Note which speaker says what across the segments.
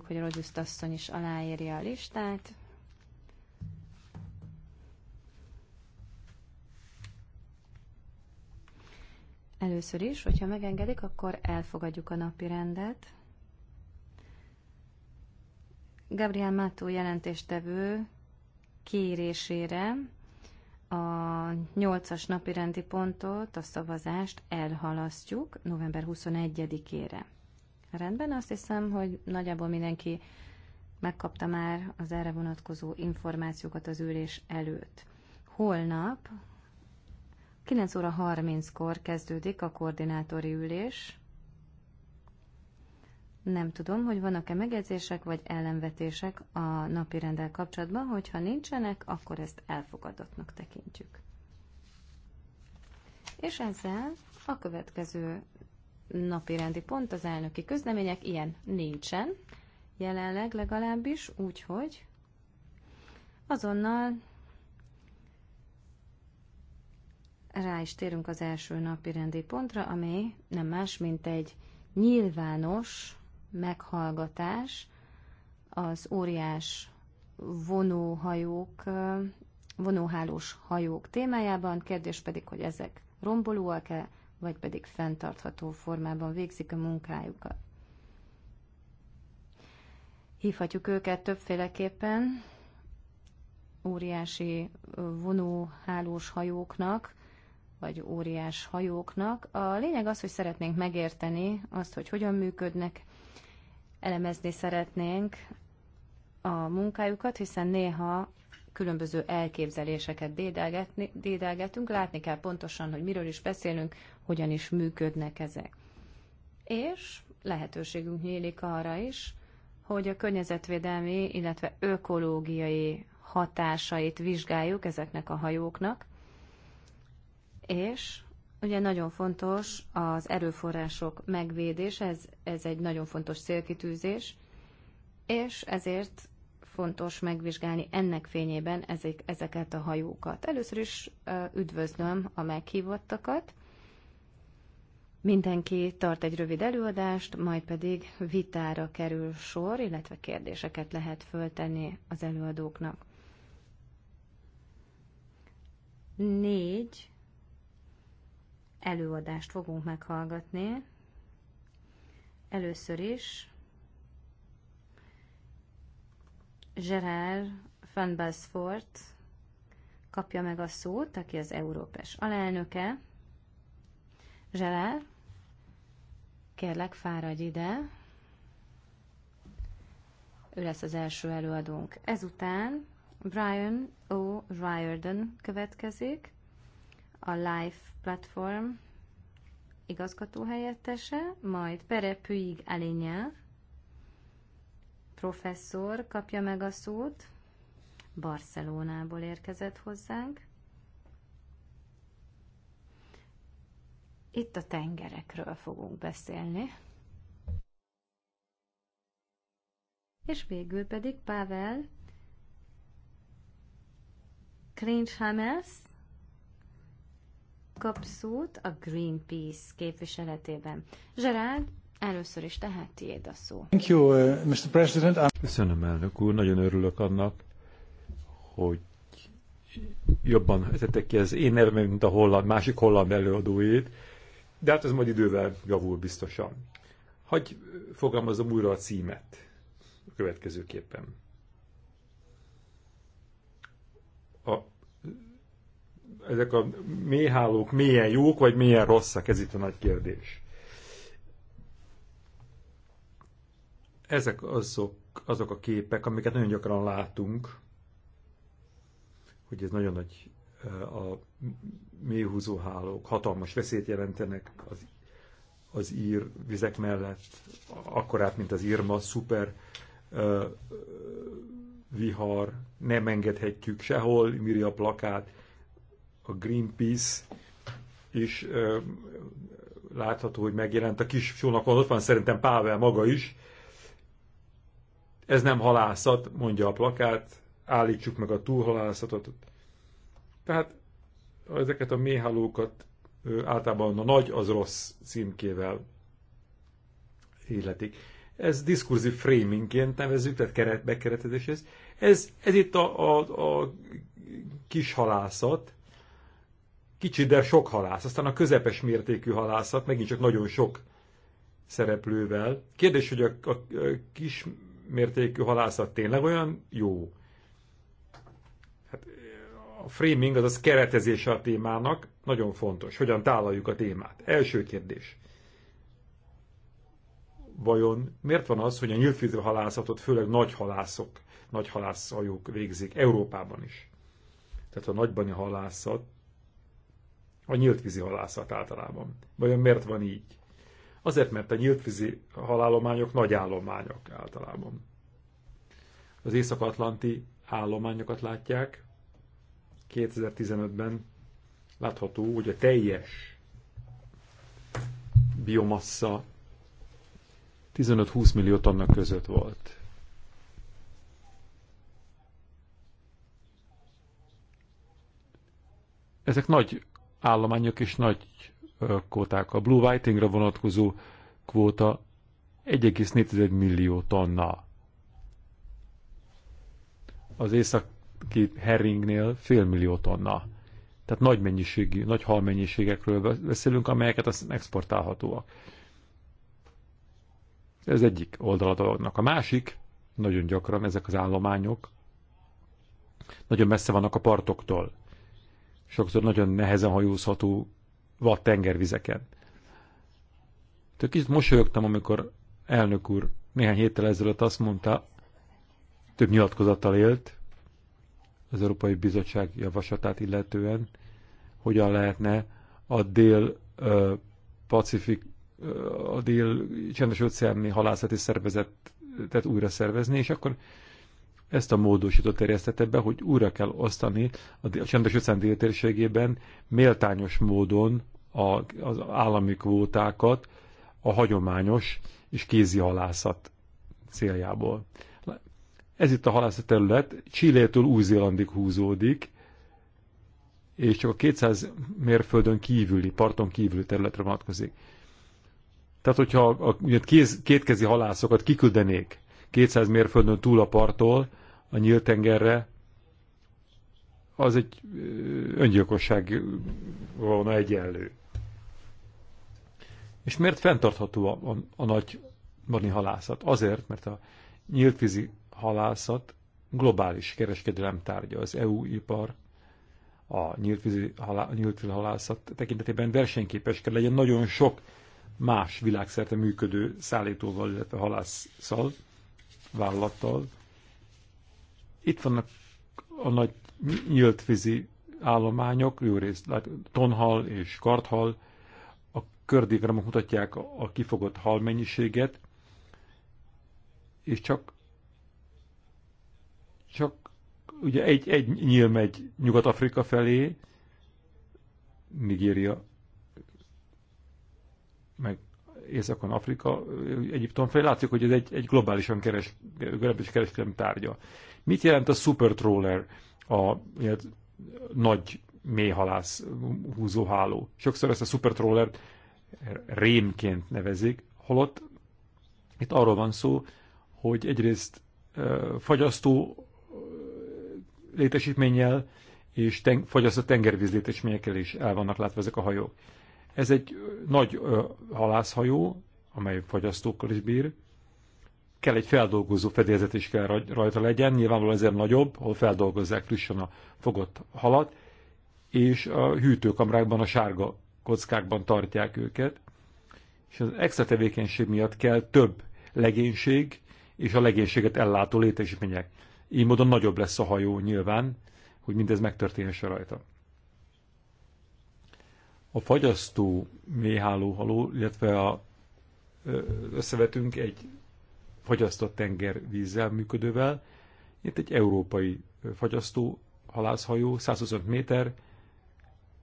Speaker 1: hogy Roziszt asszony is aláírja a listát. Először is, hogyha megengedik, akkor elfogadjuk a napi rendet. Gabriel Mátó jelentéstevő kérésére a 8-as napi rendi pontot, a szavazást elhalasztjuk november 21-ére. Rendben, azt hiszem, hogy nagyjából mindenki megkapta már az erre vonatkozó információkat az ülés előtt. Holnap 9 óra 30-kor kezdődik a koordinátori ülés. Nem tudom, hogy vannak-e megjegyzések vagy ellenvetések a napi rendel kapcsolatban, hogyha nincsenek, akkor ezt elfogadottnak tekintjük. És ezzel a következő napi rendi pont az elnöki közlemények, ilyen nincsen, jelenleg legalábbis, úgyhogy azonnal rá is térünk az első napi rendi pontra, ami nem más, mint egy nyilvános meghallgatás az óriás vonóhajók, vonóhálós hajók témájában. Kérdés pedig, hogy ezek rombolóak-e, vagy pedig fenntartható formában végzik a munkájukat. Hívhatjuk őket többféleképpen óriási vonóhálós hajóknak, vagy óriás hajóknak. A lényeg az, hogy szeretnénk megérteni azt, hogy hogyan működnek, elemezni szeretnénk a munkájukat, hiszen néha különböző elképzeléseket dédelgetünk, látni kell pontosan, hogy miről is beszélünk, hogyan is működnek ezek. És lehetőségünk nyílik arra is, hogy a környezetvédelmi, illetve ökológiai hatásait vizsgáljuk ezeknek a hajóknak, és ugye nagyon fontos az erőforrások megvédés, ez, ez egy nagyon fontos célkitűzés, és ezért fontos megvizsgálni ennek fényében ezek, ezeket a hajókat. Először is üdvözlöm a meghívottakat. Mindenki tart egy rövid előadást, majd pedig vitára kerül sor, illetve kérdéseket lehet föltenni az előadóknak. Négy előadást fogunk meghallgatni. Először is Gerard van Basfort kapja meg a szót, aki az Európes alelnöke. Gerard, kérlek fáradj ide. Ő lesz az első előadónk. Ezután Brian O. Riordan következik, a Life Platform igazgató helyettese, majd Pere Puig Alinyá, professzor kapja meg a szót. Barcelonából érkezett hozzánk. Itt a tengerekről fogunk beszélni. És végül pedig Pavel Klinshamers kap szót a Greenpeace képviseletében. Gerard, Először is tehát tiéd a szó.
Speaker 2: Thank you, uh, Mr. President. I'm... Köszönöm, elnök úr. Nagyon örülök annak, hogy jobban tettek ki az én nevem, mint a holland, másik holland előadóét, de hát ez majd idővel javul biztosan. Hogy fogalmazom újra a címet a következőképpen. A, ezek a méhálók mélyen jók, vagy mélyen rosszak, ez itt a nagy kérdés. Ezek azok, azok a képek, amiket nagyon gyakran látunk, hogy ez nagyon nagy eh, a mélyhúzó hálók hatalmas veszélyt jelentenek az, az ír vizek mellett, akkorát, mint az írma, szuper ö, eh, vihar, nem engedhetjük sehol, miri a plakát, a Greenpeace is ö, eh, látható, hogy megjelent a kis sónakon, ott van szerintem Pável maga is, ez nem halászat, mondja a plakát, állítsuk meg a túlhalászatot. Tehát ezeket a méhalókat általában a nagy az rossz címkével illetik. Ez diskurzív framingként nevezzük, tehát keret, bekeretezéshez. Ez, ez itt a, a, a kis halászat, kicsi, de sok halász. Aztán a közepes mértékű halászat, megint csak nagyon sok szereplővel. Kérdés, hogy a, a, a kis mértékű halászat tényleg olyan jó? Hát, a framing, azaz keretezése a témának nagyon fontos. Hogyan tálaljuk a témát? Első kérdés. Vajon miért van az, hogy a nyíltvízű halászatot főleg nagy halászok, nagy halászhajók végzik Európában is? Tehát a nagybani halászat, a nyílt vízi halászat általában. Vajon miért van így? Azért, mert a nyíltvízi halállományok nagy állományok általában. Az észak-atlanti állományokat látják. 2015-ben látható, hogy a teljes biomassa 15-20 millió tonna között volt. Ezek nagy állományok és nagy kvóták. A blue whitingra vonatkozó kvóta 1,4 millió tonna. Az északi herringnél fél millió tonna. Tehát nagy mennyiségű, nagy halmennyiségekről beszélünk, amelyeket az exportálhatóak. Ez egyik oldala dolognak. A másik, nagyon gyakran ezek az állományok nagyon messze vannak a partoktól. Sokszor nagyon nehezen hajózható vad tengervizeken. Tök kicsit mosolyogtam, amikor elnök úr néhány héttel ezelőtt azt mondta, több nyilatkozattal élt az Európai Bizottság javaslatát illetően, hogyan lehetne a dél ö, Pacifik, a dél csendes óceáni halászati szervezetet újra szervezni, és akkor ezt a módosított terjesztette be, hogy újra kell osztani a csendes ötszán déltérségében méltányos módon a, az állami kvótákat a hagyományos és kézi halászat céljából. Ez itt a halászat terület, Csillétől Új-Zélandig húzódik, és csak a 200 mérföldön kívüli, parton kívüli területre vonatkozik. Tehát, hogyha a, a kéz, kétkezi halászokat kiküldenék 200 mérföldön túl a parttól, a nyílt tengerre, az egy öngyilkosság volna egyenlő. És miért fenntartható a, a, a nagy mani halászat? Azért, mert a nyíltvízi halászat globális kereskedelem tárgya. Az EU ipar a nyíltvízi halá, vízi halászat tekintetében versenyképes kell legyen nagyon sok más világszerte működő szállítóval, illetve halásszal, vállalattal, itt vannak a nagy vízi állományok, jó részt, hát tonhal és karthal, a kördigramok mutatják a kifogott hal mennyiséget, és csak, csak ugye egy, egy nyíl megy Nyugat-Afrika felé, Nigéria, meg északon Afrika, Egyiptom felé, látjuk, hogy ez egy, egy globálisan keres, globális kereskedelmi tárgya. Mit jelent a super troller, a ilyen, nagy mélyhalász húzóháló? Sokszor ezt a super trawlert rémként nevezik, holott itt arról van szó, hogy egyrészt fagyasztó létesítménnyel és ten, fagyasztó tengervíz létesítményekkel is el vannak látva ezek a hajók. Ez egy nagy halászhajó, amely fogyasztókkal is bír. Kell egy feldolgozó fedélzet is kell rajta legyen, nyilvánvalóan ezért nagyobb, ahol feldolgozzák frissen a fogott halat, és a hűtőkamrákban, a sárga kockákban tartják őket. És az extra tevékenység miatt kell több legénység és a legénységet ellátó létesítmények. Így módon nagyobb lesz a hajó nyilván, hogy mindez megtörténhesse rajta a fagyasztó méhálóhaló, illetve a, összevetünk egy fagyasztott tengervízzel működővel. Itt egy európai fagyasztó halászhajó, 125 méter,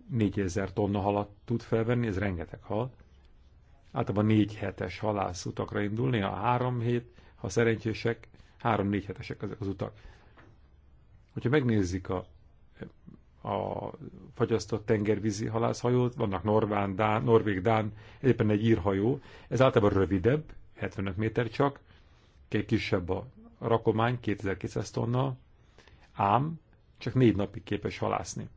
Speaker 2: 4000 tonna halat tud felvenni, ez rengeteg hal. Általában 4 hetes utakra indul, néha 3 hét, ha szerencsések, 3-4 hetesek ezek az utak. Hogyha megnézzük a a fagyasztott tengervízi halászhajót, vannak Norván, Dán, Norvég, Dán, éppen egy írhajó. Ez általában rövidebb, 75 méter csak, egy kisebb a rakomány, 2200 tonna, ám csak négy napig képes halászni.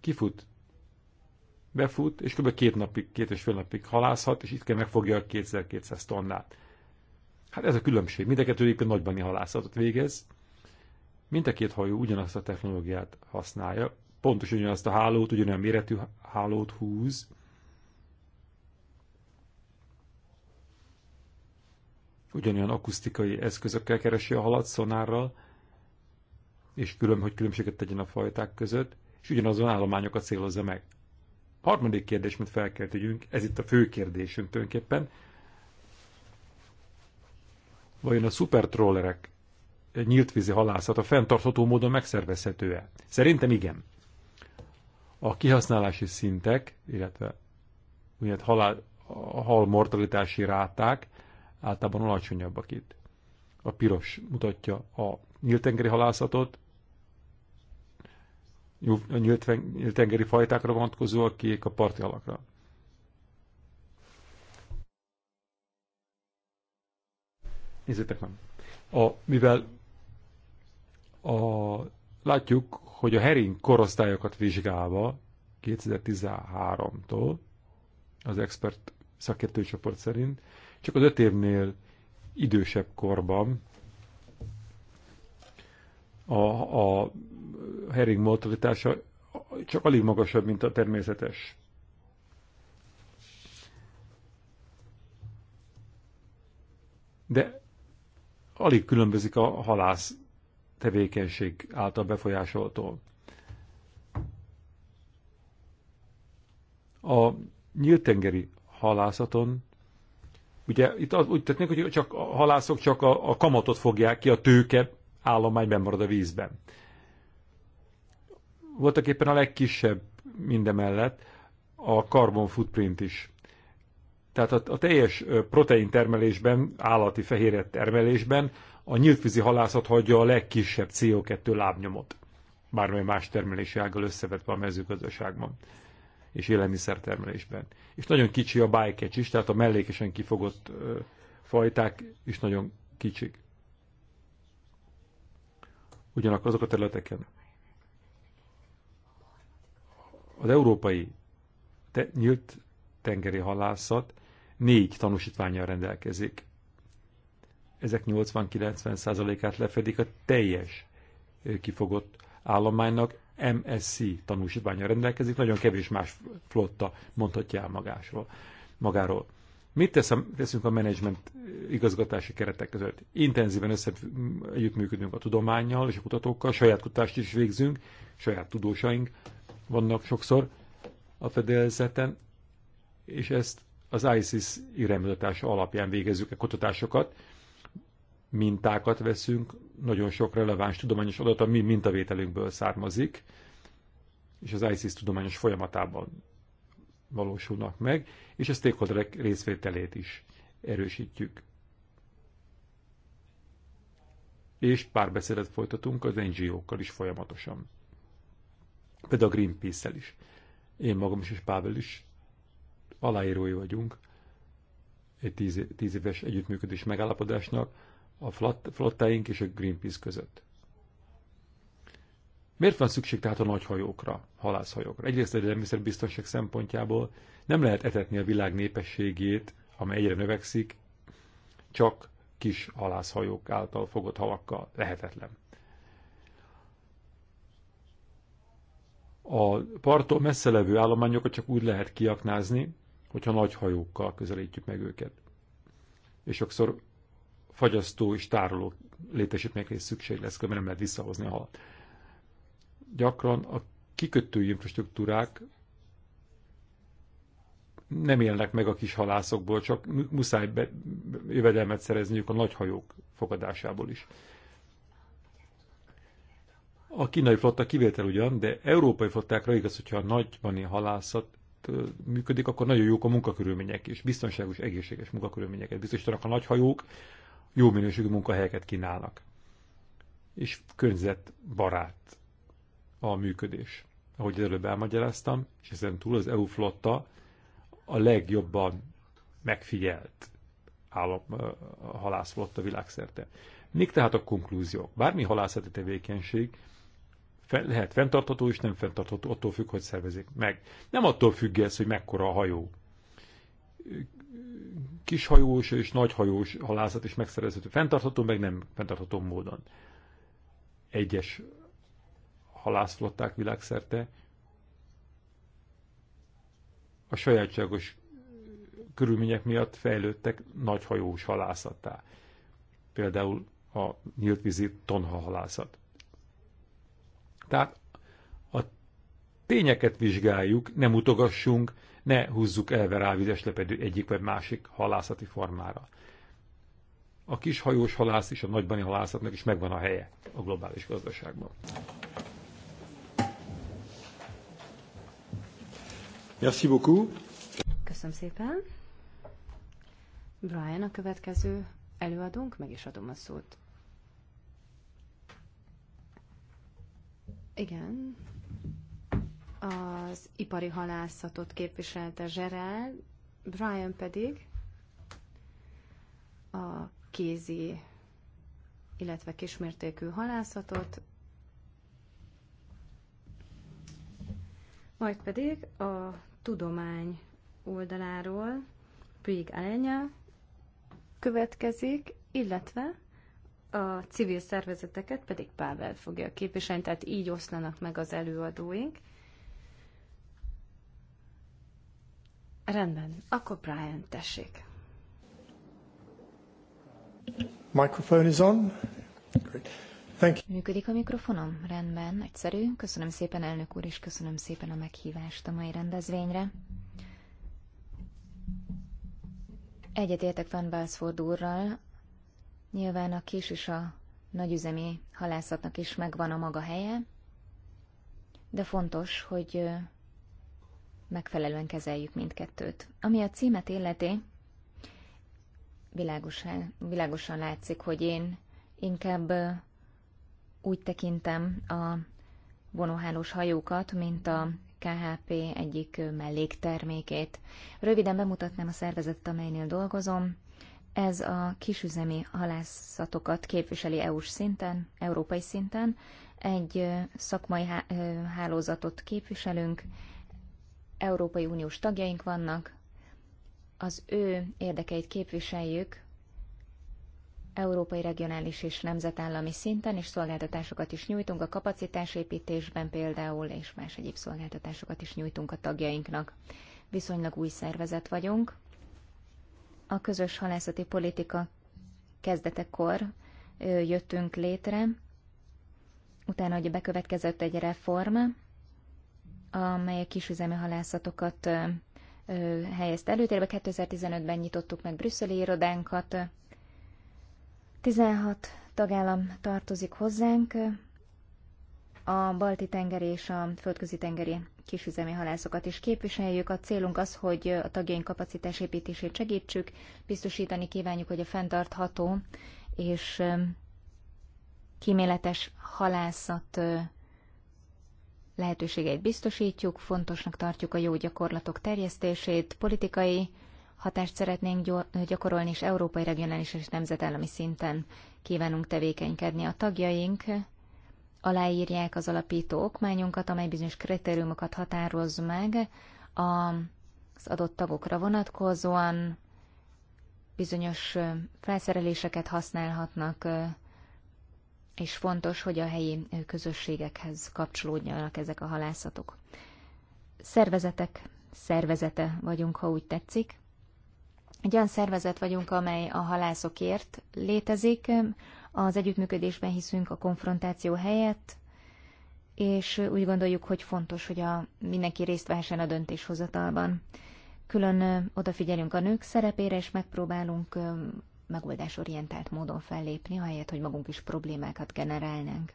Speaker 2: Kifut, befut, és kb. két napig, két és fél napig halászhat, és itt kell megfogja a 2200 tonnát. Hát ez a különbség. Mindeket a nagybani halászatot végez, Mind a két hajó ugyanazt a technológiát használja, pontosan ugyanazt a hálót, ugyanolyan méretű hálót húz. Ugyanolyan akusztikai eszközökkel keresi a halat, szonárral, és külön, hogy különbséget tegyen a fajták között, és ugyanazon állományokat célozza meg. A harmadik kérdés, mint fel kell tegyünk, ez itt a fő kérdésünk tulajdonképpen, vajon a szupertrollerek nyíltvízi halászat a fenntartható módon megszervezhető-e? Szerintem igen. A kihasználási szintek, illetve ugye halál, hal mortalitási ráták általában alacsonyabbak itt. A piros mutatja a nyíltengeri halászatot, a nyíltengeri fajtákra vonatkozó, a kék a parti halakra. Nézzétek meg! A, mivel a, látjuk, hogy a hering korosztályokat vizsgálva 2013-tól az expert szakértői csoport szerint csak az öt évnél idősebb korban a, a hering mortalitása csak alig magasabb, mint a természetes. De alig különbözik a halász tevékenység által befolyásoltól. A nyíltengeri halászaton, ugye itt az, úgy tettnék, hogy csak a halászok csak a, a kamatot fogják ki, a tőke állományban marad a vízben. Voltak éppen a legkisebb mindemellett a carbon footprint is tehát a, a teljes protein termelésben, állati fehérje termelésben a nyíltvízi halászat hagyja a legkisebb CO2 lábnyomot, bármely más termelési ággal összevetve a mezőgazdaságban és élelmiszertermelésben. És nagyon kicsi a bájkecs is, tehát a mellékesen kifogott ö, fajták is nagyon kicsik. Ugyanakkor azok a területeken. Az európai te, nyílt tengeri halászat négy tanúsítványjal rendelkezik. Ezek 80-90%-át lefedik a teljes kifogott állománynak, MSC tanúsítványa rendelkezik, nagyon kevés más flotta mondhatja el magásról, magáról. Mit tesz a, teszünk a menedzsment igazgatási keretek között? Intenzíven össze, együttműködünk a tudományjal és a kutatókkal, saját kutatást is végzünk, saját tudósaink vannak sokszor a fedélzeten, és ezt az ISIS iránymutatása alapján végezzük a kutatásokat, mintákat veszünk, nagyon sok releváns tudományos adat a mi mintavételünkből származik, és az ISIS tudományos folyamatában valósulnak meg, és a stakeholderek részvételét is erősítjük. És párbeszédet folytatunk az NGO-kkal is folyamatosan. Például a Greenpeace-szel is. Én magam is és Pável is aláírói vagyunk egy tíz, tíz éves együttműködés megállapodásnak a flottáink és a Greenpeace között. Miért van szükség tehát a nagy hajókra, halászhajókra? Egyrészt a természetbiztonság szempontjából nem lehet etetni a világ népességét, amely egyre növekszik, csak kis halászhajók által fogott halakkal. Lehetetlen. A parttól messze levő állományokat csak úgy lehet kiaknázni, hogyha nagy hajókkal közelítjük meg őket. És sokszor fagyasztó és tároló létesítményekre is szükség lesz, mert nem lehet visszahozni a halat. Gyakran a kikötői infrastruktúrák nem élnek meg a kis halászokból, csak muszáj be, jövedelmet szerezniük a nagy hajók fogadásából is. A kínai flotta kivétel ugyan, de európai flottákra igaz, hogyha a nagybani halászat működik, akkor nagyon jók a munkakörülmények is. Biztonságos, egészséges munkakörülményeket biztosítanak a nagyhajók, jó minőségű munkahelyeket kínálnak. És környezetbarát a működés. Ahogy előbb elmagyaráztam, és ezen túl az EU flotta a legjobban megfigyelt állam, halászflotta világszerte. Még tehát a konklúziók? Bármi halászati tevékenység lehet fenntartható és nem fenntartható, attól függ, hogy szervezik meg. Nem attól függ ez, hogy mekkora a hajó. Kishajós és nagyhajós halászat is megszervezhető. fenntartható, meg nem fenntartható módon. Egyes halászflották világszerte a sajátságos körülmények miatt fejlődtek nagyhajós halászattá. Például a nyíltvízi halászat. Tehát a tényeket vizsgáljuk, nem utogassunk, ne húzzuk elve rávizes lepedő egyik vagy másik halászati formára. A kis hajós halász és a nagybani halászatnak is megvan a helye a globális gazdaságban. Merci beaucoup.
Speaker 1: Köszönöm szépen. Brian, a következő előadónk, meg is adom a szót. Igen. Az ipari halászatot képviselte Zserel, Brian pedig a kézi, illetve kismértékű halászatot, majd pedig a tudomány oldaláról Brig Alenya következik, illetve a civil szervezeteket pedig Pável fogja képviselni, tehát így oszlanak meg az előadóink. Rendben, akkor Brian, tessék. Microphone is on. Great. Thank you.
Speaker 3: Működik a mikrofonom? Rendben, nagyszerű. Köszönöm szépen, elnök úr, és köszönöm szépen a meghívást a mai rendezvényre. Egyetértek Van Balsford úrral, Nyilván a kis és a nagyüzemi halászatnak is megvan a maga helye, de fontos, hogy megfelelően kezeljük mindkettőt. Ami a címet illeti, világosan, világosan látszik, hogy én inkább úgy tekintem a vonóhálós hajókat, mint a KHP egyik melléktermékét. Röviden bemutatnám a szervezetet, amelynél dolgozom. Ez a kisüzemi halászatokat képviseli EU-s szinten, európai szinten. Egy szakmai hálózatot képviselünk, Európai Uniós tagjaink vannak, az ő érdekeit képviseljük európai regionális és nemzetállami szinten, és szolgáltatásokat is nyújtunk a kapacitásépítésben például, és más egyéb szolgáltatásokat is nyújtunk a tagjainknak. Viszonylag új szervezet vagyunk, a közös halászati politika kezdetekor jöttünk létre, utána ugye bekövetkezett egy reforma, amely a kisüzemi halászatokat helyezte előtérbe. 2015-ben nyitottuk meg brüsszeli irodánkat. 16 tagállam tartozik hozzánk, a balti tenger és a földközi tengeri kisüzemi halászokat is képviseljük. A célunk az, hogy a tagjaink kapacitásépítését segítsük, biztosítani kívánjuk, hogy a fenntartható és um, kíméletes halászat uh, lehetőségeit biztosítjuk, fontosnak tartjuk a jó gyakorlatok terjesztését, politikai hatást szeretnénk gyakorolni, és európai, regionális és nemzetállami szinten kívánunk tevékenykedni. A tagjaink aláírják az alapító okmányunkat, amely bizonyos kritériumokat határoz meg az adott tagokra vonatkozóan, bizonyos felszereléseket használhatnak, és fontos, hogy a helyi közösségekhez kapcsolódjanak ezek a halászatok. Szervezetek szervezete vagyunk, ha úgy tetszik, egy olyan szervezet vagyunk, amely a halászokért létezik, az együttműködésben hiszünk a konfrontáció helyett, és úgy gondoljuk, hogy fontos, hogy a, mindenki részt vehessen a döntéshozatalban. Külön odafigyelünk a nők szerepére, és megpróbálunk megoldásorientált módon fellépni, ahelyett, hogy magunk is problémákat generálnánk.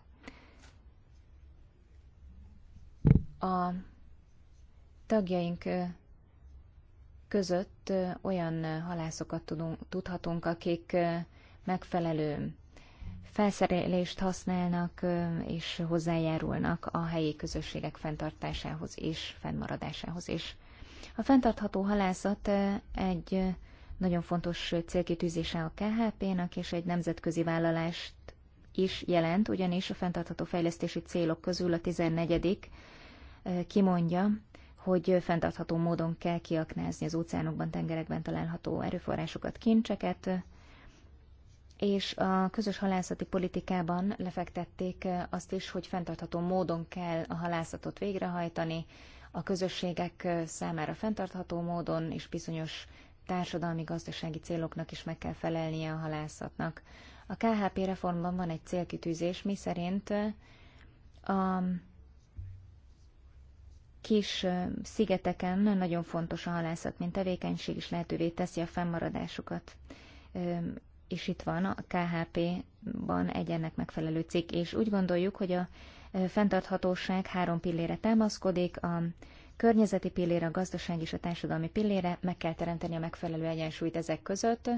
Speaker 3: A tagjaink között olyan halászokat tudunk, tudhatunk, akik megfelelő felszerelést használnak és hozzájárulnak a helyi közösségek fenntartásához és fennmaradásához is. A fenntartható halászat egy nagyon fontos célkitűzése a KHP-nak, és egy nemzetközi vállalást is jelent, ugyanis a fenntartható fejlesztési célok közül a 14. kimondja, hogy fenntartható módon kell kiaknázni az óceánokban, tengerekben található erőforrásokat, kincseket, és a közös halászati politikában lefektették azt is, hogy fenntartható módon kell a halászatot végrehajtani, a közösségek számára fenntartható módon, és bizonyos társadalmi-gazdasági céloknak is meg kell felelnie a halászatnak. A KHP reformban van egy célkitűzés, szerint a kis szigeteken nagyon fontos a halászat, mint tevékenység, is lehetővé teszi a fennmaradásukat. És itt van a KHP-ban egy ennek megfelelő cikk, és úgy gondoljuk, hogy a fenntarthatóság három pillére támaszkodik, a környezeti pillére, a gazdaság és a társadalmi pillére, meg kell teremteni a megfelelő egyensúlyt ezek között,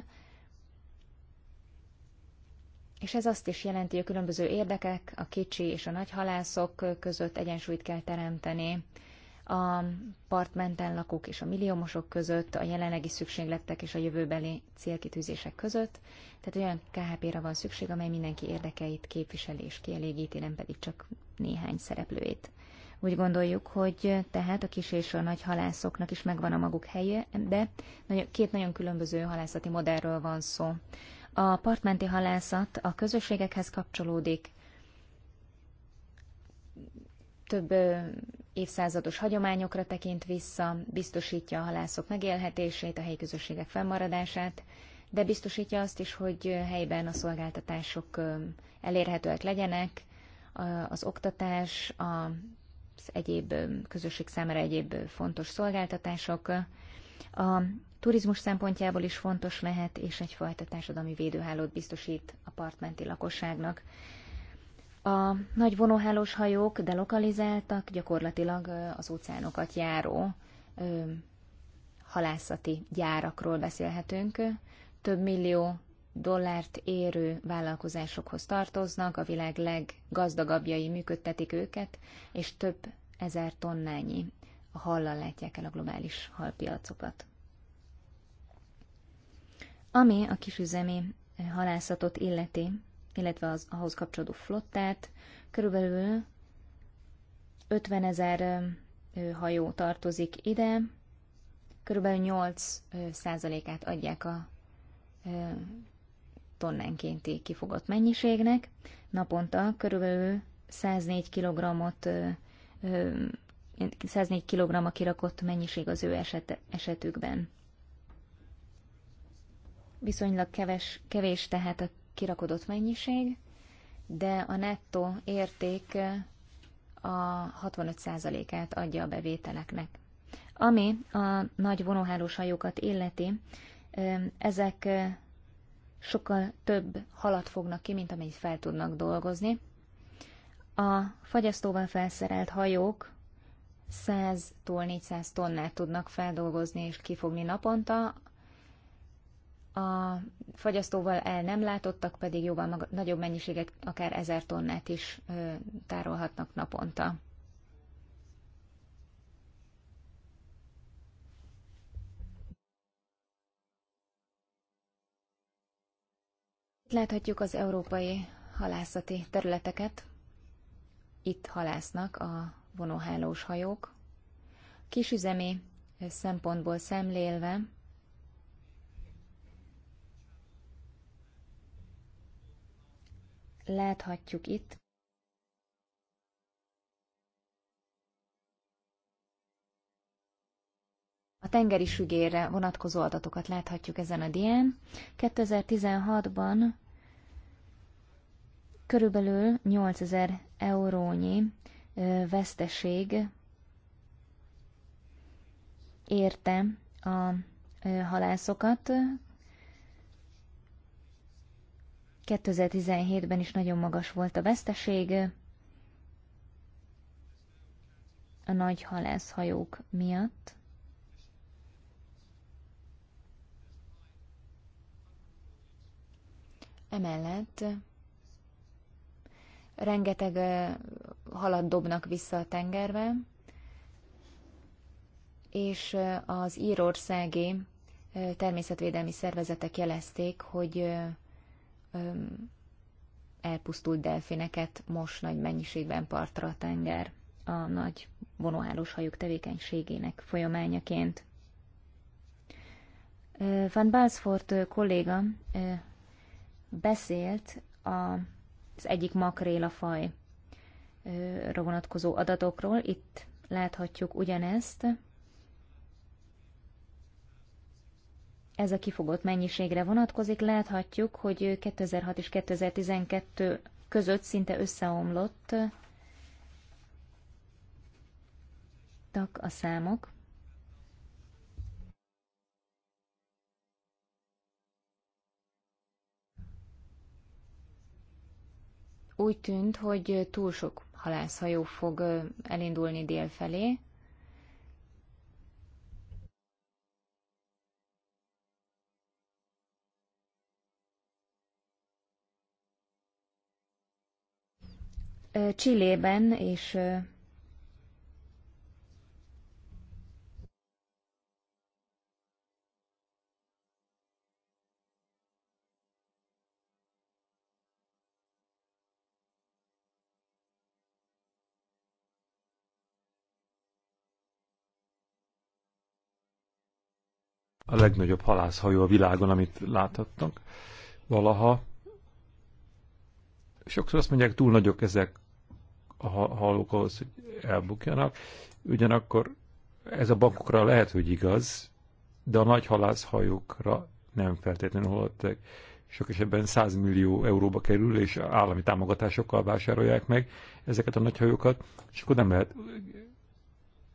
Speaker 3: és ez azt is jelenti, hogy a különböző érdekek, a kicsi és a nagy halászok között egyensúlyt kell teremteni, a partmenten lakók és a milliómosok között, a jelenlegi szükségletek és a jövőbeli célkitűzések között. Tehát olyan KHP-ra van szükség, amely mindenki érdekeit képviseli és kielégíti, nem pedig csak néhány szereplőjét. Úgy gondoljuk, hogy tehát a kis és a nagy halászoknak is megvan a maguk helye, de két nagyon különböző halászati modellről van szó. A partmenti halászat a közösségekhez kapcsolódik, több évszázados hagyományokra tekint vissza, biztosítja a halászok megélhetését, a helyi közösségek fennmaradását, de biztosítja azt is, hogy helyben a szolgáltatások elérhetőek legyenek, az oktatás, az egyéb közösség számára egyéb fontos szolgáltatások. A turizmus szempontjából is fontos lehet, és egyfajta társadalmi védőhálót biztosít a partmenti lakosságnak. A nagy vonóhálós hajók delokalizáltak, gyakorlatilag az óceánokat járó ö, halászati gyárakról beszélhetünk. Több millió dollárt érő vállalkozásokhoz tartoznak, a világ leggazdagabbjai működtetik őket, és több ezer tonnányi a hallal látják el a globális halpiacokat. Ami a kisüzemi halászatot illeti, illetve az, ahhoz kapcsolódó flottát. Körülbelül 50 ezer hajó tartozik ide, körülbelül 8 százalékát adják a tonnánkénti kifogott mennyiségnek. Naponta körülbelül 104 kg 104 kg a kirakott mennyiség az ő eset, esetükben. Viszonylag keves, kevés tehát a kirakodott mennyiség, de a nettó érték a 65%-át adja a bevételeknek. Ami a nagy vonóhálós hajókat illeti, ezek sokkal több halat fognak ki, mint amennyit fel tudnak dolgozni. A fagyasztóval felszerelt hajók 100-400 tonnát tudnak feldolgozni és kifogni naponta, a fagyasztóval el nem látottak, pedig jóval maga, nagyobb mennyiséget, akár ezer tonnát is ö, tárolhatnak naponta. Itt Láthatjuk az európai halászati területeket. Itt halásznak a vonóhálós hajók. Kisüzemi szempontból szemlélve láthatjuk itt, A tengeri sügérre vonatkozó adatokat láthatjuk ezen a dián. 2016-ban körülbelül 8000 eurónyi veszteség érte a halászokat, 2017-ben is nagyon magas volt a veszteség a nagy halászhajók miatt. Emellett rengeteg halat dobnak vissza a tengerbe, és az írországi természetvédelmi szervezetek jelezték, hogy elpusztult delfineket most nagy mennyiségben partra a tenger a nagy vonóhálós hajók tevékenységének folyamányaként. Van Balsford kolléga beszélt az egyik makréla faj vonatkozó adatokról. Itt láthatjuk ugyanezt. ez a kifogott mennyiségre vonatkozik. Láthatjuk, hogy 2006 és 2012 között szinte összeomlott a számok. Úgy tűnt, hogy túl sok halászhajó fog elindulni dél felé, Csillében és
Speaker 2: a legnagyobb halászhajó a világon, amit láthattak valaha. Sokszor azt mondják, túl nagyok ezek a halók ahhoz, hogy elbukjanak. Ugyanakkor ez a bakokra lehet, hogy igaz, de a nagy halászhajókra nem feltétlenül holottak. Sok esetben 100 millió euróba kerül, és állami támogatásokkal vásárolják meg ezeket a nagy hajókat, és akkor nem lehet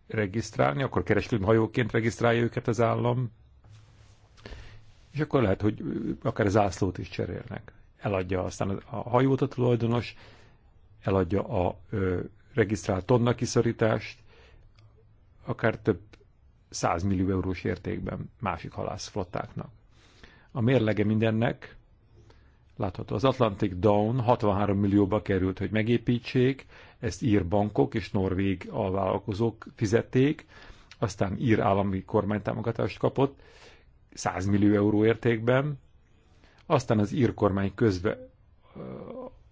Speaker 2: regisztrálni, akkor kereskedelmi hajóként regisztrálja őket az állam, és akkor lehet, hogy akár zászlót is cserélnek eladja aztán a hajót a tulajdonos, eladja a ö, regisztrált tonna kiszorítást, akár több 100 millió eurós értékben másik halászflottáknak. A mérlege mindennek látható. Az Atlantic Down 63 millióba került, hogy megépítsék, ezt ír bankok és norvég alvállalkozók fizették, aztán ír állami kormánytámogatást kapott 100 millió euró értékben, aztán az ír kormány közbe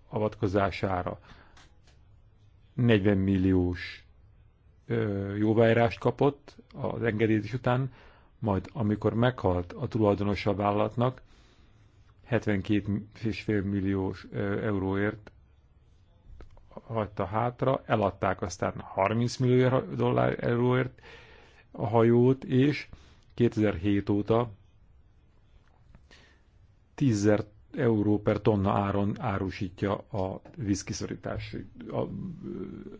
Speaker 2: avatkozására 40 milliós jóváírást kapott az engedélyzés után, majd amikor meghalt a tulajdonosa a vállalatnak, 72,5 milliós euróért hagyta hátra, eladták aztán 30 millió dollár euróért a hajót, és 2007 óta 10 euró per tonna áron árusítja a vízkiszorítási a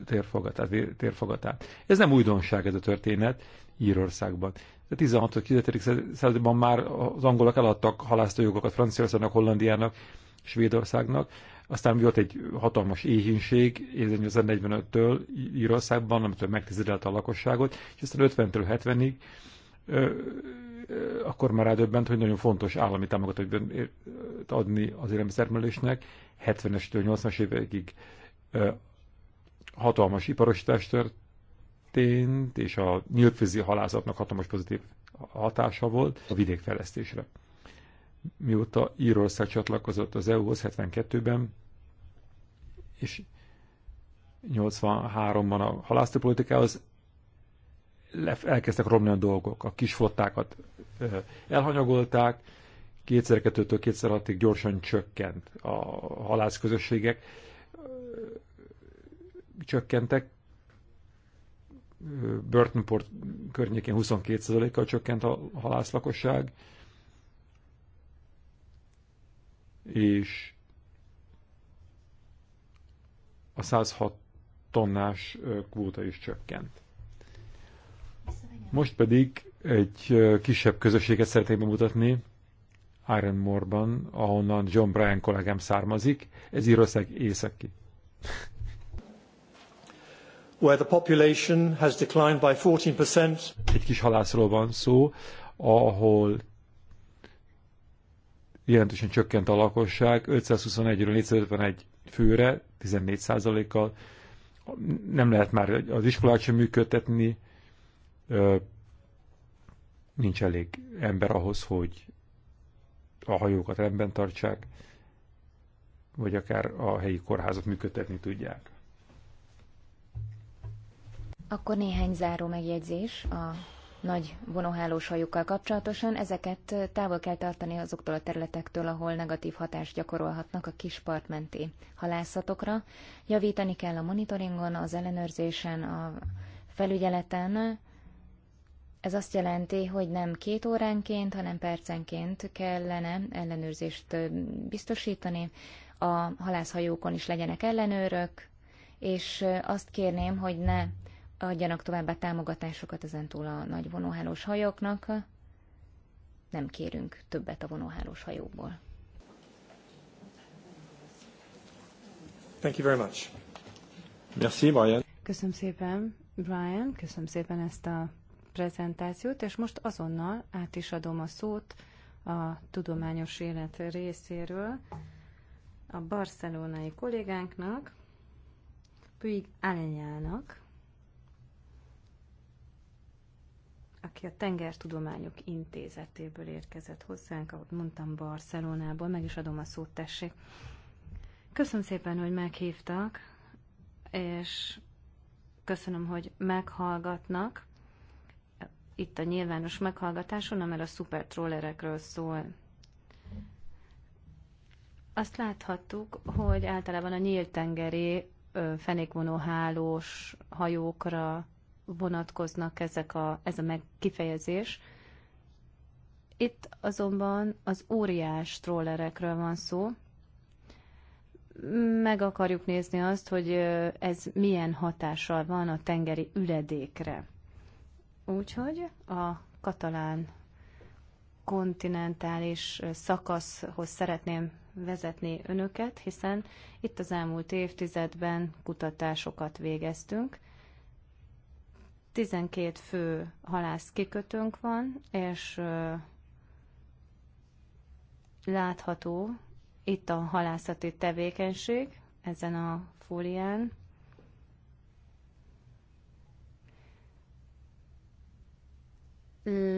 Speaker 2: térfogatát, térfogatát. Ez nem újdonság ez a történet Írországban. A 16. 17. században már az angolok eladtak halásztójogokat Franciaországnak, Hollandiának, Svédországnak, aztán volt egy hatalmas éhínség 1845-től Írországban, amitől megtizedelte a lakosságot, és aztán 50-től 70-ig akkor már rádöbbent, hogy nagyon fontos állami támogatást adni az élelmiszermelésnek. 70-estől 80-as évekig hatalmas iparosítás történt, és a nyíltfőzi halászatnak hatalmas pozitív hatása volt a vidékfejlesztésre. Mióta Írország csatlakozott az EU-hoz 72-ben, és 83-ban a halásztópolitikához elkezdtek romni a dolgok, a kis flottákat elhanyagolták, 2002-től 2006-ig gyorsan csökkent a halászközösségek, csökkentek, Burtonport környékén 22%-kal csökkent a halászlakosság, és a 106 tonnás kvóta is csökkent. Most pedig egy kisebb közösséget szeretnék bemutatni, Ironmore-ban, ahonnan John Bryan kollégám származik, ez Írország északi. Where the population has declined by 14%. Egy kis halászról van szó, ahol jelentősen csökkent a lakosság, 521-ről 451 főre, 14%-kal. Nem lehet már az iskolát sem működtetni, ö, nincs elég ember ahhoz, hogy a hajókat rendben tartsák, vagy akár a helyi kórházat működtetni tudják.
Speaker 3: Akkor néhány záró megjegyzés a nagy vonóhálós hajókkal kapcsolatosan. Ezeket távol kell tartani azoktól a területektől, ahol negatív hatást gyakorolhatnak a kis partmenti halászatokra. Javítani kell a monitoringon, az ellenőrzésen, a felügyeleten, ez azt jelenti, hogy nem két óránként, hanem percenként kellene ellenőrzést biztosítani, a halászhajókon is legyenek ellenőrök, és azt kérném, hogy ne adjanak továbbá támogatásokat ezentúl a nagy vonóhálós hajóknak. Nem kérünk többet a vonóhálós hajókból.
Speaker 2: Thank you very much. Merci, Brian.
Speaker 1: Köszönöm szépen, Brian, köszönöm szépen ezt a prezentációt, és most azonnal át is adom a szót a tudományos élet részéről a barcelonai kollégánknak, Püig Alenyának, aki a Tengertudományok Intézetéből érkezett hozzánk, ahogy mondtam, Barcelonából. Meg is adom a szót, tessék. Köszönöm szépen, hogy meghívtak, és köszönöm, hogy meghallgatnak itt a nyilvános meghallgatáson, amely a szupertrollerekről szól. Azt láthattuk, hogy általában a nyílt tengeri fenékvonóhálós hajókra vonatkoznak ezek a, ez a megkifejezés. Itt azonban az óriás trollerekről van szó. Meg akarjuk nézni azt, hogy ez milyen hatással van a tengeri üledékre. Úgyhogy a katalán kontinentális szakaszhoz szeretném vezetni önöket, hiszen itt az elmúlt évtizedben kutatásokat végeztünk. 12 fő halász kikötőnk van, és látható itt a halászati tevékenység ezen a fólián.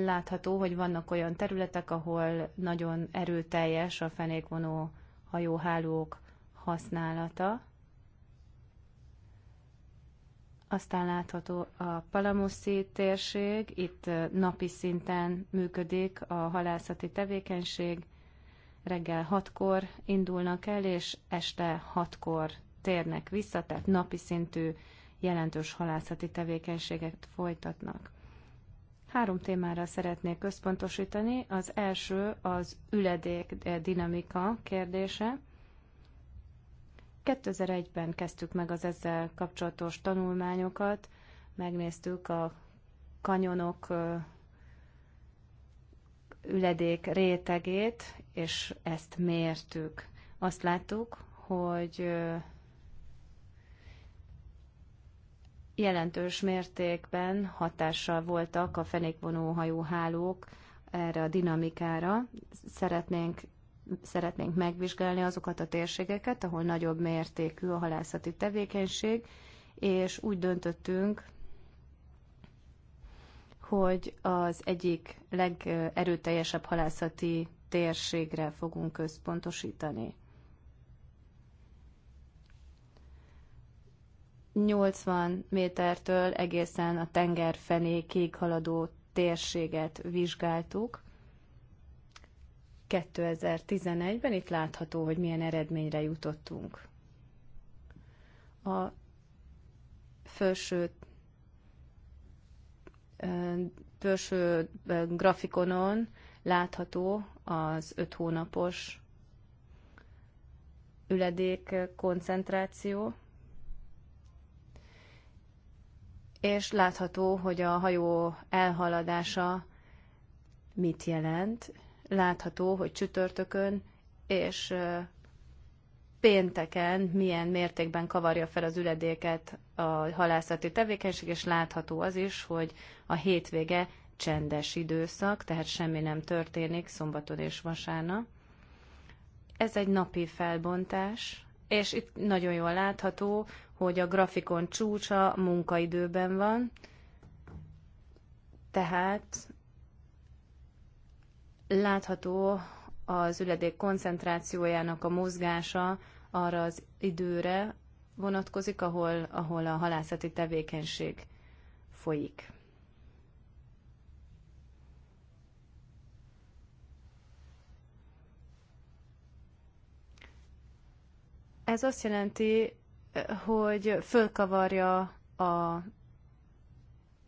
Speaker 1: látható, hogy vannak olyan területek, ahol nagyon erőteljes a fenékvonó hajóhálók használata. Aztán látható a Palamuszi térség, itt napi szinten működik a halászati tevékenység. Reggel 6-kor indulnak el, és este 6-kor térnek vissza, tehát napi szintű jelentős halászati tevékenységet folytatnak. Három témára szeretnék központosítani. Az első az üledék dinamika kérdése. 2001-ben kezdtük meg az ezzel kapcsolatos tanulmányokat, megnéztük a kanyonok üledék rétegét, és ezt mértük. Azt láttuk, hogy jelentős mértékben hatással voltak a fenékvonó hajóhálók erre a dinamikára. Szeretnénk szeretnénk megvizsgálni azokat a térségeket, ahol nagyobb mértékű a halászati tevékenység, és úgy döntöttünk, hogy az egyik legerőteljesebb halászati térségre fogunk központosítani. 80 métertől egészen a tengerfenékig haladó térséget vizsgáltuk. 2011-ben itt látható, hogy milyen eredményre jutottunk. A felső, felső grafikonon látható az 5 hónapos üledék koncentráció, és látható, hogy a hajó elhaladása mit jelent. Látható, hogy csütörtökön és pénteken milyen mértékben kavarja fel az üledéket a halászati tevékenység, és látható az is, hogy a hétvége csendes időszak, tehát semmi nem történik szombaton és vasárnap. Ez egy napi felbontás, és itt nagyon jól látható, hogy a grafikon csúcsa munkaidőben van, tehát látható az üledék koncentrációjának a mozgása arra az időre vonatkozik, ahol, ahol a halászati tevékenység folyik. Ez azt jelenti, eh, hogy fölkavarja a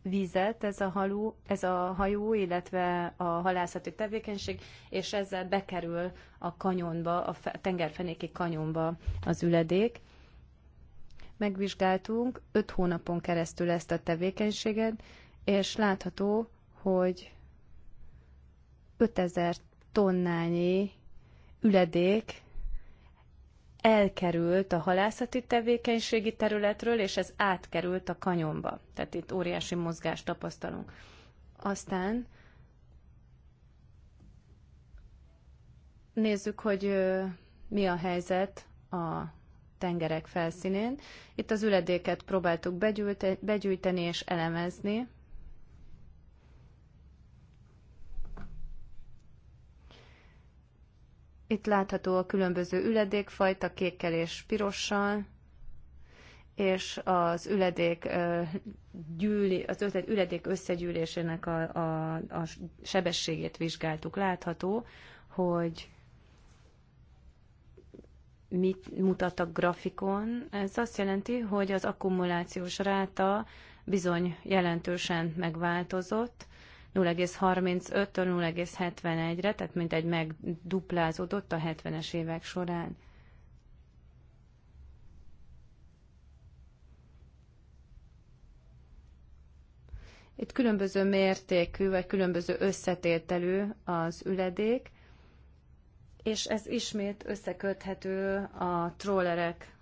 Speaker 1: vizet ez a, halú, ez a hajó, illetve a halászati tevékenység, és ezzel bekerül a kanyonba, a tengerfenéki kanyonba az üledék. Megvizsgáltunk öt hónapon keresztül ezt a tevékenységet, és látható, hogy 5000 tonnányi üledék elkerült a halászati tevékenységi területről, és ez átkerült a kanyomba. Tehát itt óriási mozgást tapasztalunk. Aztán nézzük, hogy mi a helyzet a tengerek felszínén. Itt az üledéket próbáltuk begyűjteni és elemezni. Itt látható a különböző üledékfajta kékkel és pirossal, és az üledék, gyűli, az üledék összegyűlésének a, a, a sebességét vizsgáltuk. Látható, hogy mit mutat a grafikon. Ez azt jelenti, hogy az akkumulációs ráta bizony jelentősen megváltozott, 0,35-től 0,71-re, tehát mintegy megduplázódott a 70-es évek során. Itt különböző mértékű, vagy különböző összetételű az üledék, és ez ismét összeköthető a trollerek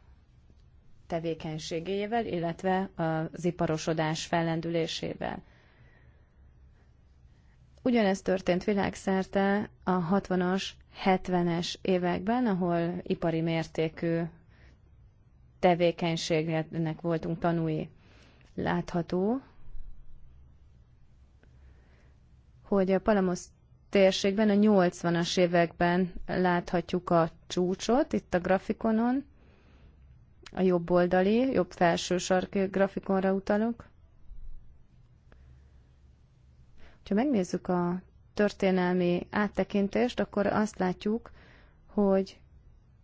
Speaker 1: tevékenységével, illetve az iparosodás fellendülésével. Ugyanezt történt világszerte a 60-as, 70-es években, ahol ipari mértékű tevékenységnek voltunk tanúi. Látható, hogy a Palamos térségben a 80-as években láthatjuk a csúcsot itt a grafikonon, a jobb oldali, jobb felső sarki grafikonra utalok. Ha megnézzük a történelmi áttekintést, akkor azt látjuk, hogy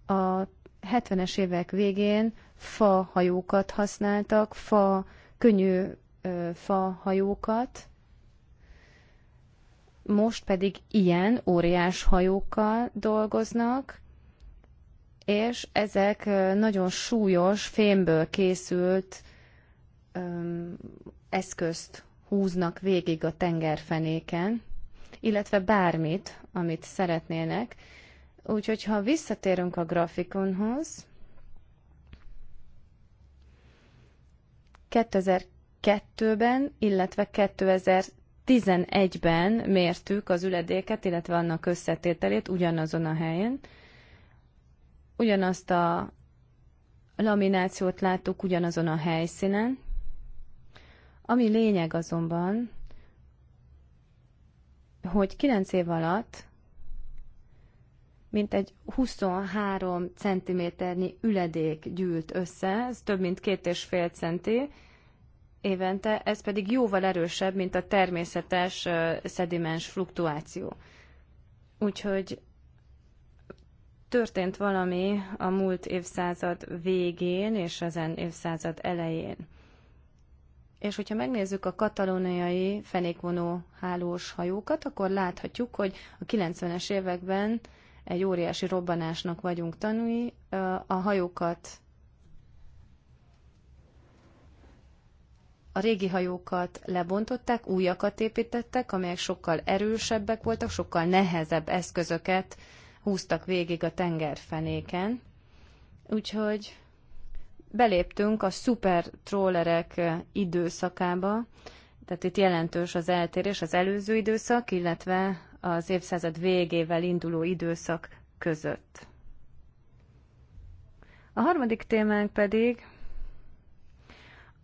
Speaker 1: a 70-es évek végén fa hajókat használtak, fa, könnyű ö, fa hajókat, most pedig ilyen óriás hajókkal dolgoznak, és ezek nagyon súlyos, fémből készült eszközt húznak végig a tengerfenéken, illetve bármit, amit szeretnének. Úgyhogy, ha visszatérünk a grafikonhoz, 2002-ben, illetve 2011-ben mértük az üledéket, illetve annak összetételét ugyanazon a helyen. Ugyanazt a laminációt láttuk ugyanazon a helyszínen, ami lényeg azonban, hogy 9 év alatt mint egy 23 centiméternyi üledék gyűlt össze, ez több mint két és fél centi évente, ez pedig jóval erősebb, mint a természetes szedimens fluktuáció. Úgyhogy történt valami a múlt évszázad végén és ezen évszázad elején. És hogyha megnézzük a katalóniai fenékvonó hálós hajókat, akkor láthatjuk, hogy a 90-es években egy óriási robbanásnak vagyunk tanúi. A hajókat, a régi hajókat lebontották, újakat építettek, amelyek sokkal erősebbek voltak, sokkal nehezebb eszközöket húztak végig a tengerfenéken. Úgyhogy beléptünk a szuper trollerek eh, időszakába, tehát itt jelentős az eltérés az előző időszak, illetve az évszázad végével induló időszak között. A harmadik témánk pedig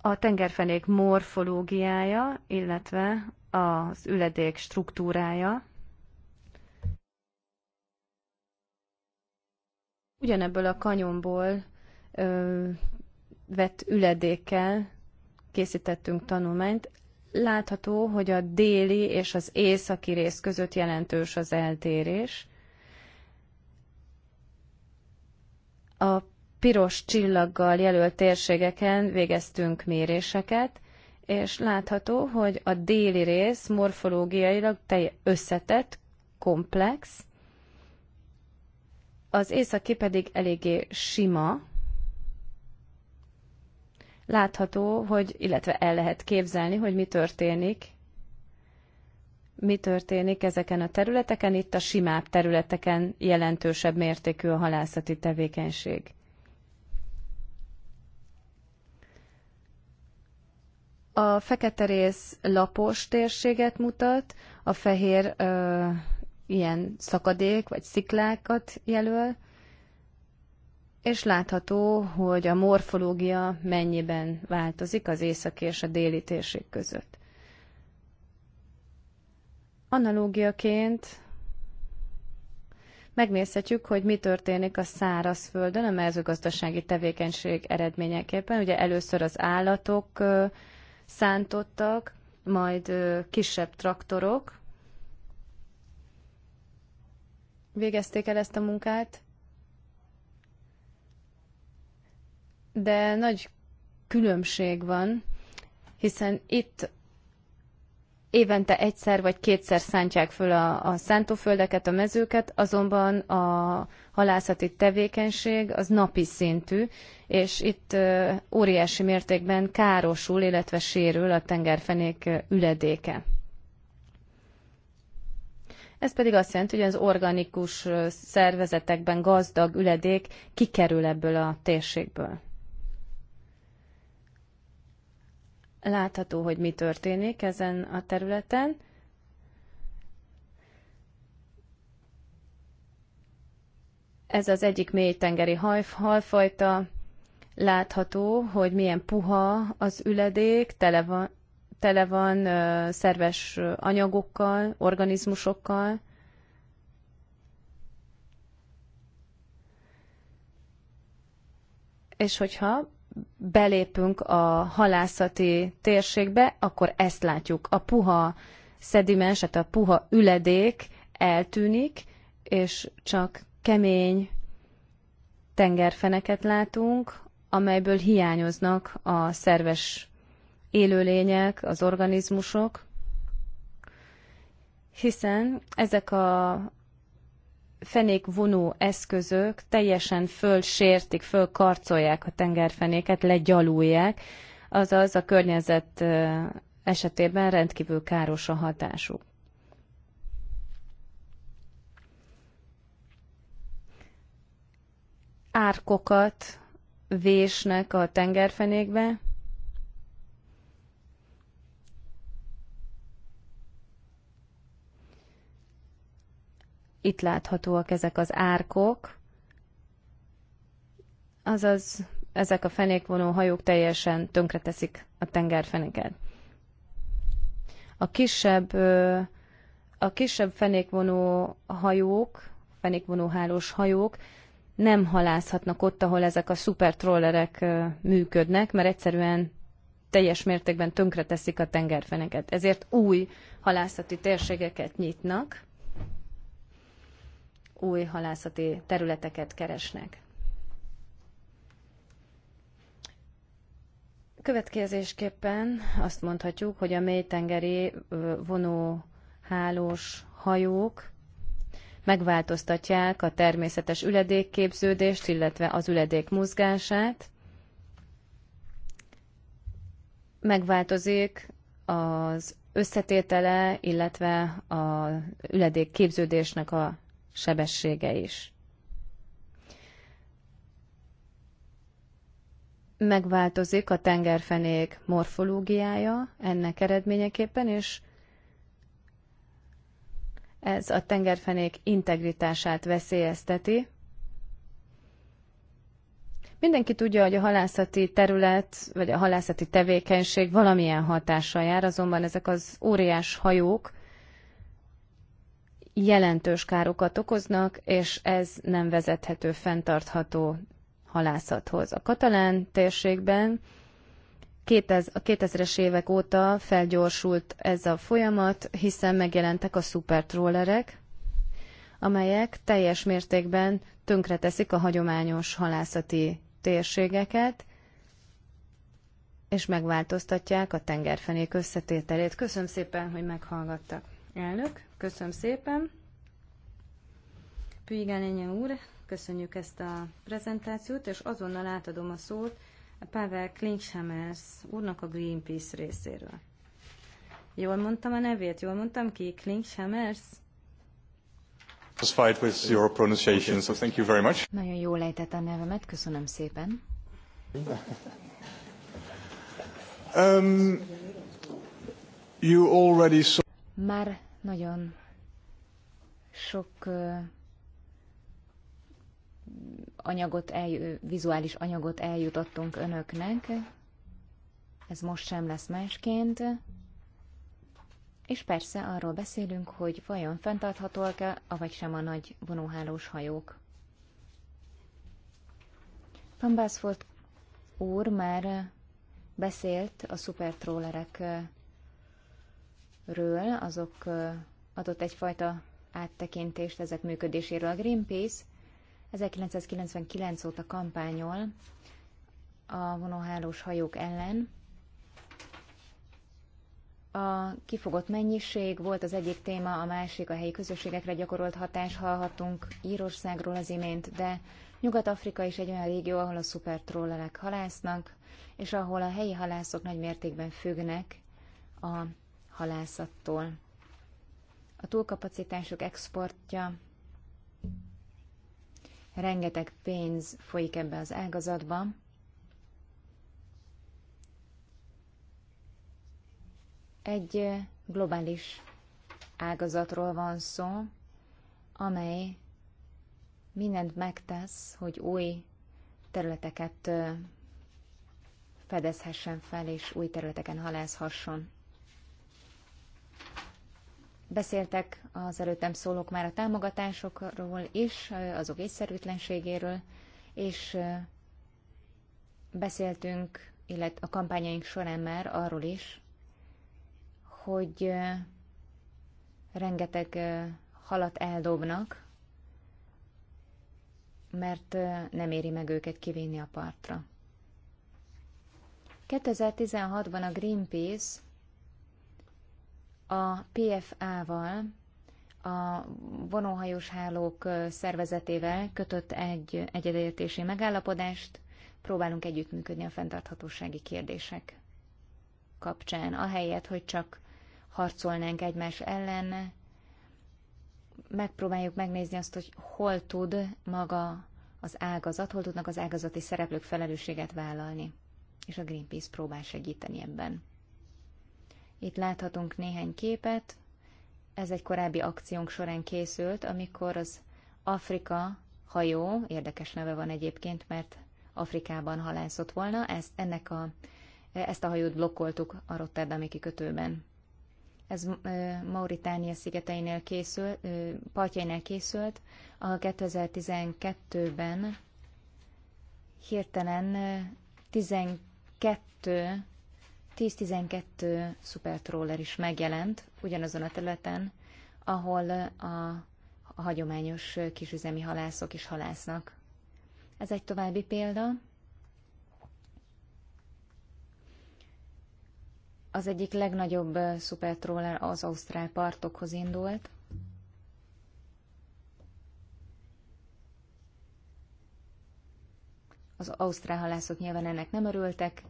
Speaker 1: a tengerfenék morfológiája, illetve az üledék struktúrája. Ugyanebből a kanyomból vett üledékkel készítettünk tanulmányt. Látható, hogy a déli és az északi rész között jelentős az eltérés. A piros csillaggal jelölt térségeken végeztünk méréseket, és látható, hogy a déli rész morfológiailag teljes összetett, komplex, az északi pedig eléggé sima, látható, hogy, illetve el lehet képzelni, hogy mi történik, mi történik ezeken a területeken, itt a simább területeken jelentősebb mértékű a halászati tevékenység. A fekete rész lapos térséget mutat, a fehér ö, ilyen szakadék vagy sziklákat jelöl, és látható, hogy a morfológia mennyiben változik az északi és a déli térség között. Analógiaként megnézhetjük, hogy mi történik a szárazföldön a mezőgazdasági tevékenység eredményeképpen. Ugye először az állatok szántottak, majd kisebb traktorok végezték el ezt a munkát, de nagy különbség van, hiszen itt évente egyszer vagy kétszer szántják föl a, a szántóföldeket, a mezőket, azonban a halászati tevékenység az napi szintű, és itt óriási mértékben károsul, illetve sérül a tengerfenék üledéke. Ez pedig azt jelenti, hogy az organikus szervezetekben gazdag üledék kikerül ebből a térségből. Látható, hogy mi történik ezen a területen. Ez az egyik mélytengeri halfajta. Látható, hogy milyen puha az üledék, tele van, tele van ö, szerves anyagokkal, organizmusokkal. És hogyha belépünk a halászati térségbe, akkor ezt látjuk. A puha szedimens, tehát a puha üledék eltűnik, és csak kemény tengerfeneket látunk, amelyből hiányoznak a szerves élőlények, az organizmusok, hiszen ezek a fenékvonó eszközök teljesen fölsértik, fölkarcolják a tengerfenéket, legyalulják, azaz a környezet esetében rendkívül káros a hatásuk. Árkokat vésnek a tengerfenékbe, Itt láthatóak ezek az árkok, azaz ezek a fenékvonó hajók teljesen tönkreteszik a tengerfeneket. A kisebb, a kisebb fenékvonó hajók, fenékvonóhálós hajók nem halászhatnak ott, ahol ezek a szupertrollerek működnek, mert egyszerűen teljes mértékben tönkreteszik a tengerfeneket. Ezért új halászati térségeket nyitnak, új halászati területeket keresnek. Következésképpen azt mondhatjuk, hogy a mélytengeri vonóhálós hajók megváltoztatják a természetes üledékképződést, illetve az üledék mozgását. Megváltozik az összetétele, illetve a üledék képződésnek a sebessége is. Megváltozik a tengerfenék morfológiája ennek eredményeképpen, és ez a tengerfenék integritását veszélyezteti. Mindenki tudja, hogy a halászati terület, vagy a halászati tevékenység valamilyen hatással jár, azonban ezek az óriás hajók jelentős károkat okoznak, és ez nem vezethető fenntartható halászathoz. A katalán térségben 2000, a 2000-es évek óta felgyorsult ez a folyamat, hiszen megjelentek a szupertrollerek, amelyek teljes mértékben tönkreteszik a hagyományos halászati térségeket, és megváltoztatják a tengerfenék összetételét. Köszönöm szépen, hogy meghallgattak. Elnök, köszönöm szépen. Püigánénye úr, köszönjük ezt a prezentációt, és azonnal átadom a szót a Pavel Klinkshamers úrnak a Greenpeace részéről. Jól mondtam a nevét, jól mondtam ki, Klinkshamers?
Speaker 2: Satisfied with your pronunciation, so thank you very much.
Speaker 1: Nagyon jól lejtett a nevemet, köszönöm szépen.
Speaker 2: um, you already saw...
Speaker 3: Már nagyon sok anyagot, el, vizuális anyagot eljutottunk önöknek. Ez most sem lesz másként. És persze arról beszélünk, hogy vajon fenntarthatóak-e, avagy sem a nagy vonóhálós hajók. Pambászfolt úr már beszélt a szupertrólerek ről, azok adott egyfajta áttekintést ezek működéséről. A Greenpeace 1999 óta kampányol a vonóhálós hajók ellen. A kifogott mennyiség volt az egyik téma, a másik a helyi közösségekre gyakorolt hatás. Hallhattunk Írországról az imént, de Nyugat-Afrika is egy olyan régió, ahol a szupertrollelek halásznak, és ahol a helyi halászok nagy mértékben függnek a halászattól. A túlkapacitások exportja, rengeteg pénz folyik ebbe az ágazatba, egy globális ágazatról van szó, amely mindent megtesz, hogy új területeket fedezhessen fel, és új területeken halászhasson. Beszéltek az előttem szólók már a támogatásokról is, azok észszerűtlenségéről, és beszéltünk, illetve a kampányaink során már arról is, hogy rengeteg halat eldobnak, mert nem éri meg őket kivinni a partra. 2016-ban a Greenpeace a PFA-val, a vonóhajós hálók szervezetével kötött egy egyedértési megállapodást, próbálunk együttműködni a fenntarthatósági kérdések kapcsán, ahelyett, hogy csak harcolnánk egymás ellen, megpróbáljuk megnézni azt, hogy hol tud maga az ágazat, hol tudnak az ágazati szereplők felelősséget vállalni. És a Greenpeace próbál segíteni ebben. Itt láthatunk néhány képet. Ez egy korábbi akciónk során készült, amikor az Afrika hajó, érdekes neve van egyébként, mert Afrikában halászott volna, ezt, ennek a, ezt a hajót blokkoltuk a Rotterdami kikötőben. Ez Mauritánia szigeteinél készült, partjainál készült. A 2012-ben hirtelen 12 10-12 szupertróler is megjelent ugyanazon a területen, ahol a, a hagyományos kisüzemi halászok is halásznak. Ez egy további példa. Az egyik legnagyobb szupertróler az ausztrál partokhoz indult. Az ausztrál halászok nyilván ennek nem örültek,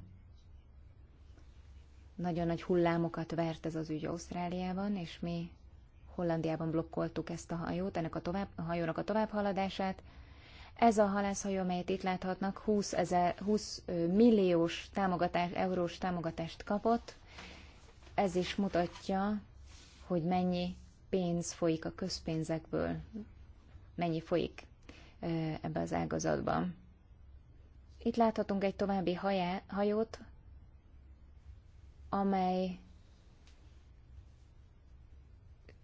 Speaker 3: nagyon nagy hullámokat vert ez az ügy Ausztráliában, és mi Hollandiában blokkoltuk ezt a hajót, ennek a, tovább, a hajónak a továbbhaladását. Ez a halászhajó, amelyet itt láthatnak, 20, ezer, 20 milliós támogatás, eurós támogatást kapott. Ez is mutatja, hogy mennyi pénz folyik a közpénzekből, mennyi folyik ebbe az ágazatban. Itt láthatunk egy további hajá, hajót, amely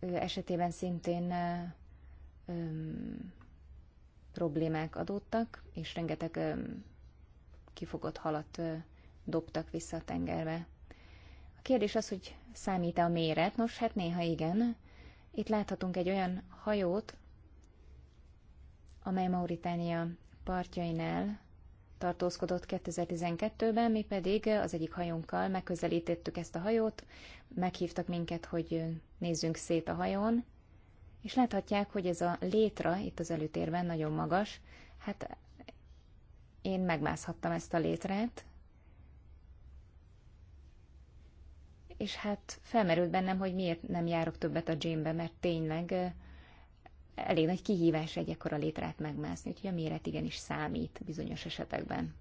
Speaker 3: esetében szintén öm, problémák adódtak, és rengeteg öm, kifogott halat öm, dobtak vissza a tengerbe. A kérdés az, hogy számít-e a méret? Nos, hát néha igen. Itt láthatunk egy olyan hajót, amely Mauritánia partjainál tartózkodott 2012-ben, mi pedig az egyik hajónkkal megközelítettük ezt a hajót, meghívtak minket, hogy nézzünk szét a hajón, és láthatják, hogy ez a létra itt az előtérben nagyon magas. Hát én megmászhattam ezt a létrát, és hát felmerült bennem, hogy miért nem járok többet a gymbe, mert tényleg elég nagy kihívás egy ekkora létrát megmászni, úgyhogy a méret igenis számít bizonyos esetekben.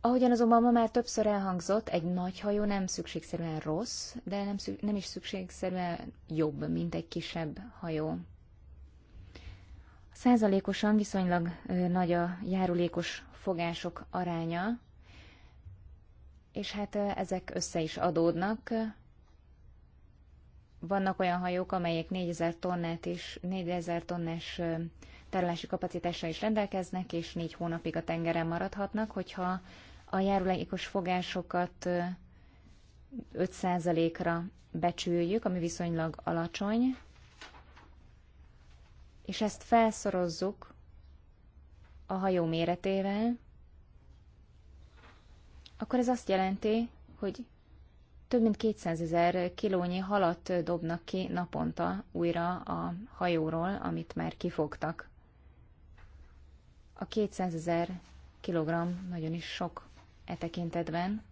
Speaker 3: Ahogyan azonban ma már többször elhangzott, egy nagy hajó nem szükségszerűen rossz, de nem, szü- nem is szükségszerűen jobb, mint egy kisebb hajó. Százalékosan viszonylag nagy a járulékos fogások aránya, és hát ezek össze is adódnak. Vannak olyan hajók, amelyek 4000 tonnát is, 4000 tonnás tárolási kapacitással is rendelkeznek, és négy hónapig a tengeren maradhatnak, hogyha a járulékos fogásokat 5%-ra becsüljük, ami viszonylag alacsony, és ezt felszorozzuk a hajó méretével, akkor ez azt jelenti, hogy több mint 200 ezer kilónyi halat dobnak ki naponta újra a hajóról, amit már kifogtak. A 200 ezer kilogramm nagyon is sok e tekintetben,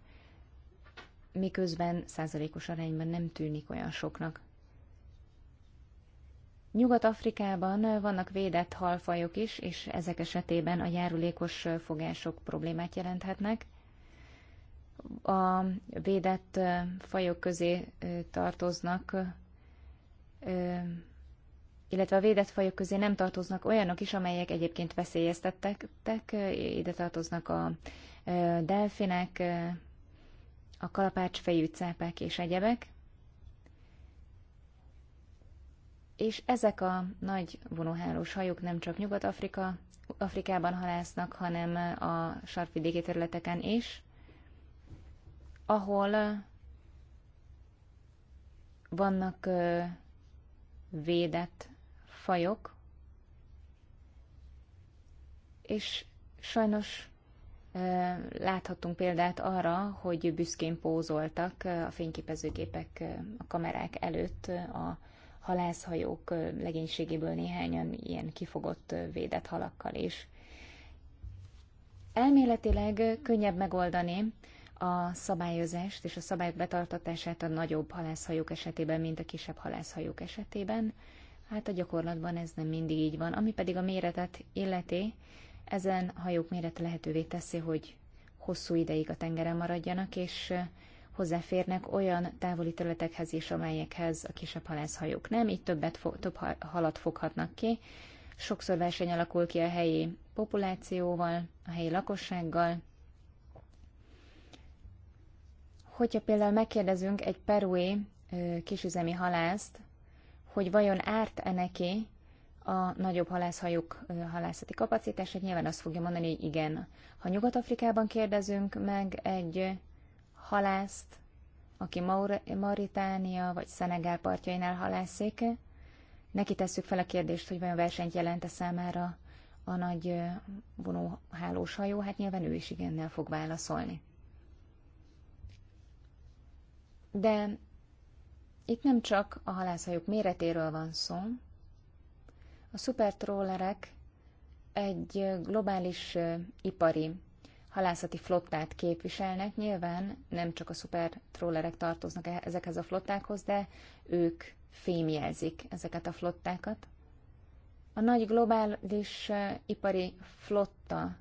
Speaker 3: miközben százalékos arányban nem tűnik olyan soknak. Nyugat-Afrikában vannak védett halfajok is, és ezek esetében a járulékos fogások problémát jelenthetnek a védett fajok közé tartoznak, illetve a védett fajok közé nem tartoznak olyanok is, amelyek egyébként veszélyeztettek, ide tartoznak a delfinek, a kalapácsfejű cápák és egyebek. És ezek a nagy vonóhálós hajók nem csak Nyugat-Afrika, Afrikában halásznak, hanem a sarkvidéki területeken is ahol vannak védett fajok, és sajnos láthattunk példát arra, hogy büszkén pózoltak a fényképezőgépek, a kamerák előtt a halászhajók legénységéből néhányan ilyen kifogott védett halakkal is. Elméletileg könnyebb megoldani a szabályozást és a szabályok betartatását a nagyobb halászhajók esetében, mint a kisebb halászhajók esetében. Hát a gyakorlatban ez nem mindig így van. Ami pedig a méretet illeti, ezen hajók mérete lehetővé teszi, hogy hosszú ideig a tengeren maradjanak, és hozzáférnek olyan távoli területekhez is, amelyekhez a kisebb halászhajók nem, így többet, több halat foghatnak ki. Sokszor verseny alakul ki a helyi populációval, a helyi lakossággal, Hogyha például megkérdezünk egy perui kisüzemi halászt, hogy vajon árt-e neki a nagyobb halászhajók halászati kapacitását, nyilván azt fogja mondani, hogy igen. Ha Nyugat-Afrikában kérdezünk meg egy halászt, aki Maur- Mauritánia vagy Szenegál partjainál halászik, neki tesszük fel a kérdést, hogy vajon versenyt jelente számára a nagy vonóhálós hajó, hát nyilván ő is igennel fog válaszolni. De itt nem csak a halászhajók méretéről van szó. A szupertrollerek egy globális ipari halászati flottát képviselnek. Nyilván nem csak a szupertrollerek tartoznak e- ezekhez a flottákhoz, de ők fémjelzik ezeket a flottákat. A nagy globális ipari flotta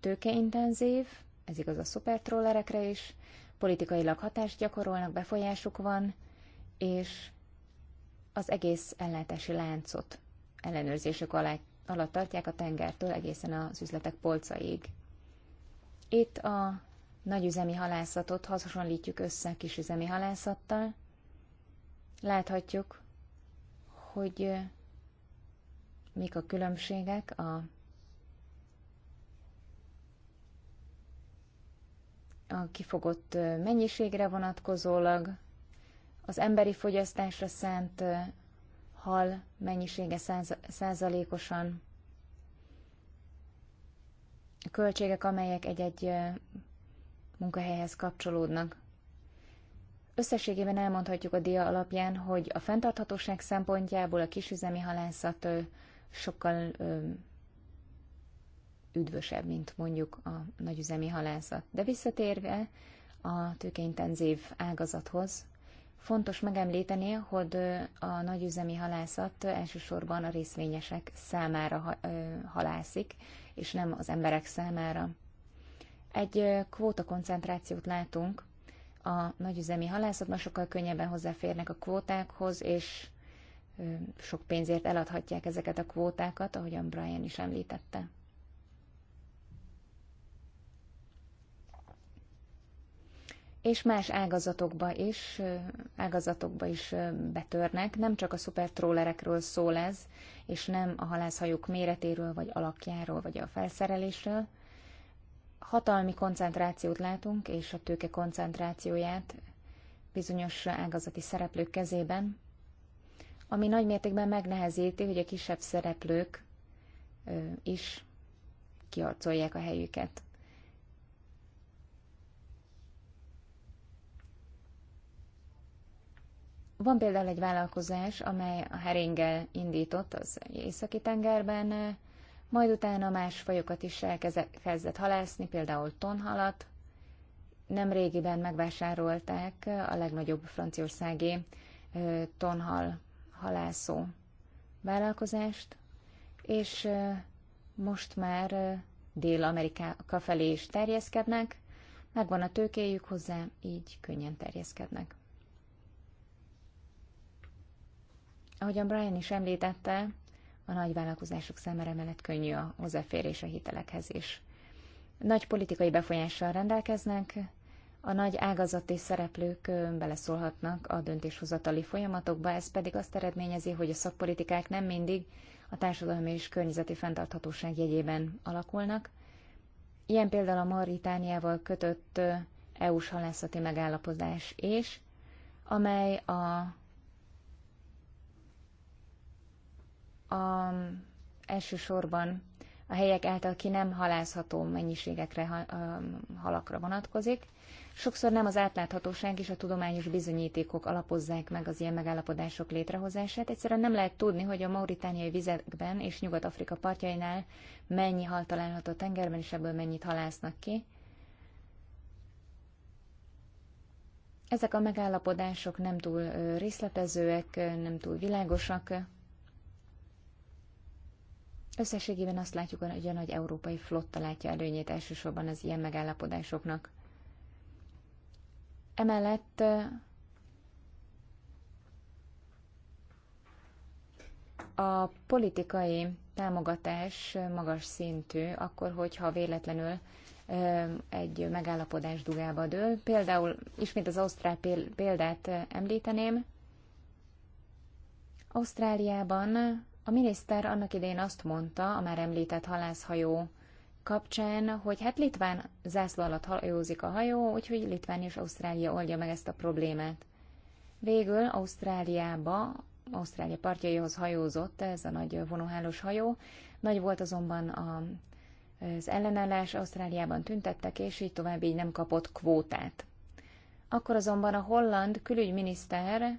Speaker 3: tőkeintenzív, ez igaz a szupertrollerekre is, politikailag hatást gyakorolnak, befolyásuk van, és az egész ellátási láncot ellenőrzésük alá, alatt tartják a tengertől egészen az üzletek polcaig. Itt a nagyüzemi halászatot hasonlítjuk össze a kisüzemi halászattal. Láthatjuk, hogy mik a különbségek a a kifogott mennyiségre vonatkozólag, az emberi fogyasztásra szánt hal mennyisége százalékosan, a költségek, amelyek egy-egy munkahelyhez kapcsolódnak. Összességében elmondhatjuk a dia alapján, hogy a fenntarthatóság szempontjából a kisüzemi halászat sokkal üdvösebb, mint mondjuk a nagyüzemi halászat. De visszatérve a tőkeintenzív ágazathoz, fontos megemlíteni, hogy a nagyüzemi halászat elsősorban a részvényesek számára halászik, és nem az emberek számára. Egy kvóta koncentrációt látunk a nagyüzemi halászatban, sokkal könnyebben hozzáférnek a kvótákhoz, és sok pénzért eladhatják ezeket a kvótákat, ahogyan Brian is említette. és más ágazatokba is, ágazatokba is betörnek. Nem csak a szupertrólerekről szól ez, és nem a halászhajók méretéről, vagy alakjáról, vagy a felszerelésről. Hatalmi koncentrációt látunk, és a tőke koncentrációját bizonyos ágazati szereplők kezében, ami nagy mértékben megnehezíti, hogy a kisebb szereplők is kiarcolják a helyüket. Van például egy vállalkozás, amely a heringgel indított az északi tengerben, majd utána más fajokat is elkezdett halászni, például tonhalat. Nem régiben megvásárolták a legnagyobb franciaországi tonhal halászó vállalkozást, és most már Dél-Amerika felé is terjeszkednek, megvan a tőkéjük hozzá, így könnyen terjeszkednek. Ahogyan Brian is említette, a nagy vállalkozások számára mellett könnyű a hozzáférés a hitelekhez is. Nagy politikai befolyással rendelkeznek, a nagy ágazati szereplők beleszólhatnak a döntéshozatali folyamatokba, ez pedig azt eredményezi, hogy a szakpolitikák nem mindig a társadalmi és környezeti fenntarthatóság jegyében alakulnak. Ilyen például a Mauritániával kötött EU-s halászati megállapodás és, amely a a, elsősorban a helyek által ki nem halászható mennyiségekre, halakra vonatkozik. Sokszor nem az átláthatóság és a tudományos bizonyítékok alapozzák meg az ilyen megállapodások létrehozását. Egyszerűen nem lehet tudni, hogy a mauritániai vizekben és Nyugat-Afrika partjainál mennyi hal található a tengerben, és ebből mennyit halásznak ki. Ezek a megállapodások nem túl részletezőek, nem túl világosak, Összességében azt látjuk, hogy a nagy európai flotta látja előnyét elsősorban az ilyen megállapodásoknak. Emellett a politikai támogatás magas szintű, akkor, hogyha véletlenül egy megállapodás dugába dől. Például ismét az Ausztrál példát említeném. Ausztráliában a miniszter annak idején azt mondta, a már említett halászhajó kapcsán, hogy hát Litván zászló alatt hajózik a hajó, úgyhogy Litván és Ausztrália oldja meg ezt a problémát. Végül Ausztráliába, Ausztrália partjaihoz hajózott ez a nagy vonóhálós hajó. Nagy volt azonban a, az ellenállás, Ausztráliában tüntettek, és így tovább így nem kapott kvótát. Akkor azonban a holland külügyminiszter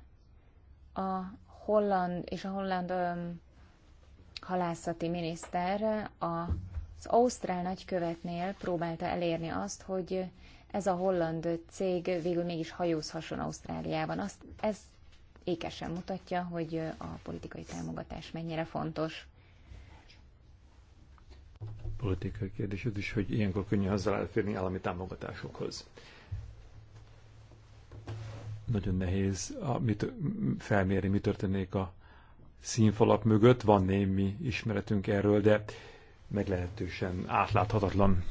Speaker 3: a holland és a holland öm, halászati miniszter az Ausztrál nagykövetnél próbálta elérni azt, hogy ez a holland cég végül mégis hajózhasson Ausztráliában. Azt, ez ékesen mutatja, hogy a politikai támogatás mennyire fontos.
Speaker 2: Politikai kérdés az is, hogy ilyenkor könnyű elférni állami támogatásokhoz. Nagyon nehéz a, mit, felmérni, mi történik a színfalak mögött van némi ismeretünk erről, de meglehetősen átláthatatlan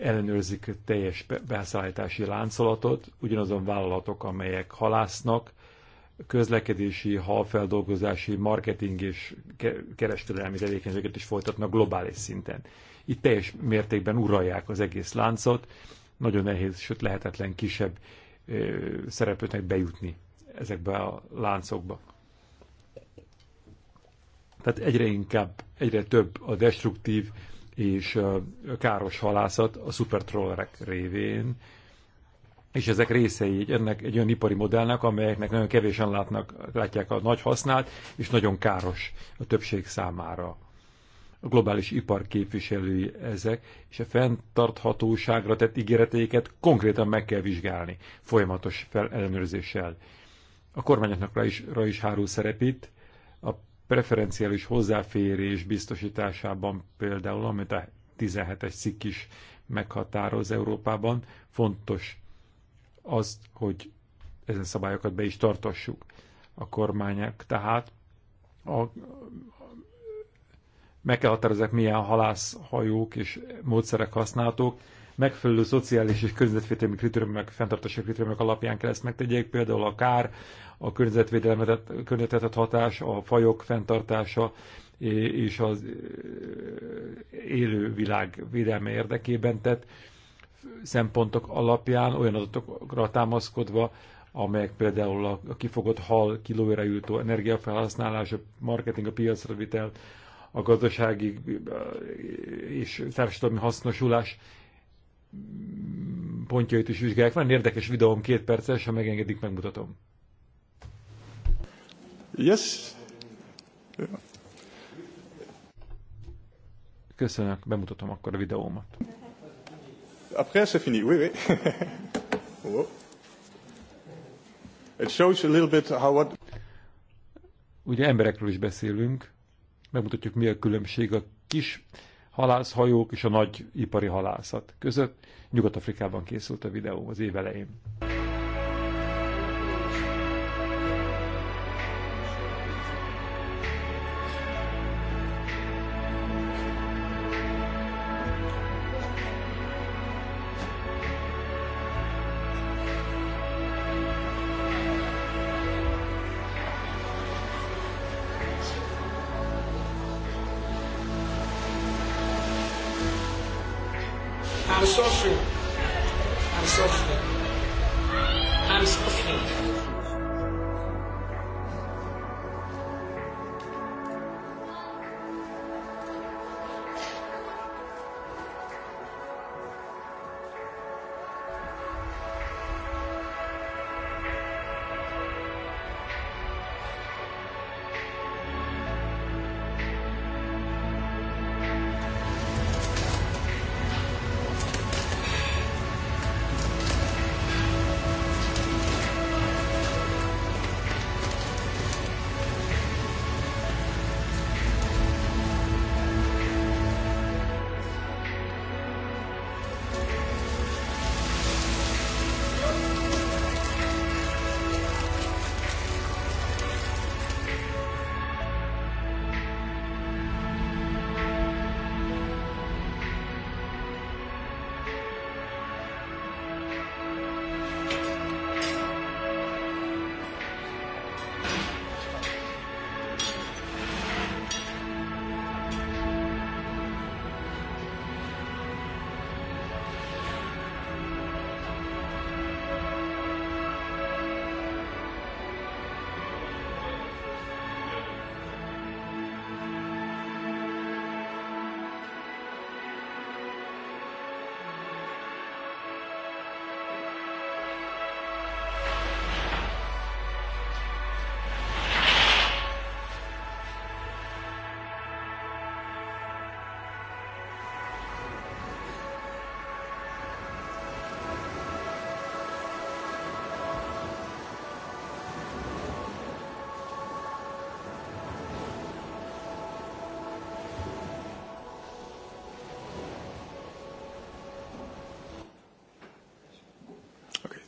Speaker 2: ellenőrzik teljes beszállítási láncolatot, ugyanazon vállalatok, amelyek halásznak, közlekedési, halfeldolgozási, marketing és kereskedelmi tevékenységet is folytatnak globális szinten. Itt teljes mértékben uralják az egész láncot, nagyon nehéz, sőt lehetetlen kisebb szereplőnek bejutni ezekbe a láncokba. Tehát egyre inkább, egyre több a destruktív és káros halászat a szupertrollerek révén, és ezek részei egy, ennek egy olyan ipari modellnek, amelyeknek nagyon kevésen látnak, látják a nagy hasznát, és nagyon káros a többség számára. A globális ipar képviselői ezek, és a fenntarthatóságra tett ígéreteiket konkrétan meg kell vizsgálni, folyamatos fel ellenőrzéssel a kormányoknak is, rá is hárul szerepít, a preferenciális hozzáférés biztosításában például, amit a 17-es cikk is meghatároz Európában, fontos az, hogy ezen szabályokat be is tartassuk. A kormányok tehát a, meg kell határozni, milyen halászhajók és módszerek használhatók, megfelelő szociális és környezetvédelmi kritériumok, fenntartási kritériumok alapján kell ezt megtegyék, például a kár, a környezetet hatás, a fajok fenntartása és az élővilág védelme érdekében tett szempontok alapján olyan adatokra támaszkodva, amelyek például a kifogott hal kilóra jutó energiafelhasználás, a marketing, a piacra vitel, a gazdasági és társadalmi hasznosulás pontjait is vizsgálják. Van érdekes videóm, két perces, ha megengedik, megmutatom. Yes. Köszönöm, bemutatom akkor a videómat. Après, c'est fini, oui, oui. oh. It shows a little bit how what... Ugye emberekről is beszélünk, megmutatjuk mi a különbség a kis halászhajók és a nagy ipari halászat között. Nyugat-Afrikában készült a videó az év elején.
Speaker 1: I'm so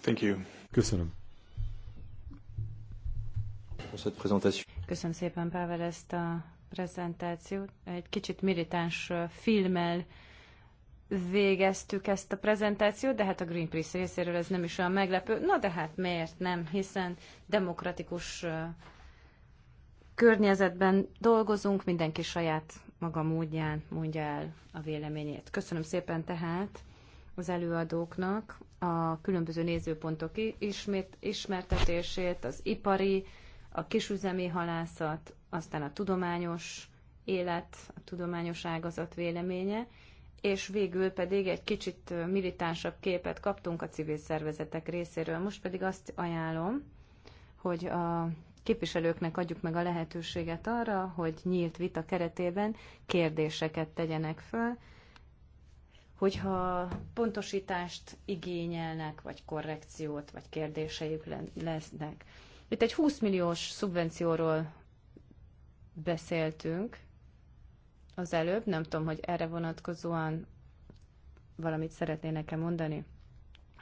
Speaker 2: Thank you. Köszönöm.
Speaker 1: Köszönöm szépen, Pável, ezt a prezentációt. Egy kicsit militáns filmmel végeztük ezt a prezentációt, de hát a Greenpeace részéről ez nem is olyan meglepő. Na de hát miért nem, hiszen demokratikus környezetben dolgozunk, mindenki saját maga módján mondja el a véleményét. Köszönöm szépen tehát az előadóknak a különböző nézőpontok ismét, ismertetését, az ipari, a kisüzemi halászat, aztán a tudományos élet, a tudományos ágazat véleménye, és végül pedig egy kicsit militánsabb képet kaptunk a civil szervezetek részéről. Most pedig azt ajánlom, hogy a képviselőknek adjuk meg a lehetőséget arra, hogy nyílt vita keretében kérdéseket tegyenek föl, hogyha pontosítást igényelnek, vagy korrekciót, vagy kérdéseik lesznek. Itt egy 20 milliós szubvencióról beszéltünk az előbb, nem tudom, hogy erre vonatkozóan valamit szeretnének nekem mondani.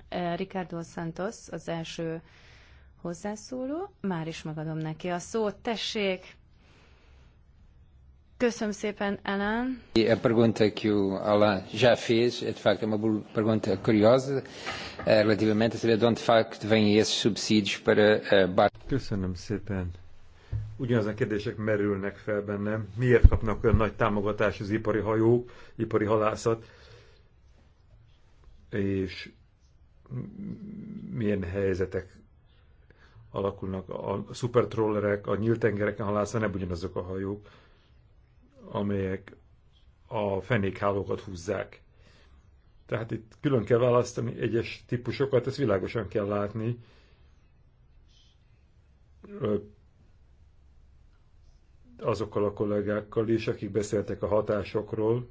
Speaker 1: Eh, Ricardo Santos az első hozzászóló, már is megadom neki a szót, tessék! Köszönöm szépen, Ellen.
Speaker 2: A pergunta que o Alain já fez é de facto uma pergunta curiosa eh, relativamente a saber de onde de facto vêm esses subsídios para eh, barcos. Köszönöm szépen. Ugyanazon kérdések merülnek fel bennem. Miért kapnak olyan nagy támogatást az ipari hajók, ipari halászat, és milyen helyzetek alakulnak a szupertrollerek, a nyíltengereken halászva, nem ugyanazok a hajók amelyek a fenékhálókat húzzák. Tehát itt külön kell választani egyes típusokat, ezt világosan kell látni. Azokkal a kollégákkal is, akik beszéltek a hatásokról.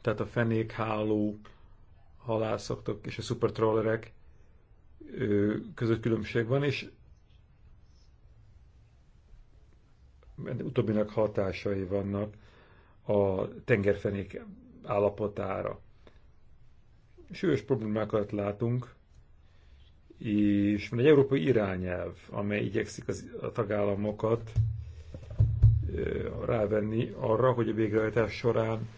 Speaker 2: Tehát a fenékháló halászoktok és a szupertrollerek között különbség van, és utóbbinak hatásai vannak a tengerfenék állapotára. Súlyos problémákat látunk, és van egy európai irányelv, amely igyekszik az, a tagállamokat rávenni arra, hogy a végrehajtás során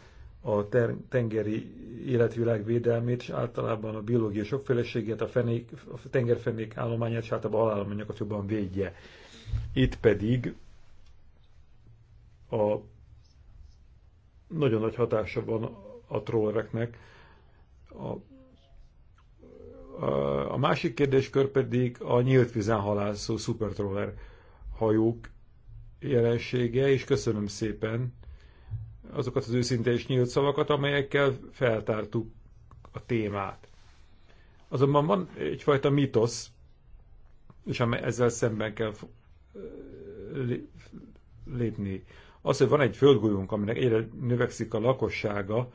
Speaker 2: a ter- tengeri életvilág védelmét, és általában a biológiai sokféleséget, a, fenék, a tengerfenék állományát, és általában a halálományokat jobban védje. Itt pedig a nagyon nagy hatása van a trollereknek. A, a, a másik kérdéskör pedig a nyílt vizen halászó szupertroller hajók jelensége, és köszönöm szépen azokat az őszinte és nyílt szavakat, amelyekkel feltártuk a témát. Azonban van egyfajta mitosz, és amely ezzel szemben kell lépni. Az, hogy van egy földgolyónk, aminek egyre növekszik a lakossága,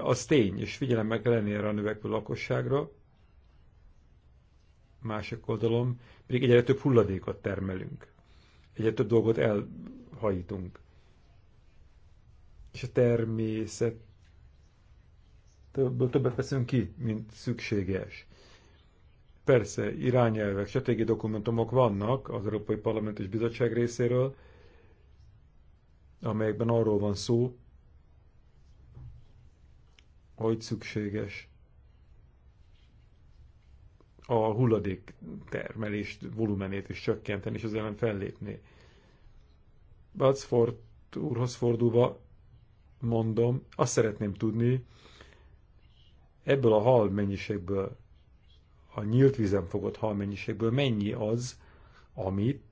Speaker 2: az tény, és figyelemmel kell lenni erre a növekvő lakosságra. Másik oldalon pedig egyre több hulladékot termelünk. Egyre több dolgot elhajítunk. És a természet többet veszünk ki, mint szükséges. Persze, irányelvek, stratégiai dokumentumok vannak az Európai Parlament és Bizottság részéről, amelyekben arról van szó, hogy szükséges a hulladék termelést, volumenét is csökkenteni, és az ellen fellépni. Batsford úrhoz fordulva mondom, azt szeretném tudni, ebből a hal mennyiségből a nyílt vízen fogott halmennyiségből mennyi az, amit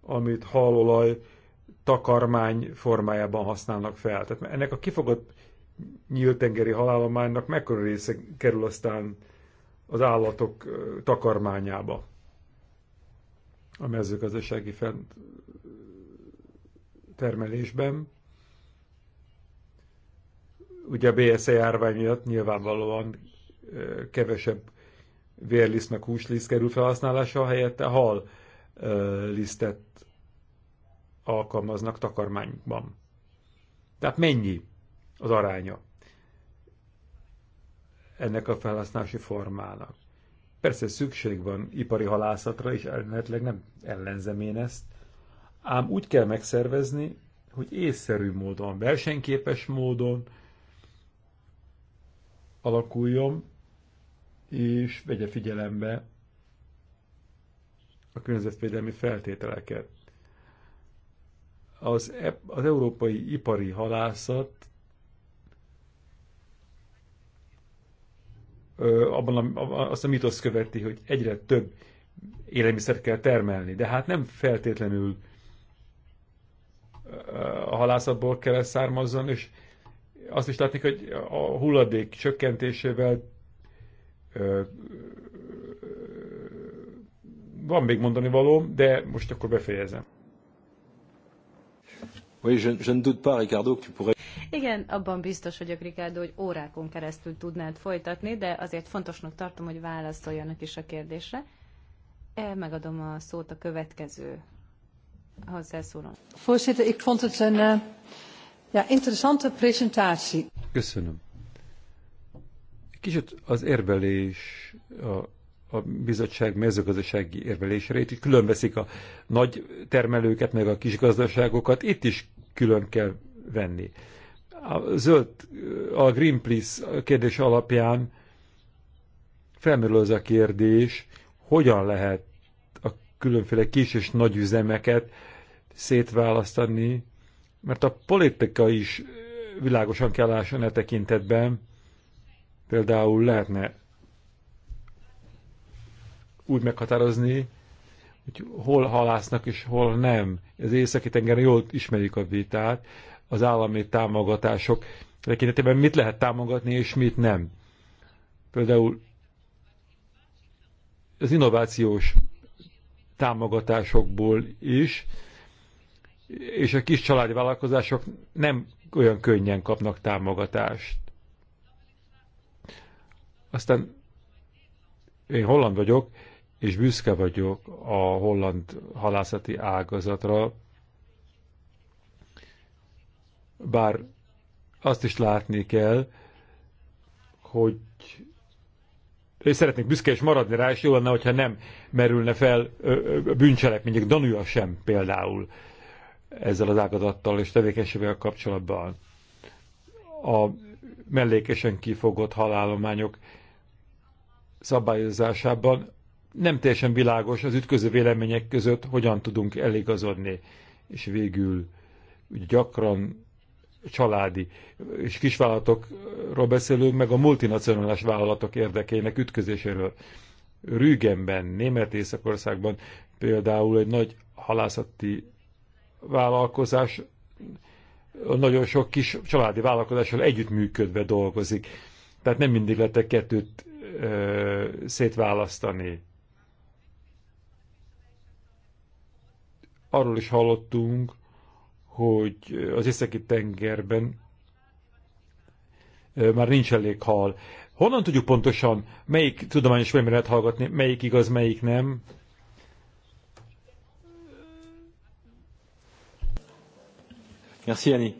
Speaker 2: amit halolaj takarmány formájában használnak fel. Tehát ennek a kifogott nyíltengeri halállománynak mekkora része kerül aztán az állatok takarmányába a mezőgazdasági fent termelésben. Ugye a BSE járvány miatt nyilvánvalóan kevesebb vérliszt meg húsliszt kerül felhasználásra, helyette hal lisztet alkalmaznak takarmányban. Tehát mennyi az aránya ennek a felhasználási formának? Persze szükség van ipari halászatra, és elméletileg nem ellenzem én ezt, ám úgy kell megszervezni, hogy észszerű módon, versenyképes módon, alakuljon, és vegye figyelembe a környezetvédelmi feltételeket. Az, e az európai ipari halászat ö, abban a, azt a mitosz követi, hogy egyre több élelmiszert kell termelni, de hát nem feltétlenül a halászatból kell származzon, és azt is látni, hogy a hulladék csökkentésével van még mondani való, de most akkor befejezem. Oui, je, je ne doute pas, Ricardo, que tu pourrais...
Speaker 1: Igen, abban biztos vagyok, Ricardo, hogy órákon keresztül tudnád folytatni, de azért fontosnak tartom, hogy válaszoljanak is a kérdésre. E, megadom a szót a következő hozzászólónak.
Speaker 2: Voorzitter, ik vond het een eh, Ja,
Speaker 1: interessante prezentáció.
Speaker 2: Köszönöm. Kicsit az érvelés, a, a bizottság mezőgazdasági érvelésre, itt külön veszik a nagy termelőket, meg a kis gazdaságokat, itt is külön kell venni. A zöld, a Greenpeace kérdés alapján felmerül az a kérdés, hogyan lehet a különféle kis és nagy üzemeket szétválasztani, mert a politika is világosan kell lásson e tekintetben, például lehetne úgy meghatározni, hogy hol halásznak és hol nem. Ez északi tengeren jól ismerjük a vitát, az állami támogatások tekintetében mit lehet támogatni és mit nem. Például az innovációs támogatásokból is és a kis családi vállalkozások nem olyan könnyen kapnak támogatást. Aztán én holland vagyok, és büszke vagyok a holland halászati ágazatra, bár azt is látni kell, hogy és szeretnék büszke és maradni rá, és jó lenne, hogyha nem merülne fel bűncselekmények, Danuja sem például ezzel az ágazattal és tevékenységvel kapcsolatban. A mellékesen kifogott halálományok szabályozásában nem teljesen világos az ütköző vélemények között, hogyan tudunk eligazodni. És végül gyakran családi és kisvállalatokról beszélünk, meg a multinacionális vállalatok érdekének ütközéséről. Rügenben, Német Északországban például egy nagy halászati vállalkozás nagyon sok kis családi vállalkozással együttműködve dolgozik. Tehát nem mindig lehet kettőt ö, szétválasztani. Arról is hallottunk, hogy az északi tengerben ö, már nincs elég hal. Honnan tudjuk pontosan, melyik tudományos véleményt hallgatni, melyik igaz, melyik nem? Merci Annie.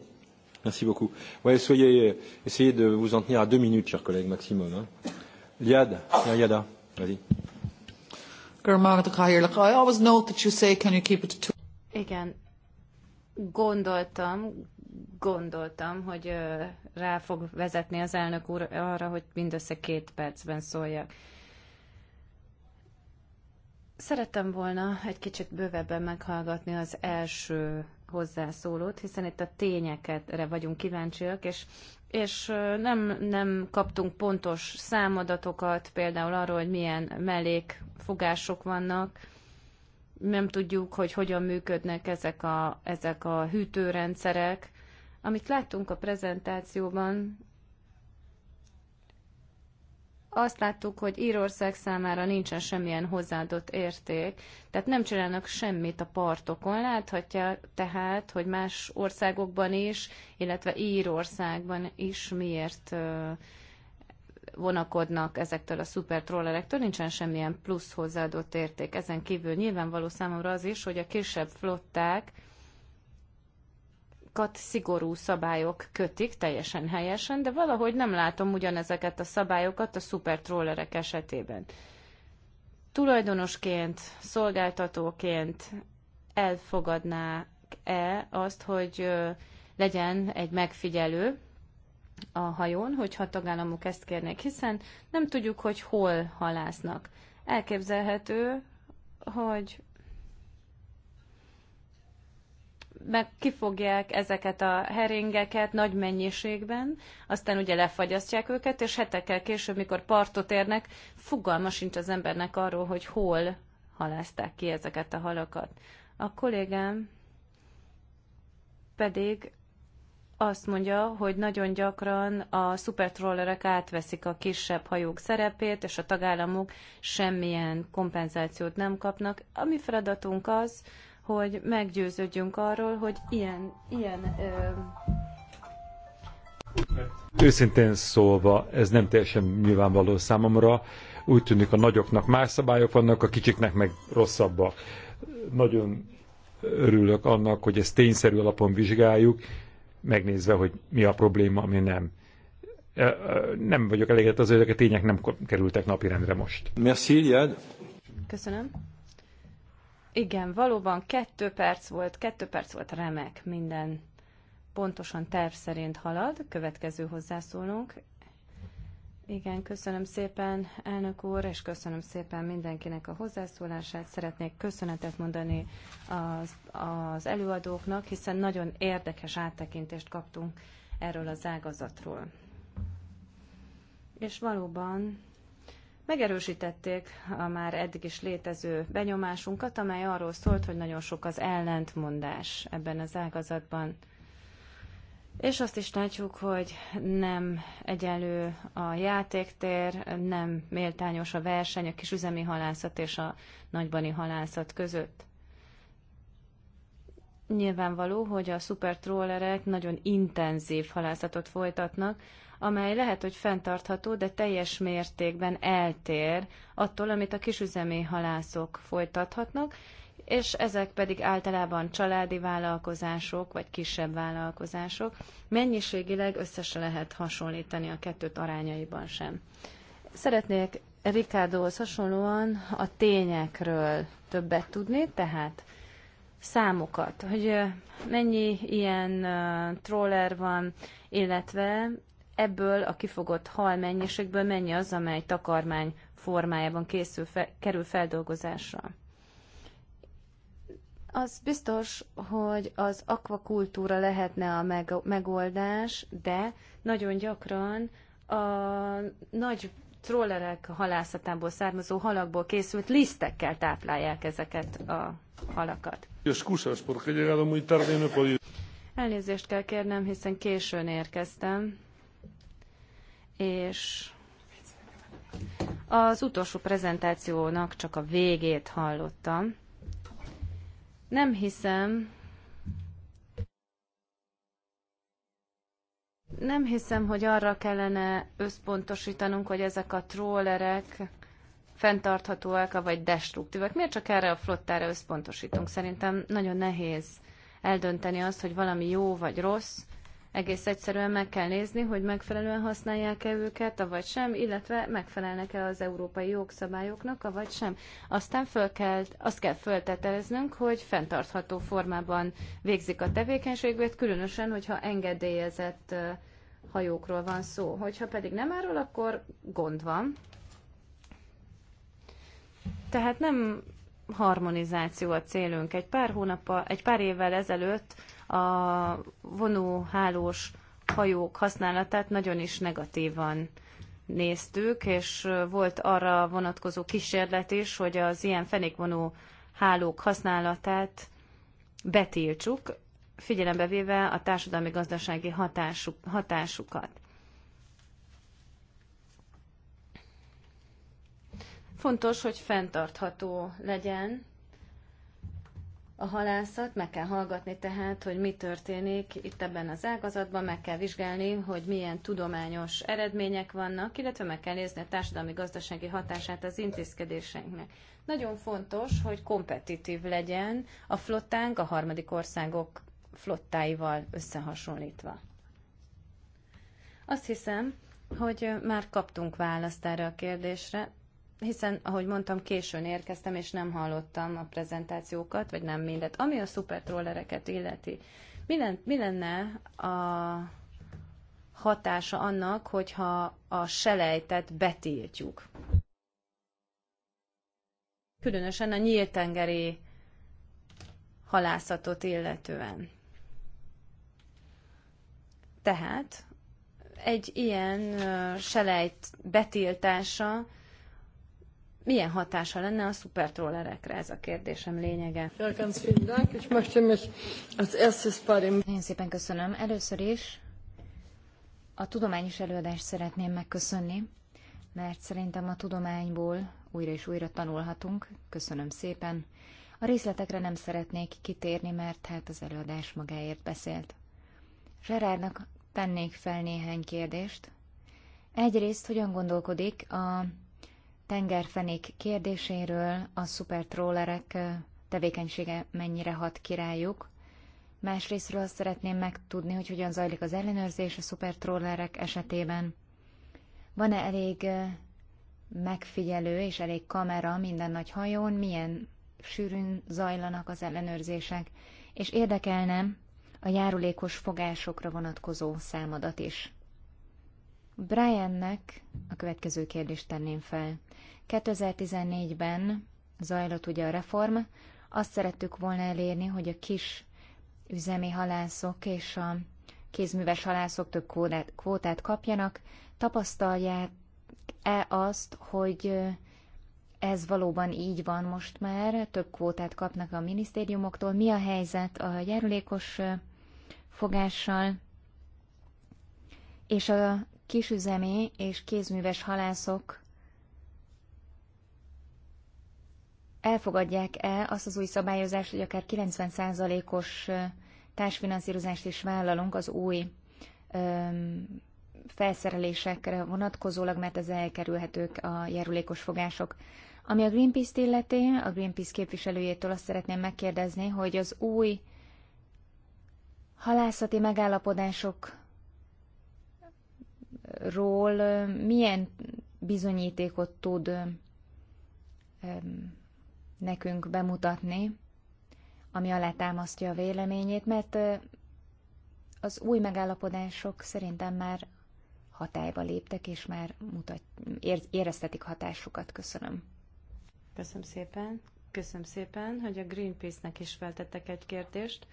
Speaker 2: Merci beaucoup. Ouais, soyez, euh, essayez de vous en tenir à deux minutes, chers collègues, maximum. Hein. Liad, Yada, vas-y. I always note that you say, can you keep it to...
Speaker 1: Igen, gondoltam, gondoltam, hogy rá fog vezetni az elnök úr arra, hogy mindössze két percben szóljak. Szerettem volna egy kicsit bővebben meghallgatni az első hozzászólót, hiszen itt a tényekre vagyunk kíváncsiak, és, és nem, nem kaptunk pontos számadatokat, például arról, hogy milyen mellékfogások vannak, nem tudjuk, hogy hogyan működnek ezek a, ezek a hűtőrendszerek. Amit láttunk a prezentációban, azt láttuk, hogy Írország számára nincsen semmilyen hozzáadott érték, tehát nem csinálnak semmit a partokon. Láthatja tehát, hogy más országokban is, illetve Írországban is miért vonakodnak ezektől a szupertrollerektől, nincsen semmilyen plusz hozzáadott érték. Ezen kívül nyilvánvaló számomra az is, hogy a kisebb flották bankokat szigorú szabályok kötik, teljesen helyesen, de valahogy nem látom ugyanezeket a szabályokat a szupertrollerek esetében. Tulajdonosként, szolgáltatóként elfogadnák-e azt, hogy legyen egy megfigyelő a hajón, hogyha tagállamok ezt kérnék, hiszen nem tudjuk, hogy hol halásznak. Elképzelhető, hogy meg kifogják ezeket a heringeket nagy mennyiségben, aztán ugye lefagyasztják őket, és hetekkel később, mikor partot érnek, fogalma sincs az embernek arról, hogy hol halázták ki ezeket a halakat. A kollégám pedig azt mondja, hogy nagyon gyakran a szupertrollerek átveszik a kisebb hajók szerepét, és a tagállamok semmilyen kompenzációt nem kapnak. A mi feladatunk az, hogy meggyőződjünk arról, hogy ilyen, ilyen ö...
Speaker 2: Őszintén szólva, ez nem teljesen nyilvánvaló számomra. Úgy tűnik a nagyoknak más szabályok vannak, a kicsiknek meg rosszabbak. Nagyon örülök annak, hogy ezt tényszerű alapon vizsgáljuk, megnézve, hogy mi a probléma, ami nem. E, e, nem vagyok elégedett az, hogy a tények nem kerültek napirendre most. Merci, Liad.
Speaker 1: Köszönöm. Igen, valóban kettő perc volt, kettő perc volt remek, minden pontosan terv szerint halad. Következő hozzászólunk. Igen, köszönöm szépen, elnök úr, és köszönöm szépen mindenkinek a hozzászólását. Szeretnék köszönetet mondani az, az előadóknak, hiszen nagyon érdekes áttekintést kaptunk erről az ágazatról. És valóban Megerősítették a már eddig is létező benyomásunkat, amely arról szólt, hogy nagyon sok az ellentmondás ebben az ágazatban. És azt is látjuk, hogy nem egyenlő a játéktér, nem méltányos a verseny a kisüzemi halászat és a nagybani halászat között. Nyilvánvaló, hogy a szupertrollerek nagyon intenzív halászatot folytatnak, amely lehet, hogy fenntartható, de teljes mértékben eltér attól, amit a kisüzemi halászok folytathatnak, és ezek pedig általában családi vállalkozások, vagy kisebb vállalkozások. Mennyiségileg össze se lehet hasonlítani a kettőt arányaiban sem. Szeretnék Rikádóhoz hasonlóan a tényekről többet tudni, tehát számokat, hogy mennyi ilyen troller van, illetve ebből a kifogott hal mennyiségből mennyi az, amely takarmány formájában készül fe, kerül feldolgozásra. Az biztos, hogy az akvakultúra lehetne a meg, megoldás, de nagyon gyakran a nagy trollerek halászatából származó halakból készült lisztekkel táplálják ezeket a halakat. Elnézést kell kérnem, hiszen későn érkeztem és az utolsó prezentációnak csak a végét hallottam. Nem hiszem, nem hiszem, hogy arra kellene összpontosítanunk, hogy ezek a trollerek fenntarthatóak vagy destruktívak. Miért csak erre a flottára összpontosítunk? Szerintem nagyon nehéz eldönteni azt, hogy valami jó vagy rossz, egész egyszerűen meg kell nézni, hogy megfelelően használják-e őket, avagy sem, illetve megfelelnek-e az európai jogszabályoknak, avagy sem. Aztán föl kell, azt kell fölteteleznünk, hogy fenntartható formában végzik a tevékenységüket, különösen, hogyha engedélyezett hajókról van szó. Hogyha pedig nem erről, akkor gond van. Tehát nem harmonizáció a célunk. Egy pár hónappal, egy pár évvel ezelőtt a vonóhálós hajók használatát nagyon is negatívan néztük, és volt arra vonatkozó kísérlet is, hogy az ilyen fenékvonó hálók használatát betiltsuk, figyelembe véve a társadalmi-gazdasági hatásuk, hatásukat. Fontos, hogy fenntartható legyen a halászat, meg kell hallgatni tehát, hogy mi történik itt ebben az ágazatban, meg kell vizsgálni, hogy milyen tudományos eredmények vannak, illetve meg kell nézni a társadalmi-gazdasági hatását az intézkedéseinknek. Nagyon fontos, hogy kompetitív legyen a flottánk a harmadik országok flottáival összehasonlítva. Azt hiszem, hogy már kaptunk választ erre a kérdésre, hiszen, ahogy mondtam, későn érkeztem, és nem hallottam a prezentációkat, vagy nem mindet. Ami a szupertrollereket illeti, mi, len, mi lenne a hatása annak, hogyha a selejtet betiltjuk? Különösen a nyíltengeri halászatot illetően. Tehát egy ilyen selejt betiltása milyen hatása lenne a szupertrollerekre? Ez a kérdésem lényege. Nagyon szépen
Speaker 3: köszönöm. Először is a tudományos előadást szeretném megköszönni, mert szerintem a tudományból újra és újra tanulhatunk. Köszönöm szépen. A részletekre nem szeretnék kitérni, mert hát az előadás magáért beszélt. Zserárnak tennék fel néhány kérdést. Egyrészt, hogyan gondolkodik a tengerfenék kérdéséről, a szupertrólerek tevékenysége mennyire hat királyuk. Másrésztről azt szeretném megtudni, hogy hogyan zajlik az ellenőrzés a szupertrólerek esetében. Van-e elég megfigyelő és elég kamera minden nagy hajón, milyen sűrűn zajlanak az ellenőrzések, és érdekelne a járulékos fogásokra vonatkozó számadat is. Briannek a következő kérdést tenném fel. 2014-ben zajlott ugye a reform, azt szerettük volna elérni, hogy a kis üzemi halászok és a kézműves halászok több kvótát, kvótát kapjanak. Tapasztalják-e azt, hogy ez valóban így van most már, több kvótát kapnak a minisztériumoktól. Mi a helyzet a járulékos fogással? És a kisüzemi és kézműves halászok elfogadják-e azt az új szabályozást, hogy akár 90%-os társfinanszírozást is vállalunk az új öm, felszerelésekre vonatkozólag, mert ez elkerülhetők a járulékos fogások. Ami a Greenpeace-t illeti, a Greenpeace képviselőjétől azt szeretném megkérdezni, hogy az új halászati megállapodások ról milyen bizonyítékot tud nekünk bemutatni, ami alátámasztja a véleményét, mert az új megállapodások szerintem már hatályba léptek, és már mutat,
Speaker 1: éreztetik hatásukat. Köszönöm. Köszönöm szépen. Köszönöm szépen, hogy a Greenpeace-nek is feltettek egy kérdést,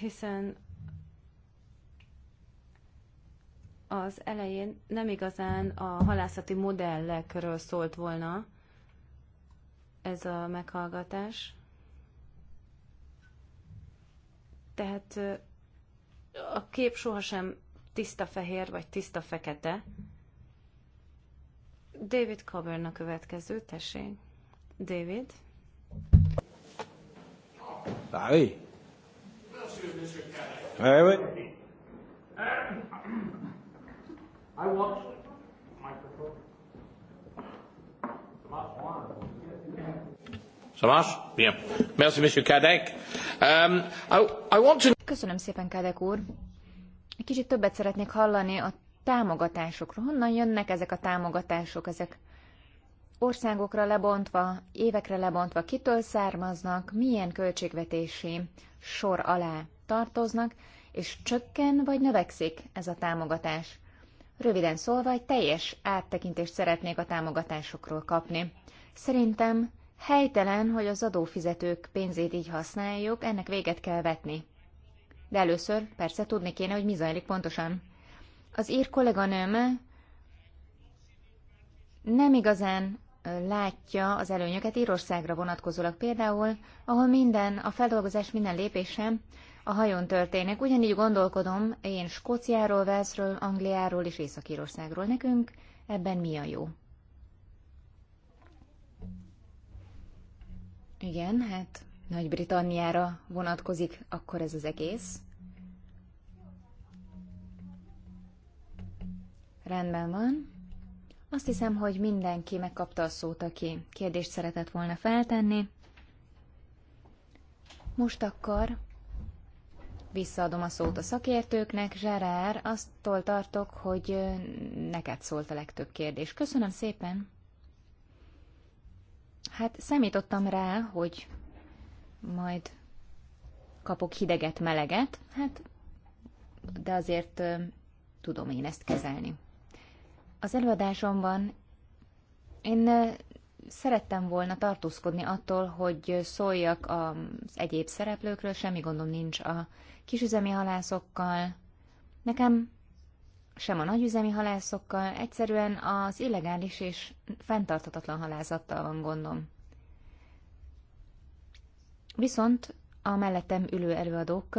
Speaker 1: hiszen az elején nem igazán a halászati modellekről szólt volna ez a meghallgatás. Tehát a kép sohasem tiszta fehér vagy tiszta fekete. David Coburn a következő, tessék. David.
Speaker 2: Ah oui. Ah
Speaker 1: Um, I want microphone. Köszönöm
Speaker 3: szépen, Kadek úr. Egy kicsit többet szeretnék hallani a támogatásokról. Honnan jönnek ezek a támogatások? Ezek országokra lebontva, évekre lebontva, kitől származnak, milyen költségvetési sor alá tartoznak, és csökken vagy növekszik ez a támogatás? Röviden szólva, egy teljes áttekintést szeretnék a támogatásokról kapni. Szerintem helytelen, hogy az adófizetők pénzét így használjuk, ennek véget kell vetni. De először persze tudni kéne, hogy mi zajlik pontosan. Az ír kolléganőm nem igazán látja az előnyöket Írországra vonatkozólag például, ahol minden, a feldolgozás minden lépése a hajón történik. Ugyanígy gondolkodom én Skóciáról, Velszről, Angliáról és Észak-Írországról. Nekünk ebben mi a jó? Igen, hát Nagy-Britanniára vonatkozik akkor ez az egész. Rendben van. Azt hiszem, hogy mindenki megkapta a szót, aki kérdést szeretett volna feltenni. Most akkor Visszaadom a szót a szakértőknek. Zserár, aztól tartok, hogy neked szólt a legtöbb kérdés. Köszönöm szépen. Hát számítottam rá, hogy majd kapok hideget, meleget, hát, de azért tudom én ezt kezelni. Az előadásomban én szerettem volna tartózkodni attól, hogy szóljak az egyéb szereplőkről, semmi gondom nincs a kisüzemi halászokkal. Nekem sem a nagyüzemi halászokkal, egyszerűen az illegális és fenntarthatatlan halászattal van gondom. Viszont a mellettem ülő előadók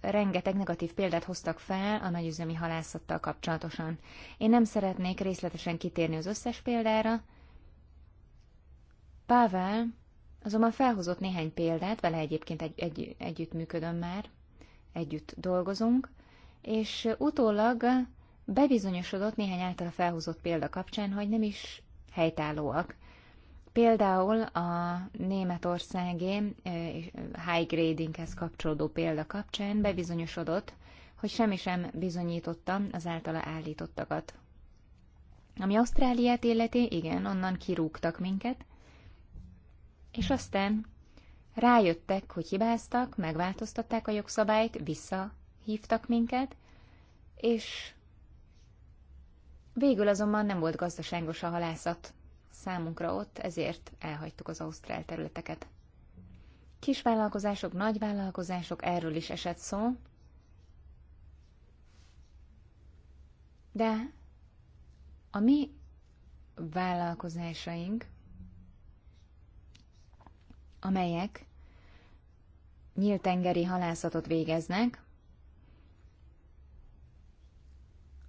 Speaker 3: rengeteg negatív példát hoztak fel a nagyüzemi halászattal kapcsolatosan. Én nem szeretnék részletesen kitérni az összes példára. Pável azonban felhozott néhány példát, vele egyébként egy, egy, együttműködöm már, együtt dolgozunk, és utólag bebizonyosodott néhány által felhozott példa kapcsán, hogy nem is helytállóak. Például a németországi high gradinghez kapcsolódó példa kapcsán bebizonyosodott, hogy semmi sem bizonyította az általa állítottakat. Ami Ausztráliát illeti, igen, onnan kirúgtak minket, és aztán rájöttek, hogy hibáztak, megváltoztatták a jogszabályt, visszahívtak minket, és végül azonban nem volt gazdaságos a halászat számunkra ott, ezért elhagytuk az ausztrál területeket. Kisvállalkozások, nagyvállalkozások, erről is esett szó, de a mi vállalkozásaink amelyek nyíltengeri halászatot végeznek.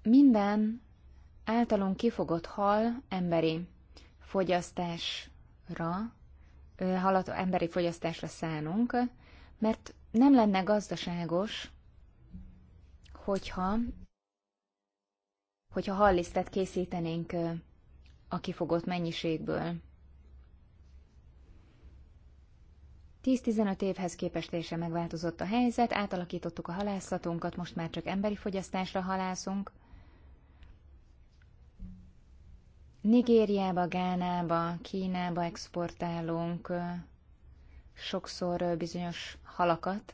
Speaker 3: Minden általunk kifogott hal emberi fogyasztásra, halat emberi fogyasztásra szánunk, mert nem lenne gazdaságos, hogyha, hogyha hallisztet készítenénk a kifogott mennyiségből. 10-15 évhez képest teljesen megváltozott a helyzet, átalakítottuk a halászatunkat, most már csak emberi fogyasztásra halászunk. Nigériába, Gánába, Kínába exportálunk sokszor bizonyos halakat,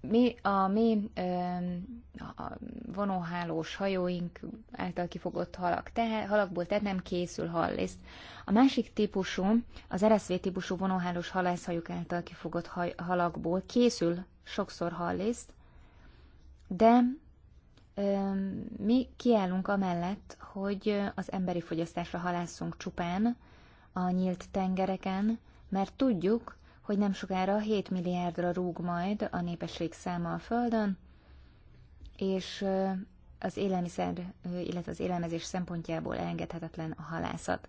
Speaker 3: mi, a mi a vonóhálós hajóink által kifogott halak, tehát, halakból tehát nem készül halliszt. A másik típusú, az RSV típusú vonóhálós halászhajók által kifogott haj, halakból készül sokszor halliszt, de ö, mi kiállunk amellett, hogy az emberi fogyasztásra halászunk csupán a nyílt tengereken, mert tudjuk, hogy nem sokára 7 milliárdra rúg majd a népesség száma a Földön, és az élelmiszer, illetve az élelmezés szempontjából elengedhetetlen a halászat.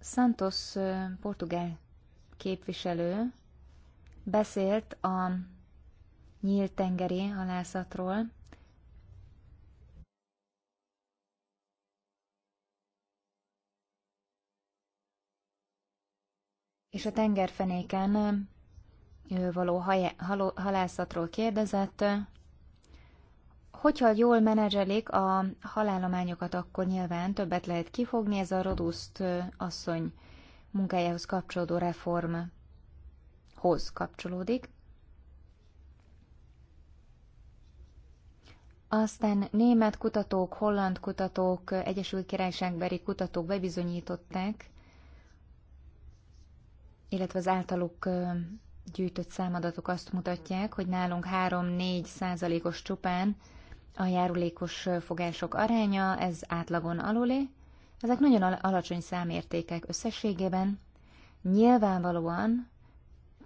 Speaker 3: Santos portugál képviselő beszélt a nyílt tengeri halászatról, és a tengerfenéken való halászatról kérdezett. Hogyha jól menedzselik a halálományokat, akkor nyilván többet lehet kifogni, ez a Roduszt asszony munkájához kapcsolódó reformhoz kapcsolódik. Aztán német kutatók, holland kutatók, Egyesült Királyságbeli kutatók bebizonyították, illetve az általuk gyűjtött számadatok azt mutatják, hogy nálunk 3-4 százalékos csupán a járulékos fogások aránya, ez átlagon aluli. Ezek nagyon alacsony számértékek összességében. Nyilvánvalóan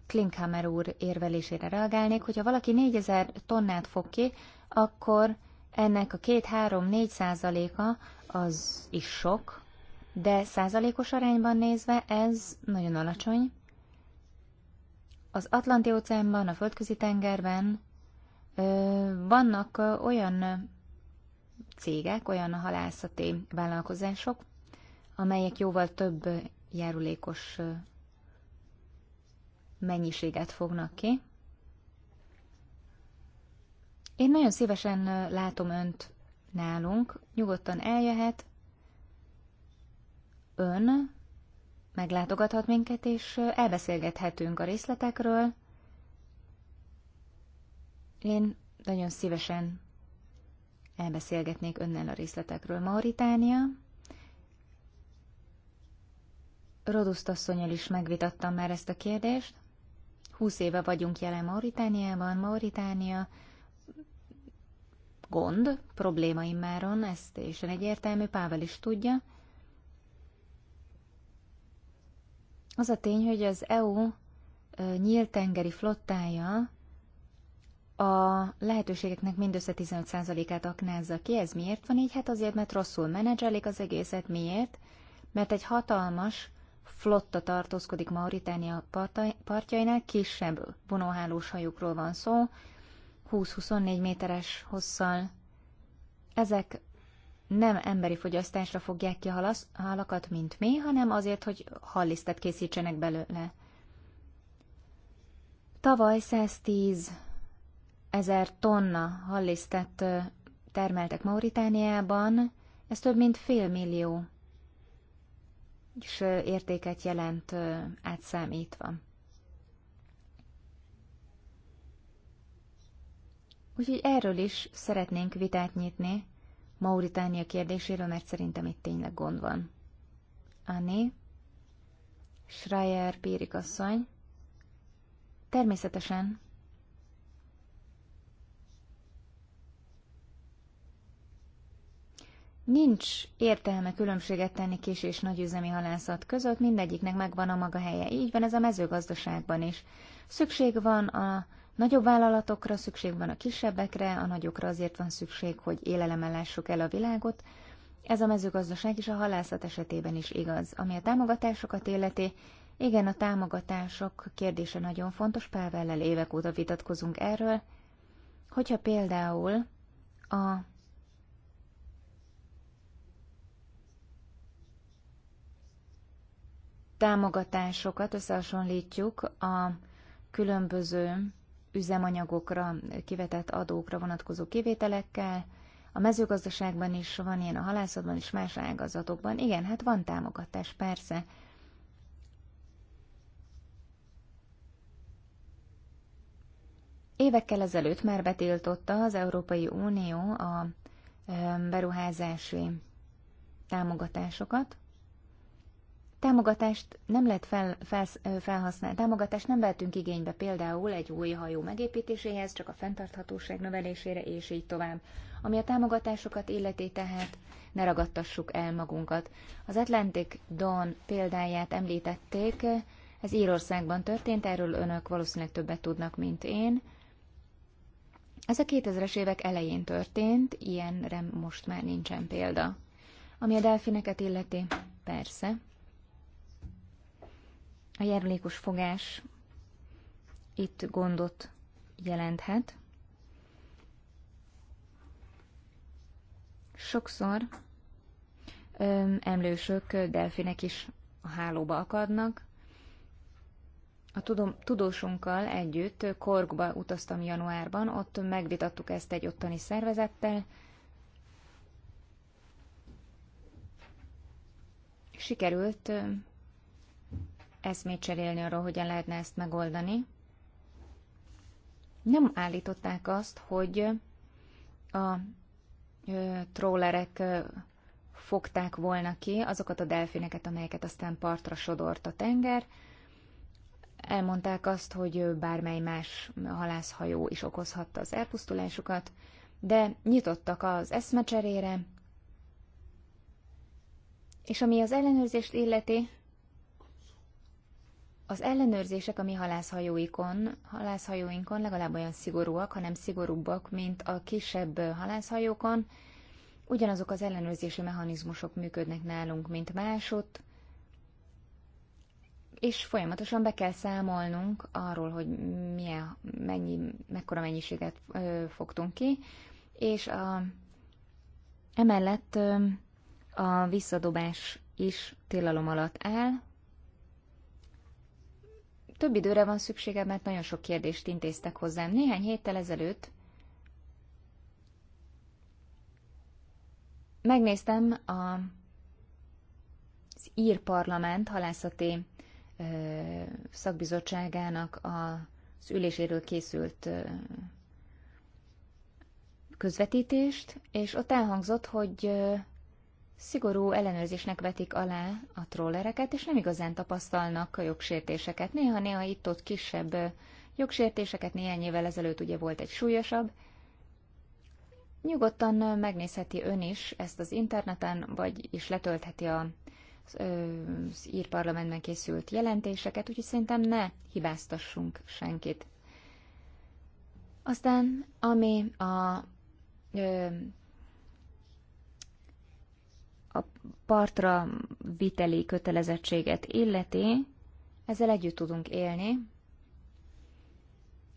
Speaker 3: Klinkhammer úr érvelésére reagálnék, hogyha valaki 4000 tonnát fog ki, akkor ennek a 2-3-4 százaléka az is sok, de százalékos arányban nézve ez nagyon alacsony. Az Atlanti-óceánban, a földközi tengerben vannak olyan cégek, olyan halászati vállalkozások, amelyek jóval több járulékos mennyiséget fognak ki. Én nagyon szívesen látom önt nálunk, nyugodtan eljöhet, ön meglátogathat minket, és elbeszélgethetünk a részletekről. Én nagyon szívesen elbeszélgetnék önnel a részletekről. Mauritánia. Roduszt is megvitattam már ezt a kérdést. Húsz éve vagyunk jelen Mauritániában. Mauritánia gond, probléma immáron, ezt és egyértelmű, Pável is tudja. Az a tény, hogy az EU nyílt tengeri flottája a lehetőségeknek mindössze 15%-át aknázza ki. Ez miért van így? Hát azért, mert rosszul menedzselik az egészet. Miért? Mert egy hatalmas flotta tartózkodik Mauritánia partjainál, kisebb vonóhálós hajókról van szó, 20-24 méteres hosszal. Ezek nem emberi fogyasztásra fogják ki a halakat, mint mi, hanem azért, hogy hallisztet készítsenek belőle. Tavaly 110 ezer tonna hallisztet termeltek Mauritániában, ez több mint fél millió és értéket jelent átszámítva. Úgyhogy erről is szeretnénk vitát nyitni, Mauritánia kérdéséről, mert szerintem itt tényleg gond van. Anni, Schreier Périk asszony, természetesen Nincs értelme különbséget tenni kis és nagyüzemi halászat között, mindegyiknek megvan a maga helye. Így van ez a mezőgazdaságban is. Szükség van a Nagyobb vállalatokra szükség van a kisebbekre, a nagyokra azért van szükség, hogy élelemmel lássuk el a világot. Ez a mezőgazdaság is a halászat esetében is igaz. Ami a támogatásokat illeti, igen, a támogatások kérdése nagyon fontos, Pávellel évek óta vitatkozunk erről. Hogyha például a támogatásokat összehasonlítjuk a különböző üzemanyagokra kivetett adókra vonatkozó kivételekkel, a mezőgazdaságban is van ilyen, a halászatban is, más ágazatokban. Igen, hát van támogatás, persze. Évekkel ezelőtt már betiltotta az Európai Unió a beruházási támogatásokat, Támogatást nem lehet fel, fel, felhasználni, támogatást nem vehetünk igénybe például egy új hajó megépítéséhez, csak a fenntarthatóság növelésére, és így tovább. Ami a támogatásokat illeti tehát, ne ragadtassuk el magunkat. Az Atlantic Dawn példáját említették, ez Írországban történt, erről önök valószínűleg többet tudnak, mint én. Ez a 2000-es évek elején történt, ilyenre most már nincsen példa. Ami a delfineket illeti, persze, a járulékos fogás itt gondot jelenthet. Sokszor öm, emlősök delfinek is a hálóba akadnak. A tudom, tudósunkkal együtt Korgba utaztam januárban, ott megvitattuk ezt egy ottani szervezettel. Sikerült eszmét cserélni arról, hogyan lehetne ezt megoldani. Nem állították azt, hogy a trollerek fogták volna ki azokat a delfineket, amelyeket aztán partra sodort a tenger. Elmondták azt, hogy bármely más halászhajó is okozhatta az elpusztulásukat, de nyitottak az eszmecserére, és ami az ellenőrzést illeti, az ellenőrzések a mi halászhajóikon, halászhajóinkon legalább olyan szigorúak, hanem szigorúbbak, mint a kisebb halászhajókon. Ugyanazok az ellenőrzési mechanizmusok működnek nálunk, mint másott, és folyamatosan be kell számolnunk arról, hogy milyen, mennyi, mekkora mennyiséget ö, fogtunk ki, és a, emellett ö, a visszadobás is tilalom alatt áll, több időre van szükségem, mert nagyon sok kérdést intéztek hozzám. Néhány héttel ezelőtt megnéztem a, az ír parlament halászati ö, szakbizottságának az üléséről készült ö, közvetítést, és ott elhangzott, hogy szigorú ellenőrzésnek vetik alá a trollereket, és nem igazán tapasztalnak a jogsértéseket. Néha-néha itt-ott kisebb jogsértéseket, néhány évvel ezelőtt ugye volt egy súlyosabb. Nyugodtan megnézheti ön is ezt az interneten, vagy is letöltheti a, az, az készült jelentéseket, úgyhogy szerintem ne hibáztassunk senkit. Aztán, ami a ö, partra viteli kötelezettséget illeti, ezzel együtt tudunk élni.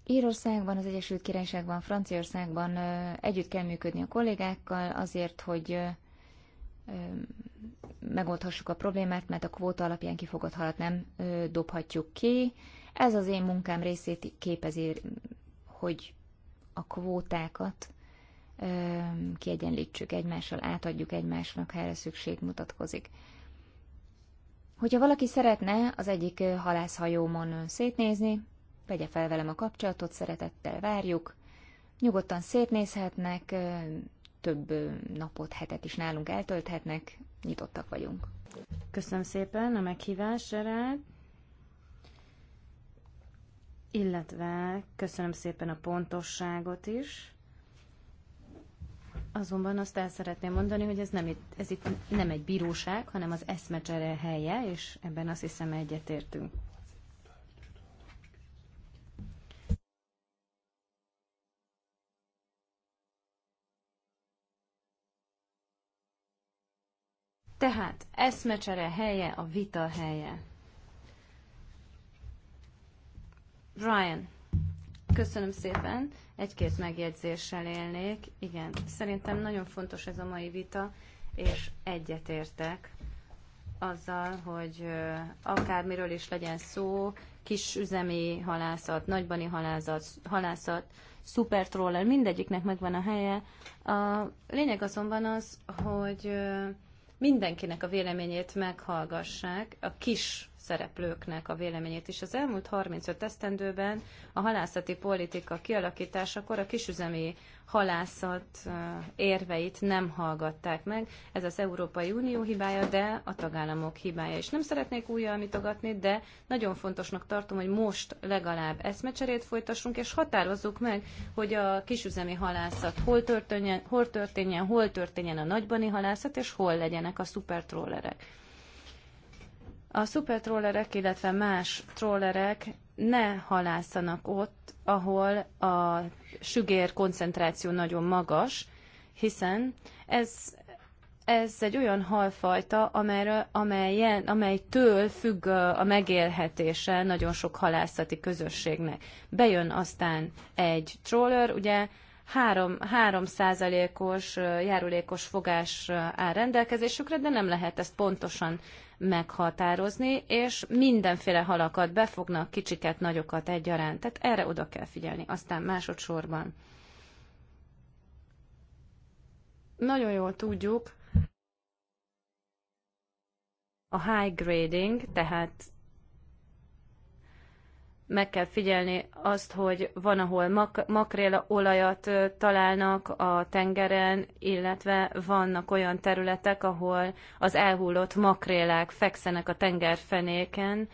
Speaker 3: Írországban, az Egyesült Királyságban, Franciaországban együtt kell működni a kollégákkal azért, hogy megoldhassuk a problémát, mert a kvóta alapján kifogott halat nem dobhatjuk ki. Ez az én munkám részét képezi, hogy a kvótákat kiegyenlítsük egymással, átadjuk egymásnak, ha erre szükség mutatkozik. Hogyha valaki szeretne az egyik halászhajómon szétnézni, vegye fel velem a kapcsolatot, szeretettel várjuk. Nyugodtan szétnézhetnek, több napot, hetet is nálunk
Speaker 1: eltölthetnek, nyitottak vagyunk. Köszönöm szépen a meghívás, Gerard. Illetve köszönöm szépen a pontosságot is. Azonban azt el szeretném mondani, hogy ez, nem itt, ez itt nem egy bíróság, hanem az eszmecsere helye, és ebben azt hiszem egyetértünk. Tehát eszmecsere helye a vita helye. Ryan, Köszönöm szépen. Egy-két megjegyzéssel élnék. Igen, szerintem nagyon fontos ez a mai vita, és egyetértek azzal, hogy akármiről is legyen szó, kis üzemi halászat, nagybani halászat, halászat szupertroller, mindegyiknek megvan a helye. A lényeg azonban az, hogy mindenkinek a véleményét meghallgassák, a kis szereplőknek a véleményét is. Az elmúlt 35 esztendőben a halászati politika kialakításakor a kisüzemi halászat érveit nem hallgatták meg. Ez az Európai Unió hibája, de a tagállamok hibája is. Nem szeretnék újra mitogatni, de nagyon fontosnak tartom, hogy most legalább eszmecserét folytassunk, és határozzuk meg, hogy a kisüzemi halászat hol történjen, hol történjen, hol történjen a nagybani halászat, és hol legyenek a szupertrollerek a szupertrollerek, illetve más trollerek ne halászanak ott, ahol a sügér koncentráció nagyon magas, hiszen ez, ez egy olyan halfajta, amely, amelyen, amelytől függ a megélhetése nagyon sok halászati közösségnek. Bejön aztán egy troller, ugye 3, 3 os járulékos fogás áll rendelkezésükre, de nem lehet ezt pontosan meghatározni, és mindenféle halakat befognak, kicsiket, nagyokat egyaránt. Tehát erre oda kell figyelni. Aztán másodszorban. Nagyon jól tudjuk, a high grading, tehát meg kell figyelni azt, hogy van, ahol mak- makréla olajat találnak a tengeren, illetve vannak olyan területek, ahol az elhullott makrélák fekszenek a tengerfenéken,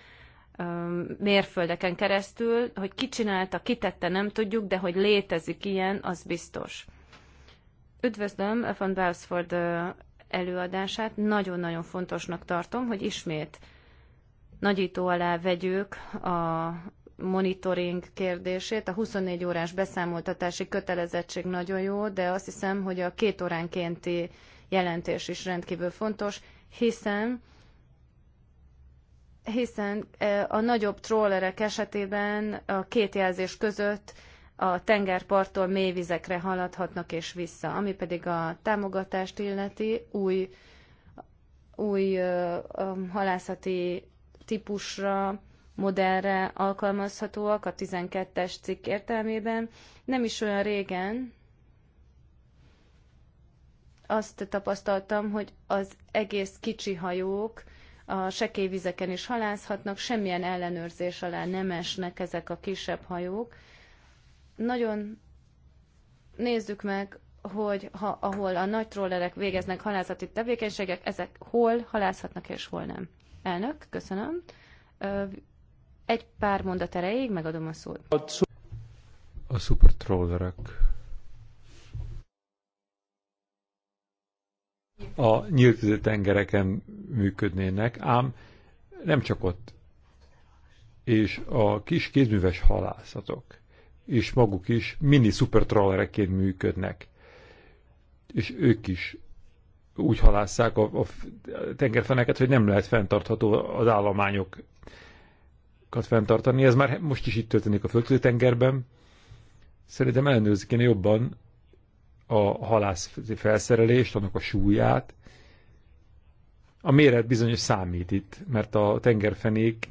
Speaker 1: mérföldeken keresztül, hogy ki csinálta, ki tette, nem tudjuk, de hogy létezik ilyen, az biztos. Üdvözlöm von Welsford előadását, nagyon-nagyon fontosnak tartom, hogy ismét nagyító alá vegyük a, monitoring kérdését. A 24 órás beszámoltatási kötelezettség nagyon jó, de azt hiszem, hogy a két óránkénti jelentés is rendkívül fontos, hiszen hiszen e, a nagyobb trollerek esetében a két jelzés között a tengerparttól mély vizekre haladhatnak és vissza. Ami pedig a támogatást illeti, új, új halászati típusra modellre alkalmazhatóak a 12-es cikk értelmében. Nem is olyan régen azt tapasztaltam, hogy az egész kicsi hajók a sekélyvizeken is halászhatnak, semmilyen ellenőrzés alá nem esnek ezek a kisebb hajók. Nagyon nézzük meg, hogy ha, ahol a nagy trollerek végeznek halászati tevékenységek, ezek hol halászhatnak és hol nem. Elnök, köszönöm. Egy pár mondat erejéig megadom a szót.
Speaker 2: A trollerek A nyílt tengereken működnének, ám nem csak ott. És a kis kézműves halászatok és maguk is mini szupertrollereként működnek. És ők is úgy halásszák a, a tengerfeneket, hogy nem lehet fenntartható az állományok fenntartani. Ez már most is itt történik a földközi tengerben. Szerintem ellenőrzik én jobban a halász felszerelést, annak a súlyát. A méret bizonyos számít itt, mert a tengerfenék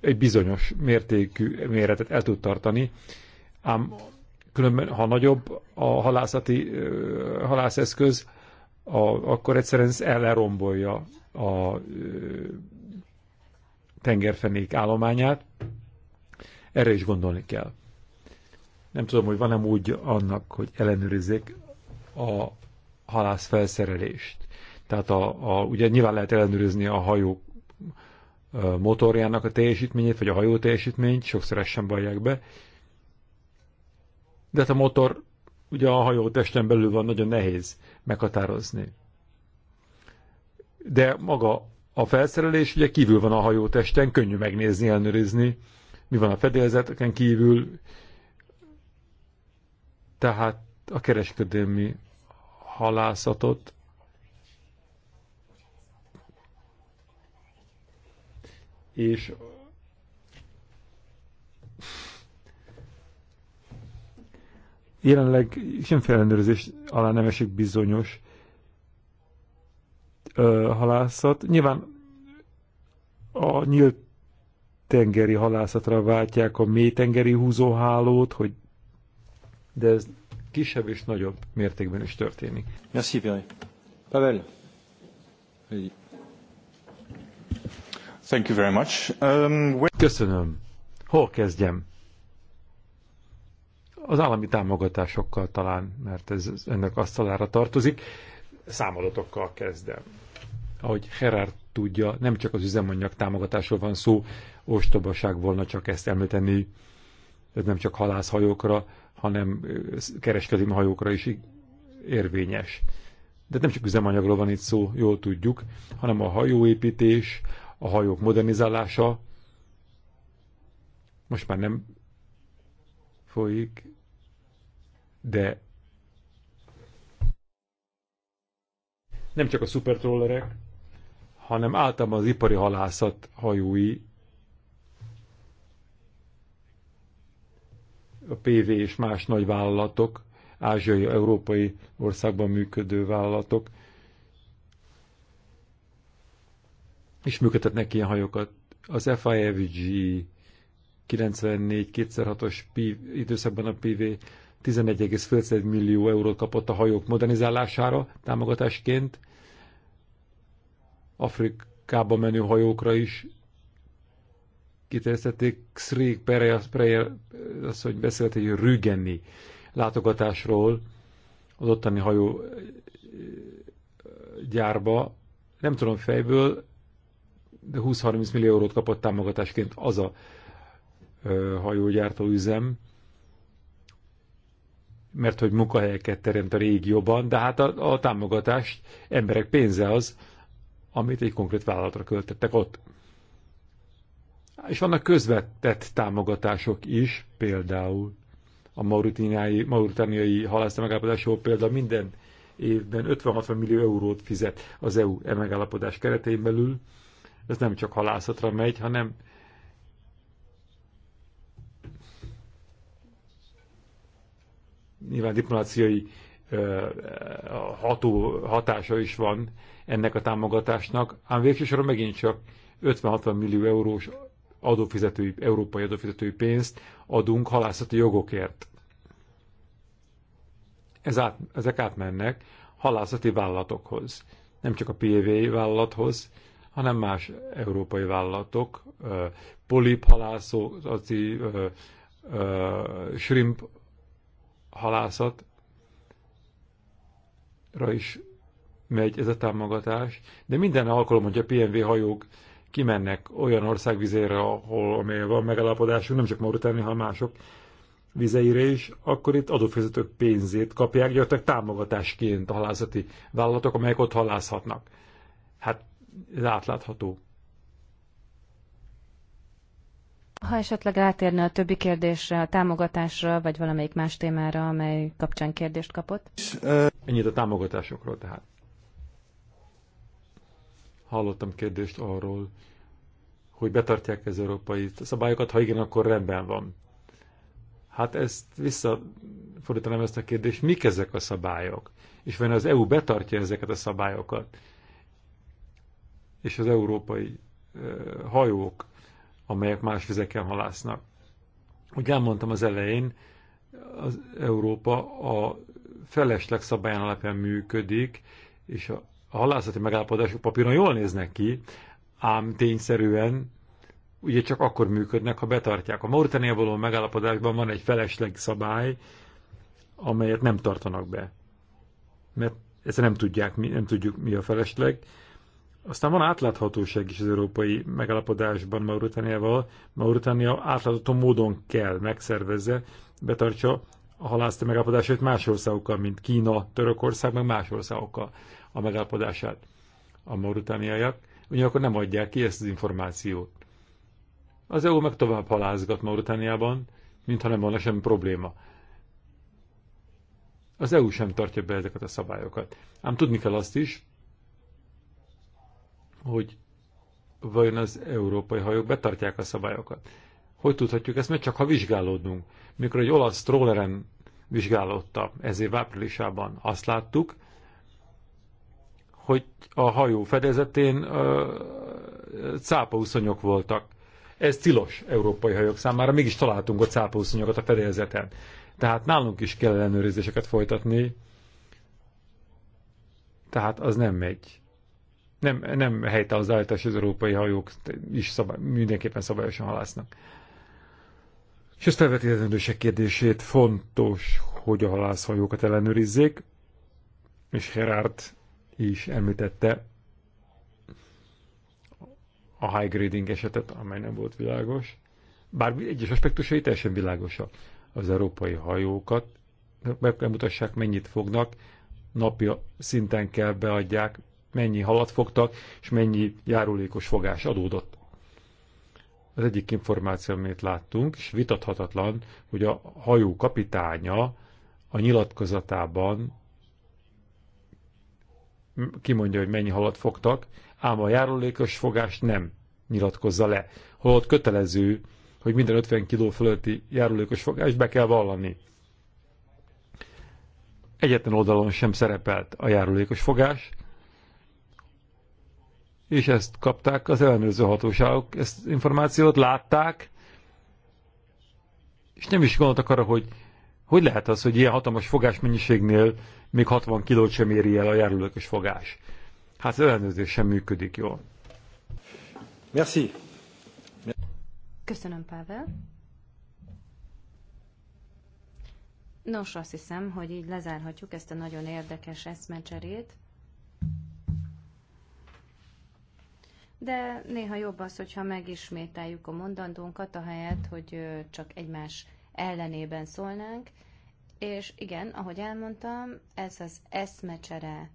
Speaker 2: egy bizonyos mértékű méretet el tud tartani, ám különben, ha nagyobb a halászati halászeszköz, a, akkor egyszerűen ez elrombolja a tengerfenék állományát. Erre is gondolni kell. Nem tudom, hogy van-e úgy annak, hogy ellenőrizzék a felszerelést. Tehát a, a, ugye nyilván lehet ellenőrizni a hajó motorjának a teljesítményét, vagy a hajó teljesítményt, sokszor ezt sem vallják be. De hát a motor ugye a hajó testen belül van, nagyon nehéz meghatározni de maga a felszerelés ugye kívül van a hajótesten, könnyű megnézni, ellenőrizni, mi van a fedélzeteken kívül, tehát a kereskedelmi halászatot és jelenleg semmiféle ellenőrzés alá nem esik bizonyos ö, halászat. Nyilván a nyílt tengeri halászatra váltják a mélytengeri húzóhálót, hogy de ez kisebb és nagyobb mértékben is történik. Merci, Pierre. Pavel. Thank you very much. Um, where... Köszönöm. Hol kezdjem? Az állami támogatásokkal talán, mert ez ennek asztalára tartozik számadatokkal kezdem. Ahogy Gerard tudja, nem csak az üzemanyag támogatásról van szó, ostobaság volna csak ezt említeni, ez nem csak halászhajókra, hanem kereskedelmi hajókra is érvényes. De nem csak üzemanyagról van itt szó, jól tudjuk, hanem a hajóépítés, a hajók modernizálása, most már nem folyik, de nem csak a szupertrollerek, hanem általában az ipari halászat hajói, a PV és más nagy vállalatok, ázsiai, európai országban működő vállalatok, és működtetnek ilyen hajókat. Az FIFG 94 2006 os időszakban a PV 11,5 millió eurót kapott a hajók modernizálására támogatásként, Afrikába menő hajókra is kiterjesztették. Sri Pereja az, hogy beszélt egy rügeni látogatásról az ottani hajó gyárba. Nem tudom fejből, de 20-30 millió eurót kapott támogatásként az a hajógyártó üzem, mert hogy munkahelyeket teremt a régióban, de hát a, a támogatást emberek pénze az, amit egy konkrét vállalatra költettek ott. És vannak közvetett támogatások is, például a mauritániai, mauritániai halászta megállapodásról például minden évben 50-60 millió eurót fizet az EU e megállapodás keretein belül. Ez nem csak halászatra megy, hanem nyilván diplomáciai ható hatása is van ennek a támogatásnak, ám végső soron megint csak 50-60 millió eurós adófizetői, európai adófizetői pénzt adunk halászati jogokért. Ez át, ezek átmennek halászati vállalatokhoz. Nem csak a PV vállalathoz, hanem más európai vállalatok, polip halászó, shrimp halászatra is megy ez a támogatás, de minden alkalom, hogy a PNV hajók kimennek olyan országvizére, ahol amely van megalapodásunk, nem csak Mauritáni, hanem mások vizeire is, akkor itt adófizetők pénzét kapják, gyakorlatilag támogatásként a halászati vállalatok, amelyek ott halászhatnak. Hát ez átlátható.
Speaker 1: Ha esetleg rátérne a többi kérdésre, a támogatásra, vagy valamelyik más témára, amely kapcsán kérdést kapott.
Speaker 2: Ennyit a támogatásokról tehát. Hallottam kérdést arról, hogy betartják az európai szabályokat, ha igen, akkor rendben van. Hát ezt visszafordítanám ezt a kérdést, mik ezek a szabályok? És van az EU betartja ezeket a szabályokat? És az európai hajók amelyek más vizeken halásznak. Úgy elmondtam az elején, az Európa a felesleg szabályán alapján működik, és a halászati megállapodások papíron jól néznek ki, ám tényszerűen ugye csak akkor működnek, ha betartják. A Mauritania való megállapodásban van egy felesleg szabály, amelyet nem tartanak be. Mert ezt nem tudják, mi, nem tudjuk mi a felesleg, aztán van átláthatóság is az európai megállapodásban Mauritániával. Mauritánia átlátható módon kell megszervezze, betartsa a halászti megállapodásait más országokkal, mint Kína, Törökország, meg más országokkal a megállapodását a mauritániaiak, ugyanakkor nem adják ki ezt az információt. Az EU meg tovább halázgat Mauritániában, mintha nem volna semmi probléma. Az EU sem tartja be ezeket a szabályokat. Ám tudni kell azt is, hogy vajon az európai hajók betartják a szabályokat. Hogy tudhatjuk ezt? Mert csak ha vizsgálódunk. Mikor egy olasz trolleren vizsgálódta ez év áprilisában, azt láttuk, hogy a hajó fedezetén cápauszonyok voltak. Ez tilos európai hajók számára, mégis találtunk a cápauszonyokat a fedezeten. Tehát nálunk is kell ellenőrzéseket folytatni, tehát az nem megy nem, nem helyte az állítás, az európai hajók is szabály, mindenképpen szabályosan halásznak. És ezt felveti az rendőrség kérdését, fontos, hogy a halászhajókat ellenőrizzék, és Gerard is említette a high grading esetet, amely nem volt világos. Bár egyes aspektusai teljesen világosak. Az európai hajókat megmutassák, mennyit fognak, napi szinten kell beadják, mennyi halat fogtak, és mennyi járulékos fogás adódott. Az egyik információ, amit láttunk, és vitathatatlan, hogy a hajó kapitánya a nyilatkozatában kimondja, hogy mennyi halat fogtak, ám a járulékos fogást nem nyilatkozza le. Holott kötelező, hogy minden 50 kiló fölötti járulékos fogást be kell vallani. Egyetlen oldalon sem szerepelt a járulékos fogás, és ezt kapták az ellenőrző hatóságok, ezt információt látták, és nem is gondoltak arra, hogy hogy lehet az, hogy ilyen hatalmas fogásmennyiségnél még 60 kilót sem éri el a járulókos fogás. Hát az ellenőrzés sem működik jól. Merci.
Speaker 1: Köszönöm, Pável. Nos, azt hiszem, hogy így lezárhatjuk ezt a nagyon érdekes eszmecserét. de néha jobb az, hogyha megismételjük a mondandónkat, ahelyett, hogy csak egymás ellenében szólnánk. És igen, ahogy elmondtam, ez az eszmecsere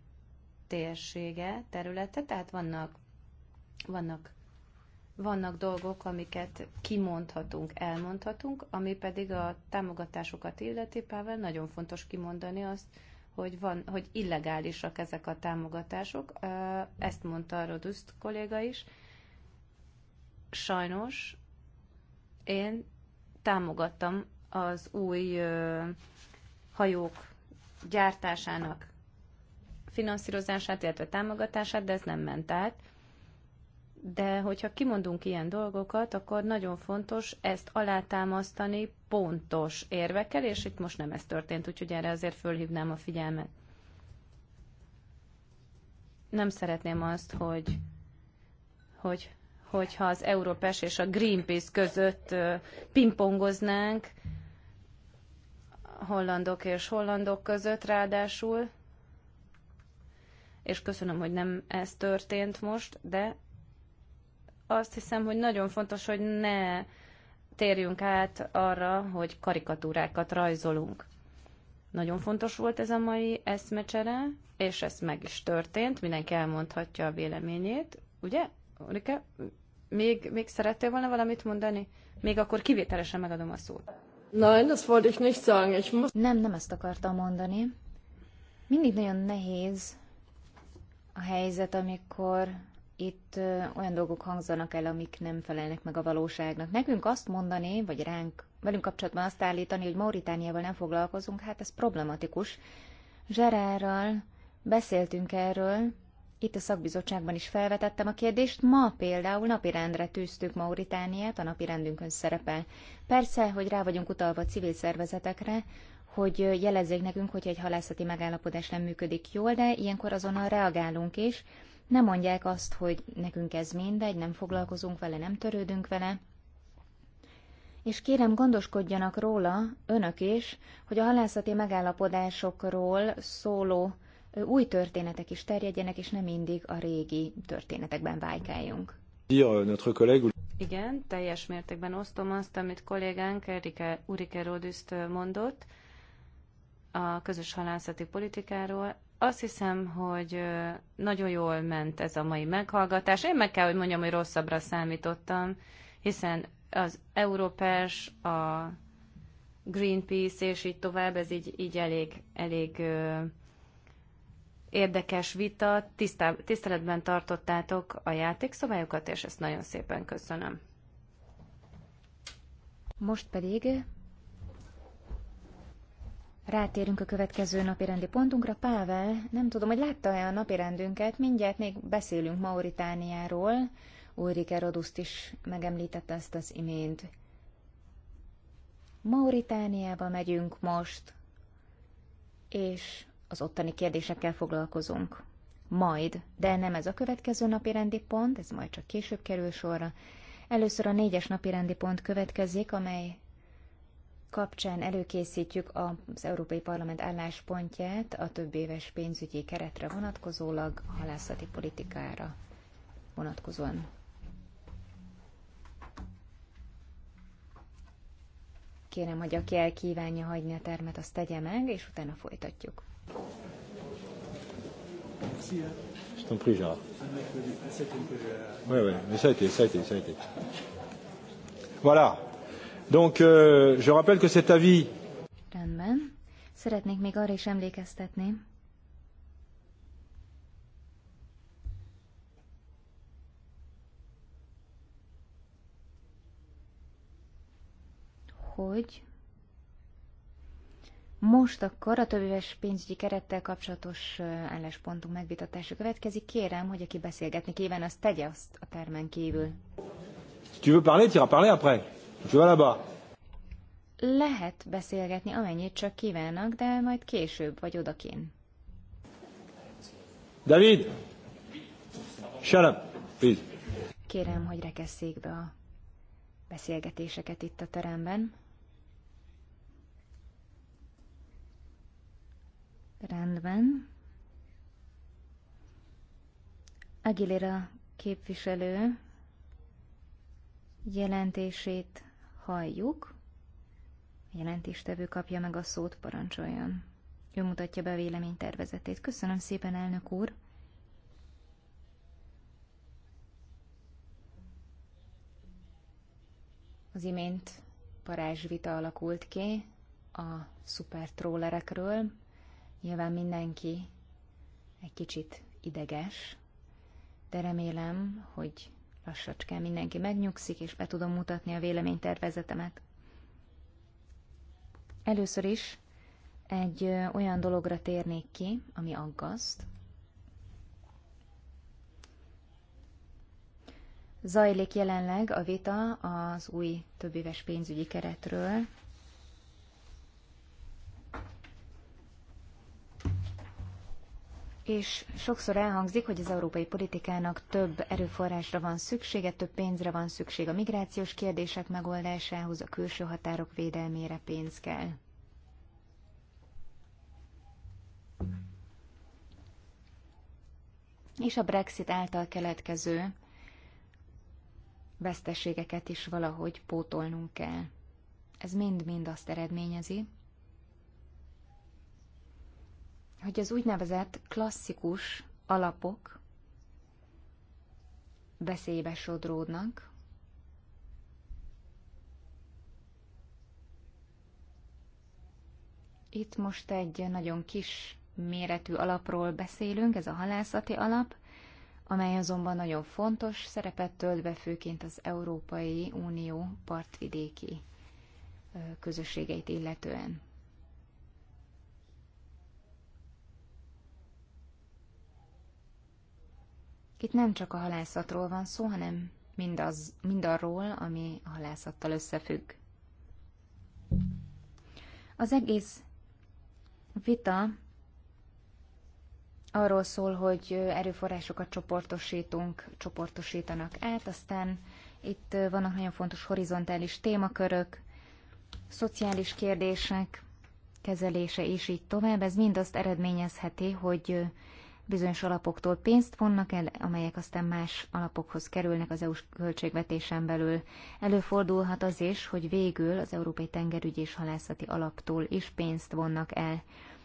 Speaker 1: térsége, területe, tehát vannak, vannak, vannak dolgok, amiket kimondhatunk, elmondhatunk, ami pedig a támogatásokat illeti, Pável, nagyon fontos kimondani azt, hogy, van, hogy illegálisak ezek a támogatások. Ezt mondta a Roduszt kolléga is. Sajnos én támogattam az új hajók gyártásának finanszírozását, illetve támogatását, de ez nem ment át de hogyha kimondunk ilyen dolgokat, akkor nagyon fontos ezt alátámasztani pontos érvekkel, és itt most nem ez történt, úgyhogy erre azért fölhívnám a figyelmet. Nem szeretném azt, hogy, hogy hogyha az Európes és a Greenpeace között pingpongoznánk, hollandok és hollandok között ráadásul, és köszönöm, hogy nem ez történt most, de azt hiszem, hogy nagyon fontos, hogy ne térjünk át arra, hogy karikatúrákat rajzolunk. Nagyon fontos volt ez a mai eszmecsere, és ez meg is történt, mindenki elmondhatja a véleményét, ugye? Ulrike, még, még szerettél volna valamit mondani? Még akkor kivételesen megadom a szót.
Speaker 3: Nein, das wollte ich nicht sagen. Ich muss... Nem, nem ezt akartam mondani. Mindig nagyon nehéz a helyzet, amikor itt olyan dolgok hangzanak el, amik nem felelnek meg a valóságnak. Nekünk azt mondani, vagy ránk, velünk kapcsolatban azt állítani, hogy Mauritániával nem foglalkozunk, hát ez problematikus. Zserárral beszéltünk erről, itt a szakbizottságban is felvetettem a kérdést, ma például napirendre tűztük Mauritániát, a napirendünkön szerepel. Persze, hogy rá vagyunk utalva civil szervezetekre, hogy jelezzék nekünk, hogy egy halászati megállapodás nem működik jól, de ilyenkor azonnal reagálunk is, nem mondják azt, hogy nekünk ez mindegy, nem foglalkozunk vele, nem törődünk vele, és kérem gondoskodjanak róla önök is, hogy a halászati megállapodásokról szóló új történetek is terjedjenek, és nem mindig a régi történetekben
Speaker 1: vájkáljunk. Igen, teljes mértékben osztom azt, amit kollégánk Erika Urike Rodüszt mondott a közös halászati politikáról. Azt hiszem, hogy nagyon jól ment ez a mai meghallgatás. Én meg kell, hogy mondjam, hogy rosszabbra számítottam, hiszen az Európás, a Greenpeace és így tovább, ez így, így elég, elég érdekes vita. Tisztá, tiszteletben tartottátok a játékszabályokat, és ezt nagyon szépen köszönöm. Most pedig
Speaker 3: Rátérünk a következő napirendi pontunkra. Pável, nem tudom, hogy látta-e a napirendünket, mindjárt még beszélünk Mauritániáról. Ulrike Roduszt is megemlítette ezt az imént. Mauritániába megyünk most, és az ottani kérdésekkel foglalkozunk. Majd, de nem ez a következő napi rendi pont, ez majd csak később kerül sorra. Először a négyes napi rendi pont következik, amely kapcsán előkészítjük az Európai Parlament álláspontját a több éves pénzügyi keretre vonatkozólag, a halászati politikára vonatkozóan. Kérem, hogy aki el kívánja hagyni a termet, azt tegye meg, és utána folytatjuk. Köszönöm.
Speaker 2: Köszönöm. Köszönöm. Köszönöm. Köszönöm. Köszönöm. Köszönöm. ça Voilà. Donc, euh, je rappelle que cet avis...
Speaker 3: Rendben. Szeretnék még arra is emlékeztetni, hogy most akkor a többéves pénzügyi kerettel kapcsolatos álláspontunk megvitatása következik. Kérem, hogy aki beszélgetni kíván, az tegye azt a termen kívül.
Speaker 2: Tu veux parler, tu iras parler après. Tu vas là-bas.
Speaker 3: Lehet beszélgetni, amennyit csak kívánnak, de majd később vagy odakin.
Speaker 2: David! Shut up, please.
Speaker 3: Kérem, hogy rekesszék be a beszélgetéseket itt a teremben. Rendben. Aguilera képviselő jelentését halljuk. A jelentéstevő kapja meg a szót, parancsoljon. Ő mutatja be a véleménytervezetét. Köszönöm szépen, elnök úr! Az imént parázsvita alakult ki a szupertrólerekről. Nyilván mindenki egy kicsit ideges, de remélem, hogy Lassacskán mindenki megnyugszik, és be tudom mutatni a véleménytervezetemet. Először is egy olyan dologra térnék ki, ami aggaszt. Zajlik jelenleg a vita az új többéves pénzügyi keretről, és sokszor elhangzik, hogy az európai politikának több erőforrásra van szüksége, több pénzre van szükség a migrációs kérdések megoldásához, a külső határok védelmére pénz kell. És a Brexit által keletkező veszteségeket is valahogy pótolnunk kell. Ez mind-mind azt eredményezi, hogy az úgynevezett klasszikus alapok veszélybe sodródnak, Itt most egy nagyon kis méretű alapról beszélünk, ez a halászati alap, amely azonban nagyon fontos szerepet tölt be főként az Európai Unió partvidéki közösségeit illetően. Itt nem csak a halászatról van szó, hanem mindaz, mindarról, ami a halászattal összefügg. Az egész vita arról szól, hogy erőforrásokat csoportosítunk, csoportosítanak át, aztán itt vannak nagyon fontos horizontális témakörök, szociális kérdések kezelése, és így tovább. Ez mind azt eredményezheti, hogy bizonyos alapoktól pénzt vonnak el, amelyek aztán más alapokhoz kerülnek az EU-s költségvetésen belül. Előfordulhat az is, hogy végül az Európai Tengerügyi és Halászati Alaptól is pénzt vonnak el.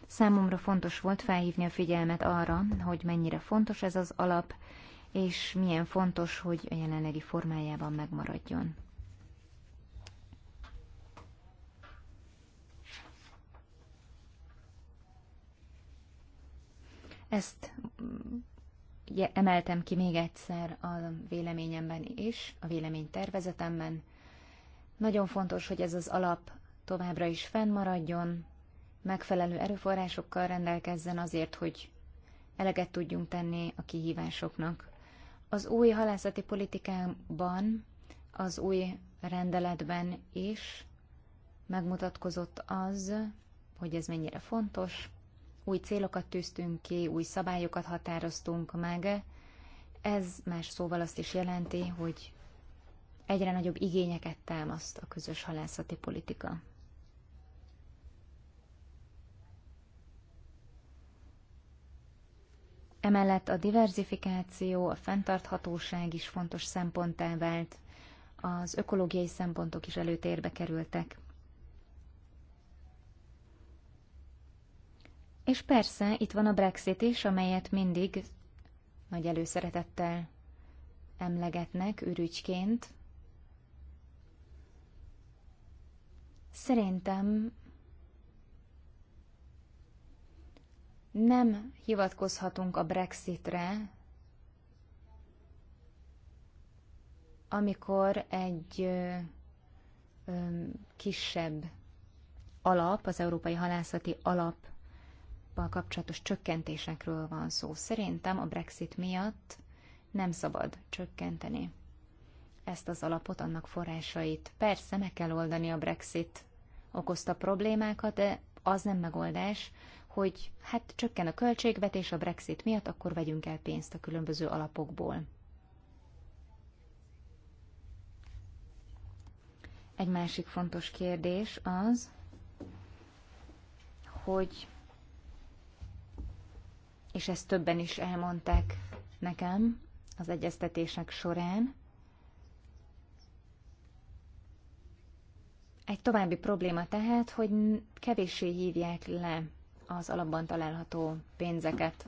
Speaker 3: Számomra fontos volt felhívni a figyelmet arra, hogy mennyire fontos ez az alap, és milyen fontos, hogy a jelenlegi formájában megmaradjon. Ezt mm, ugye, emeltem ki még egyszer a véleményemben is, a véleménytervezetemben. Nagyon fontos, hogy ez az alap továbbra is fennmaradjon, megfelelő erőforrásokkal rendelkezzen azért, hogy eleget tudjunk tenni a kihívásoknak. Az új halászati politikában, az új rendeletben is megmutatkozott az, hogy ez mennyire fontos új célokat tűztünk ki, új szabályokat határoztunk meg. Ez más szóval azt is jelenti, hogy egyre nagyobb igényeket támaszt a közös halászati politika. Emellett a diversifikáció, a fenntarthatóság is fontos szemponttá vált, az ökológiai szempontok is előtérbe kerültek. És persze itt van a Brexit is, amelyet mindig nagy előszeretettel emlegetnek ürügyként. Szerintem nem hivatkozhatunk a Brexitre, amikor egy ö, ö, kisebb alap, az Európai Halászati Alap kapcsolatos csökkentésekről van szó. Szerintem a Brexit miatt nem szabad csökkenteni ezt az alapot, annak forrásait. Persze meg kell oldani a Brexit okozta problémákat, de az nem megoldás, hogy hát csökken a költségvetés a Brexit miatt, akkor vegyünk el pénzt a különböző alapokból. Egy másik fontos kérdés az, hogy és ezt többen is elmondták nekem az egyeztetések során. Egy további probléma tehát, hogy kevéssé hívják le az alapban található pénzeket.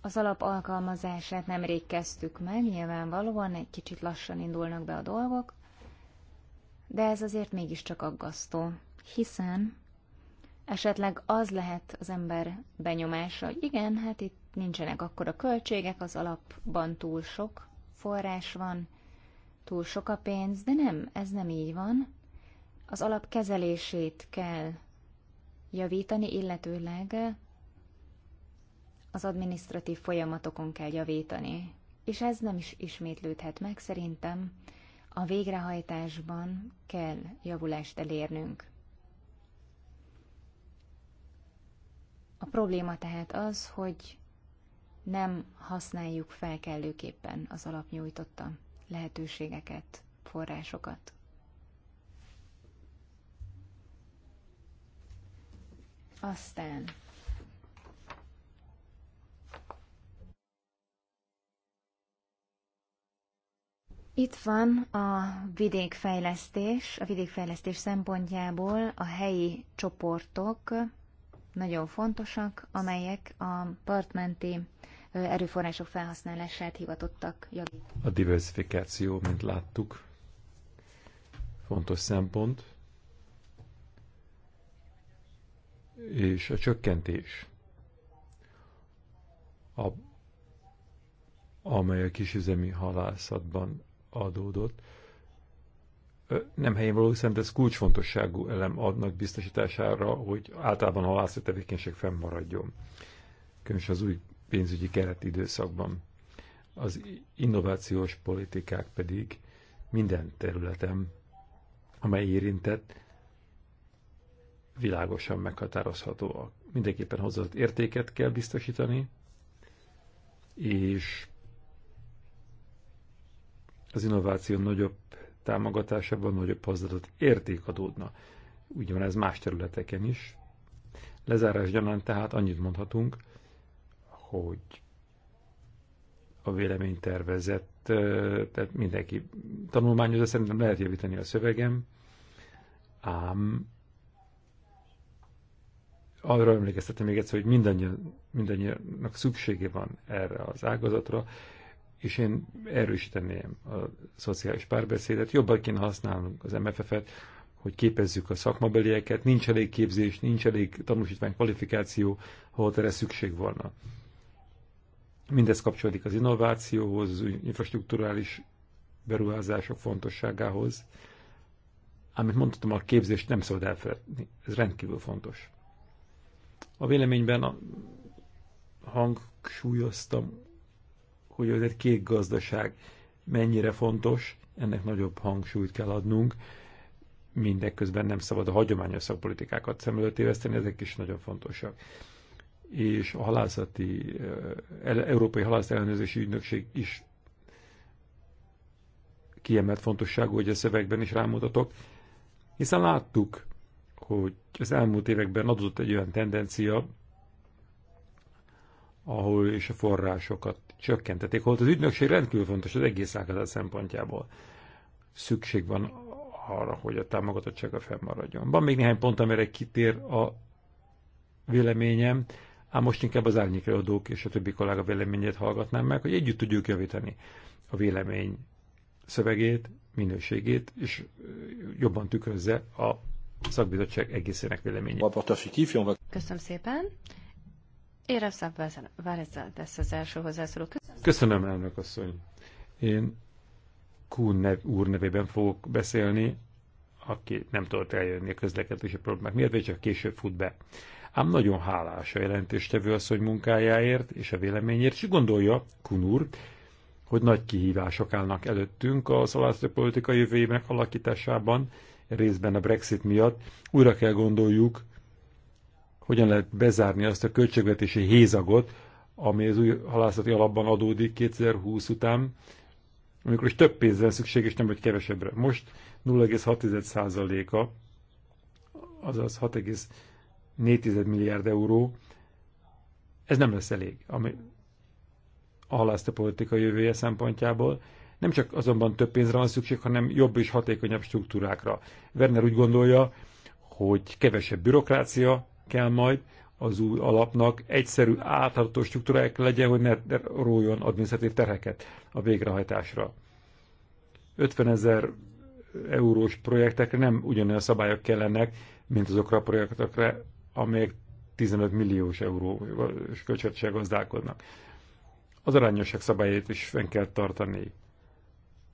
Speaker 3: Az alap alkalmazását nemrég kezdtük meg, nyilvánvalóan egy kicsit lassan indulnak be a dolgok, de ez azért mégiscsak aggasztó, hiszen esetleg az lehet az ember benyomása, hogy igen, hát itt nincsenek akkor a költségek, az alapban túl sok forrás van, túl sok a pénz, de nem, ez nem így van. Az alap kezelését kell javítani, illetőleg az administratív folyamatokon kell javítani. És ez nem is ismétlődhet meg, szerintem a végrehajtásban kell javulást elérnünk. A probléma tehát az, hogy nem használjuk fel kellőképpen az alapnyújtotta lehetőségeket, forrásokat. Aztán Itt van a vidékfejlesztés. A vidékfejlesztés szempontjából a helyi csoportok nagyon fontosak, amelyek a partmenti erőforrások felhasználását hivatottak javítani.
Speaker 2: A diversifikáció, mint láttuk, fontos szempont, és a csökkentés, a, amely a kisüzemi halászatban adódott. Nem helyén való, hiszen ez kulcsfontosságú elem adnak biztosítására, hogy általában a halászati tevékenység fennmaradjon. Különösen az új pénzügyi keret időszakban. Az innovációs politikák pedig minden területen, amely érintett, világosan meghatározhatóak. Mindenképpen hozzáadott értéket kell biztosítani, és az innováció nagyobb támogatásában nagyobb hozzáadott érték adódna. Úgy van ez más területeken is. Lezárás gyanán tehát annyit mondhatunk, hogy a véleménytervezet, tehát mindenki tanulmányozza, szerintem lehet javítani a szövegem, ám arra emlékeztetem még egyszer, hogy mindannyian, mindannyianak szüksége van erre az ágazatra, és én erősíteném a szociális párbeszédet, jobban kéne használnunk az MFF-et, hogy képezzük a szakmabelieket, nincs elég képzés, nincs elég tanúsítvány, kvalifikáció, ahol erre szükség volna. Mindez kapcsolódik az innovációhoz, az infrastruktúrális beruházások fontosságához. Amit mondtam, a képzést nem szabad elfelejteni. Ez rendkívül fontos. A véleményben a hangsúlyoztam hogy az egy kék gazdaság mennyire fontos, ennek nagyobb hangsúlyt kell adnunk, mindeközben nem szabad a hagyományos szakpolitikákat szem előtt éveszteni, ezek is nagyon fontosak. És a halászati, eh, Európai Halászat Ellenőrzési Ügynökség is kiemelt fontosságú, hogy a szövegben is rámutatok, hiszen láttuk, hogy az elmúlt években adott egy olyan tendencia, ahol és a forrásokat csökkentették, holott az ügynökség rendkívül fontos az egész ágazat szempontjából. Szükség van arra, hogy a a fennmaradjon. Van még néhány pont, amire kitér a véleményem, ám most inkább az árnyékelődők és a többi kollega véleményét hallgatnám meg, hogy együtt tudjuk javítani a vélemény szövegét, minőségét, és jobban tükrözze a szakbizottság egészének véleményét. Köszönöm
Speaker 1: szépen. Éreztem, Várezzel az első hozzászóló. Köszönöm.
Speaker 2: Köszönöm, elnök asszony. Én Kuhn nev, úr nevében fogok beszélni, aki nem tudott eljönni a közlekedési problémák miatt, vagy csak később fut be. Ám nagyon hálás a jelentéstevő asszony munkájáért és a véleményért, és gondolja, Kuhn úr, hogy nagy kihívások állnak előttünk a szalászló politika jövőjének alakításában, részben a Brexit miatt. Újra kell gondoljuk hogyan lehet bezárni azt a költségvetési hézagot, ami az új halászati alapban adódik 2020 után, amikor is több pénzre van szükség, és nem vagy kevesebbre. Most 0,6%-a, azaz 6,4 milliárd euró, ez nem lesz elég, ami a politika jövője szempontjából. Nem csak azonban több pénzre van szükség, hanem jobb és hatékonyabb struktúrákra. Werner úgy gondolja, hogy kevesebb bürokrácia, kell majd az új alapnak egyszerű, átható struktúrák legyen, hogy ne rójon adminisztratív terheket a végrehajtásra. 50 ezer eurós projektekre nem ugyanolyan szabályok kellenek, mint azokra a projektekre, amelyek 15 milliós eurós költségvetéssel gazdálkodnak. Az arányosság szabályait is fenn kell tartani.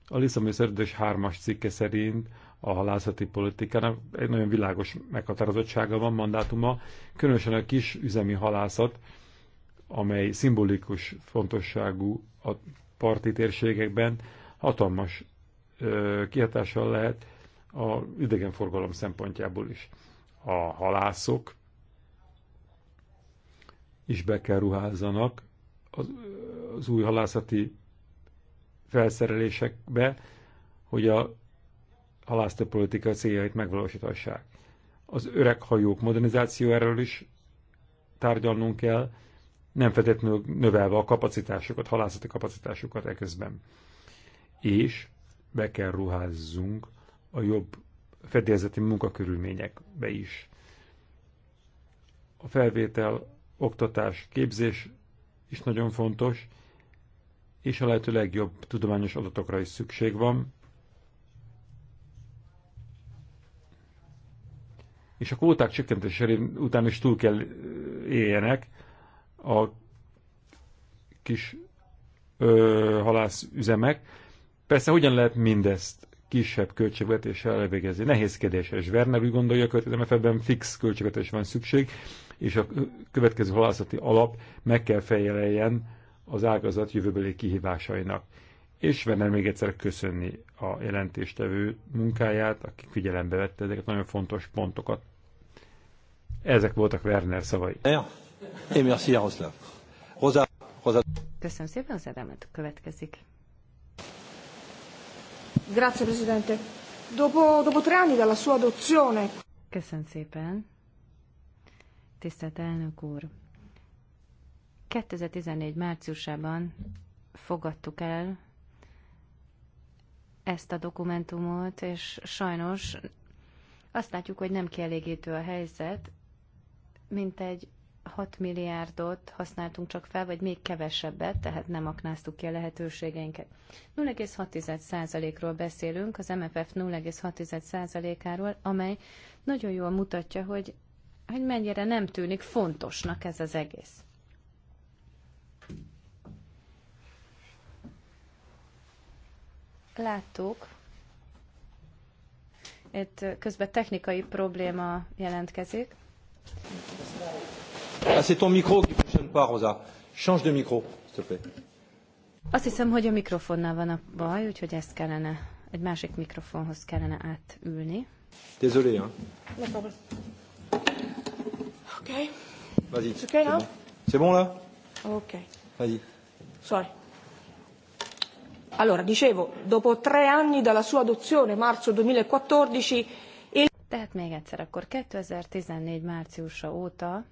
Speaker 2: A Lisszamű Szerződés 3-as cikke szerint a halászati politikának egy nagyon világos meghatározottsága van, mandátuma, különösen a kis üzemi halászat, amely szimbolikus fontosságú a parti térségekben, hatalmas ö, kihatással lehet a idegenforgalom szempontjából is. A halászok is be kell ruházzanak az, az új halászati felszerelésekbe, hogy a halászta politika céljait megvalósíthassák. Az öreg hajók modernizációjáról is tárgyalnunk kell, nem feltétlenül növelve a kapacitásokat, halászati kapacitásokat eközben. És be kell ruházzunk a jobb fedélzeti munkakörülményekbe is. A felvétel, oktatás, képzés is nagyon fontos, és a lehető legjobb tudományos adatokra is szükség van, és a kóták csökkentése után is túl kell éljenek a kis ö, halászüzemek. Persze hogyan lehet mindezt kisebb költségvetéssel elvégezni? kérdés És Werner úgy gondolja, a ben fix költségvetés van szükség, és a következő halászati alap meg kell fejeleljen az ágazat jövőbeli kihívásainak és benne még egyszer köszönni a jelentéstevő munkáját, aki figyelembe vette ezeket nagyon fontos pontokat. Ezek voltak Werner szavai.
Speaker 1: Köszönöm szépen, az eremet következik. Grazie, Presidente. Dopo, dopo tre anni dalla sua adozione. Köszönöm szépen. Tisztelt elnök úr. 2014 márciusában fogadtuk el ezt a dokumentumot, és sajnos azt látjuk, hogy nem kielégítő a helyzet, mint egy 6 milliárdot használtunk csak fel, vagy még kevesebbet, tehát nem aknáztuk ki a lehetőségeinket. 0,6%-ról beszélünk, az MFF 0,6%-áról, amely nagyon jól mutatja, hogy, hogy mennyire nem tűnik fontosnak ez az egész. láttuk, itt közben technikai probléma jelentkezik.
Speaker 2: Ah, c'est ton micro qui fonctionne pas, Rosa. Change de micro, s'il te plaît.
Speaker 1: Azt hiszem, hogy a mikrofonnál van a baj, úgyhogy ezt kellene, egy másik mikrofonhoz kellene átülni.
Speaker 2: Désolé, hein? No problem. Okay. Vas-y. It's okay now? C'est bon là? Okay. Vas-y. Sorry.
Speaker 1: Allora, dicevo, dopo tre anni dalla sua adozione, marzo 2014, il... Tehát még egyszer, akkor 2014 márciusa óta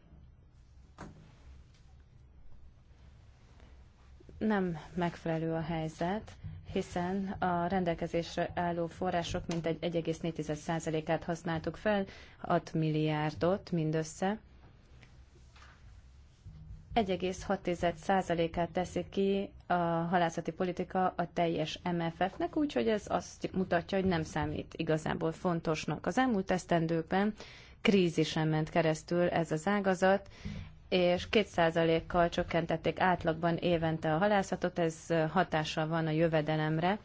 Speaker 1: nem megfelelő a helyzet, hiszen a rendelkezésre álló források mintegy 1,4%-át használtuk fel, 6 milliárdot mindössze. 1,6%-át teszi ki a halászati politika a teljes MFF-nek, úgyhogy ez azt mutatja, hogy nem számít igazából fontosnak. Az elmúlt esztendőkben krízisen ment keresztül ez az ágazat, és 2%-kal csökkentették átlagban évente a halászatot, ez hatással van a jövedelemre.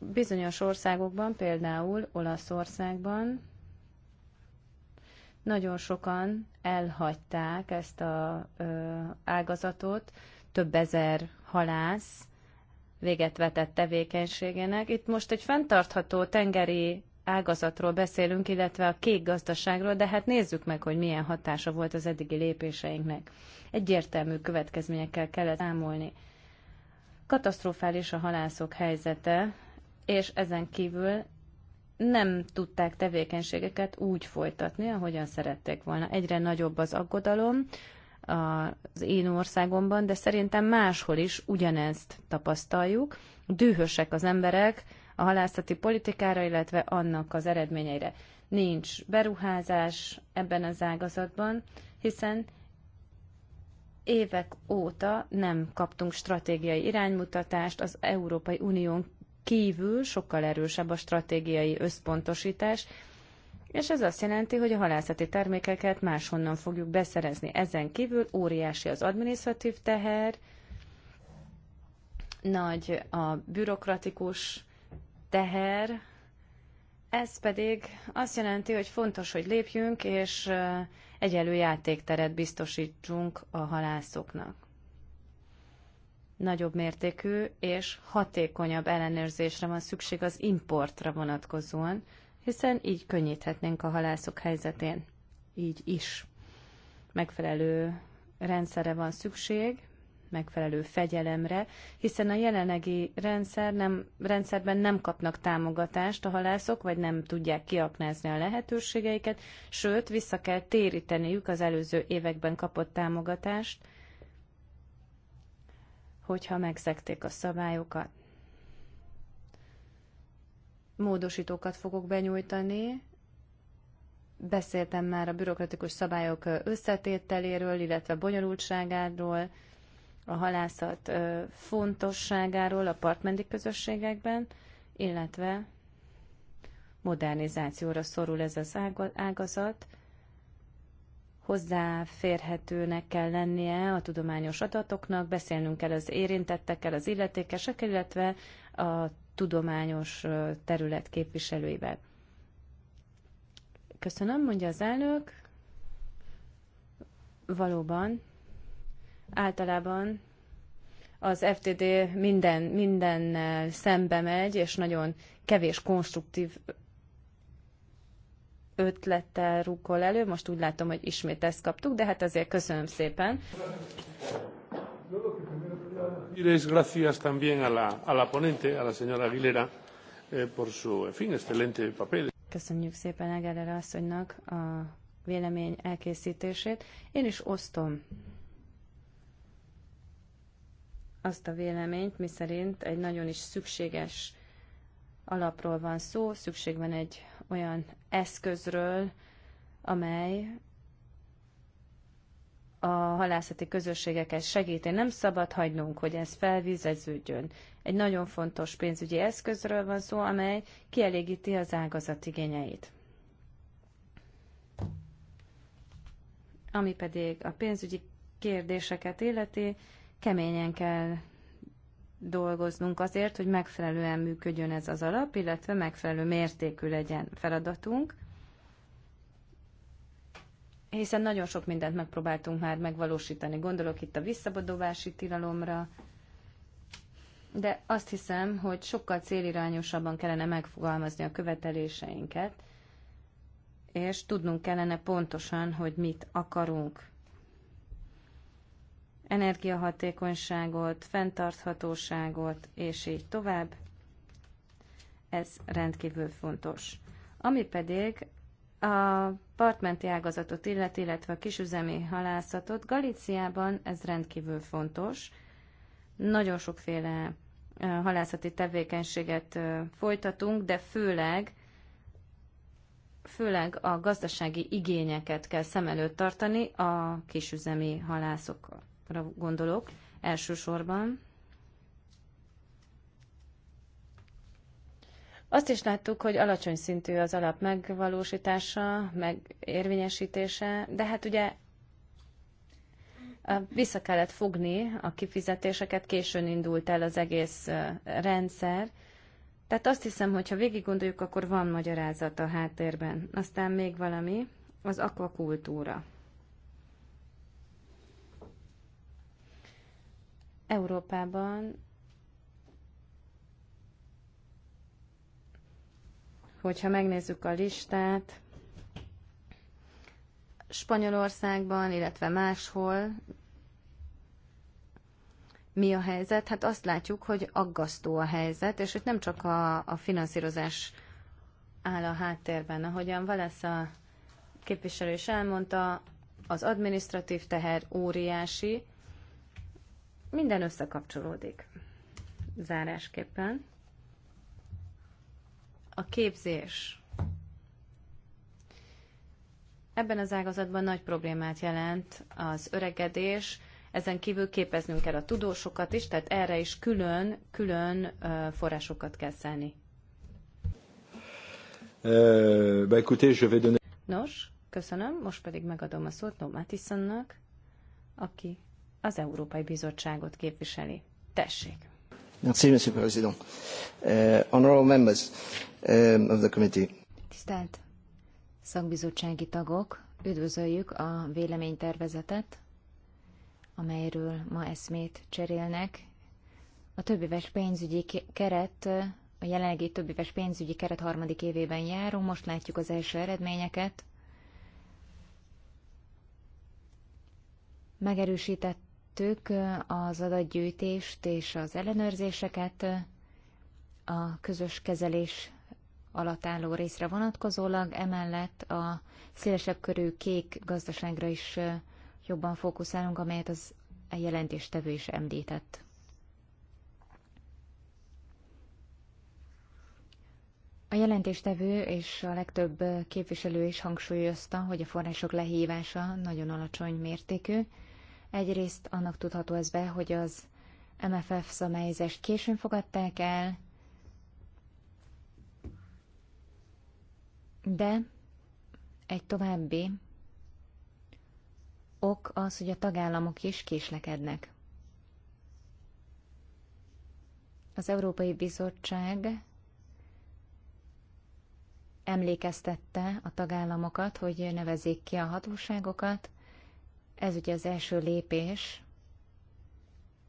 Speaker 1: Bizonyos országokban, például Olaszországban nagyon sokan elhagyták ezt a ö, ágazatot, több ezer halász véget vetett tevékenységének. Itt most egy fenntartható tengeri ágazatról beszélünk, illetve a kék gazdaságról, de hát nézzük meg, hogy milyen hatása volt az eddigi lépéseinknek. Egyértelmű következményekkel kellett számolni. Katasztrofális a halászok helyzete, és ezen kívül nem tudták tevékenységeket úgy folytatni, ahogyan szerették volna. Egyre nagyobb az aggodalom az én országomban, de szerintem máshol is ugyanezt tapasztaljuk. Dühösek az emberek a halászati politikára, illetve annak az eredményeire. Nincs beruházás ebben az ágazatban, hiszen évek óta nem kaptunk stratégiai iránymutatást az Európai Unión kívül sokkal erősebb a stratégiai összpontosítás, és ez azt jelenti, hogy a halászati termékeket máshonnan fogjuk beszerezni. Ezen kívül óriási az administratív teher, nagy a bürokratikus teher, ez pedig azt jelenti, hogy fontos, hogy lépjünk, és egyelő játékteret biztosítsunk a halászoknak nagyobb mértékű és hatékonyabb ellenőrzésre van szükség az importra vonatkozóan, hiszen így könnyíthetnénk a halászok helyzetén. Így is. Megfelelő rendszerre van szükség, megfelelő fegyelemre, hiszen a jelenlegi rendszer nem, rendszerben nem kapnak támogatást a halászok, vagy nem tudják kiaknázni a lehetőségeiket, sőt, vissza kell téríteniük az előző években kapott támogatást, hogyha megszekték a szabályokat. Módosítókat fogok benyújtani. Beszéltem már a bürokratikus szabályok összetételéről, illetve bonyolultságáról, a halászat fontosságáról a partmendi közösségekben, illetve modernizációra szorul ez az ágazat, hozzáférhetőnek kell lennie a tudományos adatoknak, beszélnünk kell az érintettekkel, az illetékesek, illetve a tudományos terület képviselőivel. Köszönöm, mondja az elnök. Valóban, általában az FTD minden, mindennel szembe megy, és nagyon kevés konstruktív ötlettel rúkol elő. Most úgy látom, hogy ismét ezt kaptuk, de hát azért köszönöm szépen.
Speaker 2: Gracias también a la, a la ponente, a la señora Aguilera, eh, por su, en fin, excelente papel.
Speaker 1: Köszönjük szépen Aguilera asszonynak a vélemény elkészítését. Én is osztom azt a véleményt, miszerint egy nagyon is szükséges alapról van szó, szükség van egy olyan eszközről, amely a halászati közösségeket segíti. Nem szabad hagynunk, hogy ez felvizeződjön. Egy nagyon fontos pénzügyi eszközről van szó, amely kielégíti az ágazat igényeit. Ami pedig a pénzügyi kérdéseket illeti, keményen kell dolgoznunk azért, hogy megfelelően működjön ez az alap, illetve megfelelő mértékű legyen feladatunk, hiszen nagyon sok mindent megpróbáltunk már megvalósítani. Gondolok itt a visszabadovási tilalomra, de azt hiszem, hogy sokkal célirányosabban kellene megfogalmazni a követeléseinket, és tudnunk kellene pontosan, hogy mit akarunk energiahatékonyságot, fenntarthatóságot, és így tovább. Ez rendkívül fontos. Ami pedig a partmenti ágazatot illet, illetve a kisüzemi halászatot, Galíciában ez rendkívül fontos. Nagyon sokféle halászati tevékenységet folytatunk, de főleg főleg a gazdasági igényeket kell szem előtt tartani a kisüzemi halászokkal ra gondolok elsősorban. Azt is láttuk, hogy alacsony szintű az alap megvalósítása, meg érvényesítése, de hát ugye vissza kellett fogni a kifizetéseket, későn indult el az egész rendszer. Tehát azt hiszem, hogy ha végig gondoljuk, akkor van magyarázat a háttérben. Aztán még valami, az akvakultúra. Európában, hogyha megnézzük a listát, Spanyolországban, illetve máshol mi a helyzet? Hát azt látjuk, hogy aggasztó a helyzet, és hogy nem csak a, a finanszírozás áll a háttérben. Ahogyan Valesza képviselő is elmondta, az administratív teher óriási, minden összekapcsolódik. Zárásképpen. A képzés. Ebben az ágazatban nagy problémát jelent az öregedés, ezen kívül képeznünk kell a tudósokat is, tehát erre is külön, külön forrásokat kell szállni. Nos, köszönöm, most pedig megadom a szót Nomátiszonnak, aki az Európai Bizottságot képviseli. Tessék!
Speaker 3: Merci, Monsieur President. Uh, eh, honorable members
Speaker 1: uh, of the committee.
Speaker 3: Tisztelt szakbizottsági tagok, üdvözöljük a véleménytervezetet, amelyről ma eszmét cserélnek. A többéves pénzügyi keret, a jelenlegi többéves pénzügyi keret harmadik évében járunk, most látjuk az első eredményeket. Megerősített Kiterjesztettük az adatgyűjtést és az ellenőrzéseket a közös kezelés alatt álló részre vonatkozólag, emellett a szélesebb körű kék gazdaságra is jobban fókuszálunk, amelyet az e jelentéstevő is említett. A jelentéstevő és a legtöbb képviselő is hangsúlyozta, hogy a források lehívása nagyon alacsony mértékű, Egyrészt annak tudható ez be, hogy az MFF szabályozást későn fogadták el, de egy további ok az, hogy a tagállamok is késlekednek. Az Európai Bizottság emlékeztette a tagállamokat, hogy nevezzék ki a hatóságokat, ez ugye az első lépés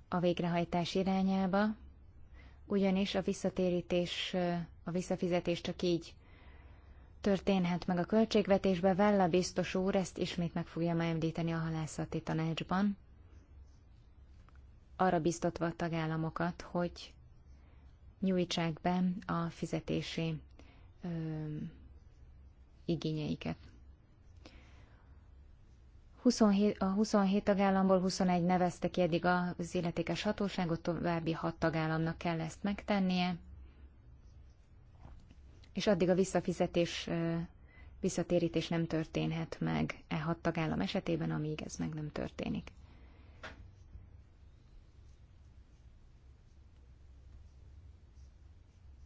Speaker 3: a végrehajtás irányába, ugyanis a visszatérítés, a visszafizetés csak így történhet meg a költségvetésbe. Vella biztos úr ezt ismét meg fogja már említeni a halászati tanácsban, arra biztatva a tagállamokat, hogy nyújtsák be a fizetési ö, igényeiket. 27, a 27 tagállamból 21 nevezte ki eddig az illetékes hatóságot, további 6 tagállamnak kell ezt megtennie, és addig a visszafizetés, visszatérítés nem történhet meg e 6 tagállam esetében, amíg ez meg nem történik.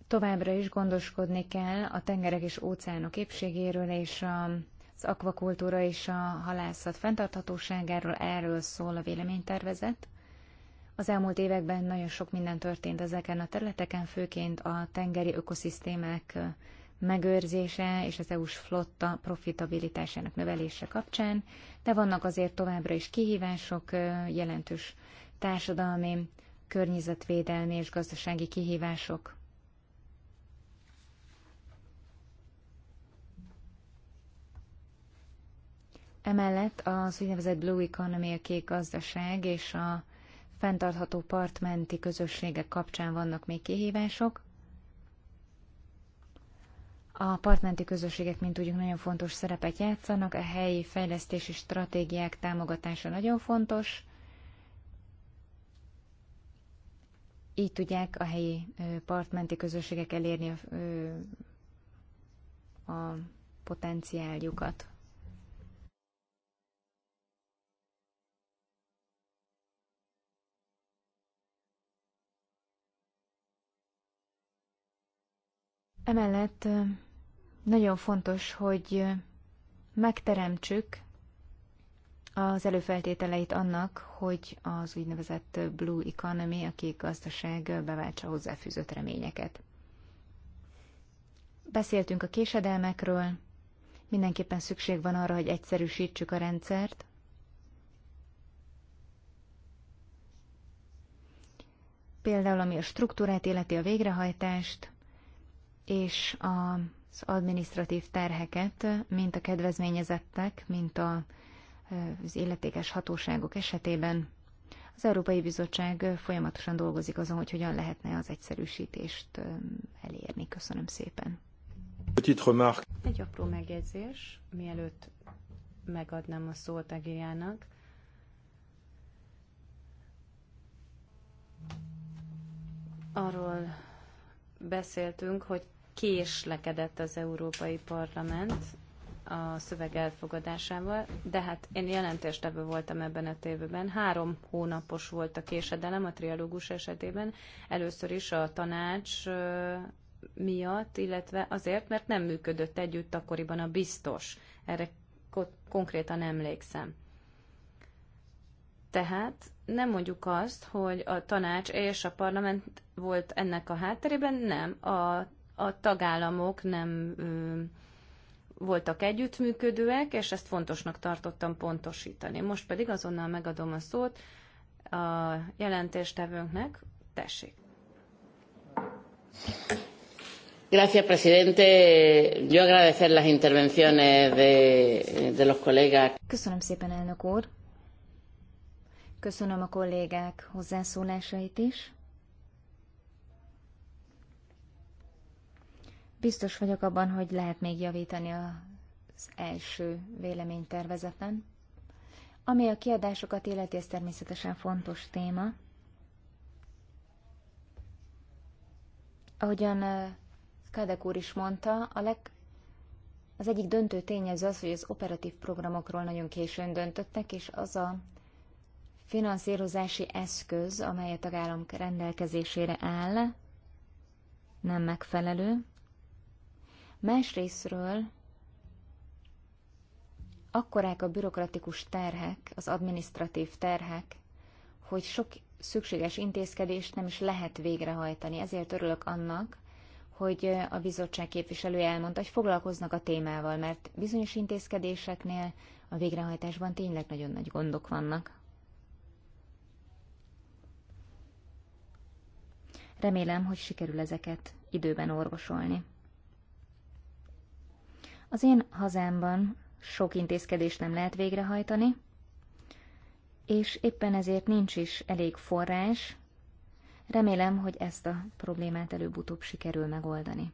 Speaker 3: Továbbra is gondoskodni kell a tengerek és óceánok épségéről és a az akvakultúra és a halászat fenntarthatóságáról, erről szól a véleménytervezet. Az elmúlt években nagyon sok minden történt ezeken a területeken, főként a tengeri ökoszisztémák megőrzése és az EU-s flotta profitabilitásának növelése kapcsán, de vannak azért továbbra is kihívások, jelentős társadalmi, környezetvédelmi és gazdasági kihívások. Emellett az úgynevezett Blue Economy, a kék gazdaság és a fenntartható partmenti közösségek kapcsán vannak még kihívások. A partmenti közösségek, mint tudjuk, nagyon fontos szerepet játszanak, a helyi fejlesztési stratégiák támogatása nagyon fontos, így tudják a helyi partmenti közösségek elérni a, a potenciáljukat. Emellett nagyon fontos, hogy megteremtsük az előfeltételeit annak, hogy az úgynevezett Blue Economy, a kék gazdaság beváltsa hozzáfűzött reményeket. Beszéltünk a késedelmekről, mindenképpen szükség van arra, hogy egyszerűsítsük a rendszert. Például, ami a struktúrát illeti a végrehajtást, és az administratív terheket, mint a kedvezményezettek, mint a, az illetékes hatóságok esetében. Az Európai Bizottság folyamatosan dolgozik azon, hogy hogyan lehetne az egyszerűsítést elérni. Köszönöm szépen.
Speaker 1: Egy apró megjegyzés, mielőtt megadnám a szót Agéjának. Arról beszéltünk, hogy késlekedett az Európai Parlament a szöveg elfogadásával, de hát én jelentéstevő voltam ebben a tévében. Három hónapos volt a késedelem a trialógus esetében. Először is a tanács miatt, illetve azért, mert nem működött együtt akkoriban a biztos. Erre konkrétan emlékszem. Tehát nem mondjuk azt, hogy a tanács és a parlament volt ennek a hátterében, nem. A a tagállamok nem ö, voltak együttműködőek, és ezt fontosnak tartottam pontosítani. Most pedig azonnal megadom a szót a jelentéstevőnknek. Tessék!
Speaker 2: Gracias, presidente. Yo agradecer las intervenciones de, de los colegas.
Speaker 3: Köszönöm szépen, elnök úr. Köszönöm a kollégák hozzászólásait is. Biztos vagyok abban, hogy lehet még javítani az első véleménytervezeten. Ami a kiadásokat illeti, ez természetesen fontos téma. Ahogyan Kadek úr is mondta, a leg, az egyik döntő tényező az, hogy az operatív programokról nagyon későn döntöttek, és az a finanszírozási eszköz, amely a tagállam rendelkezésére áll, nem megfelelő. Másrésztről akkorák a bürokratikus terhek, az administratív terhek, hogy sok szükséges intézkedést nem is lehet végrehajtani. Ezért örülök annak, hogy a bizottság képviselője elmondta, hogy foglalkoznak a témával, mert bizonyos intézkedéseknél a végrehajtásban tényleg nagyon nagy gondok vannak. Remélem, hogy sikerül ezeket időben orvosolni. Az én hazámban sok intézkedést nem lehet végrehajtani, és éppen ezért nincs is elég forrás. Remélem, hogy ezt a problémát előbb-utóbb sikerül megoldani.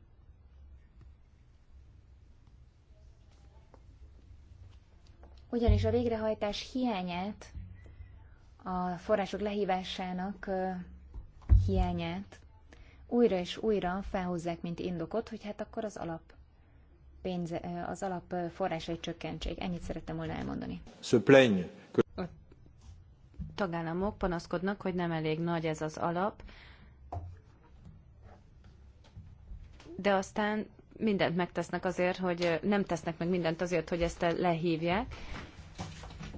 Speaker 3: Ugyanis a végrehajtás hiányát, a források lehívásának hiányát újra és újra felhozzák, mint indokot, hogy hát akkor az alap pénz, az alap forrásai csökkentség. Ennyit szerettem volna elmondani.
Speaker 1: A tagállamok panaszkodnak, hogy nem elég nagy ez az alap, de aztán mindent megtesznek azért, hogy nem tesznek meg mindent azért, hogy ezt lehívják.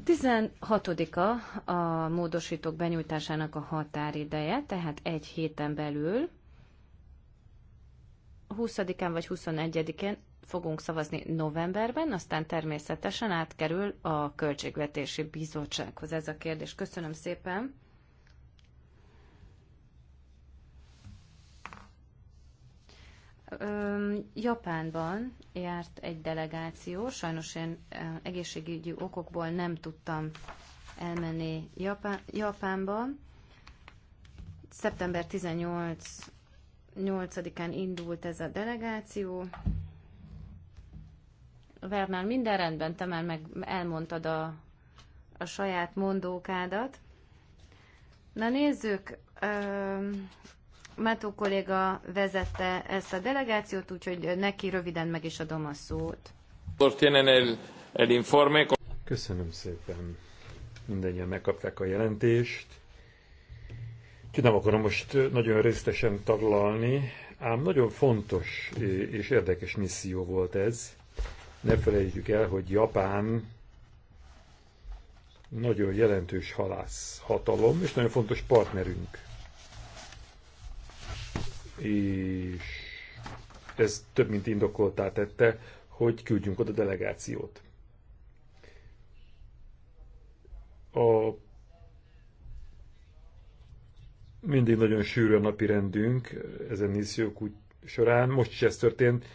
Speaker 1: 16-a a módosítók benyújtásának a határideje, tehát egy héten belül, 20-án vagy 21-én fogunk szavazni novemberben, aztán természetesen átkerül a Költségvetési Bizottsághoz ez a kérdés. Köszönöm szépen! Japánban járt egy delegáció, sajnos én egészségügyi okokból nem tudtam elmenni Japán, Japánba. Szeptember 18 án indult ez a delegáció, Vernál, minden rendben, te már meg elmondtad a, a saját mondókádat. Na nézzük, Mátó kolléga vezette ezt a delegációt, úgyhogy neki röviden meg is adom a szót.
Speaker 2: Köszönöm szépen. Mindennyien megkapták a jelentést. Úgyhogy nem akarom most nagyon részletesen taglalni, ám nagyon fontos és érdekes misszió volt ez. Ne felejtjük el, hogy Japán nagyon jelentős halász hatalom, és nagyon fontos partnerünk. És ez több mint indokoltá tette, hogy küldjünk oda delegációt. A mindig nagyon sűrű a napi rendünk ezen missziók során. Most is ez történt,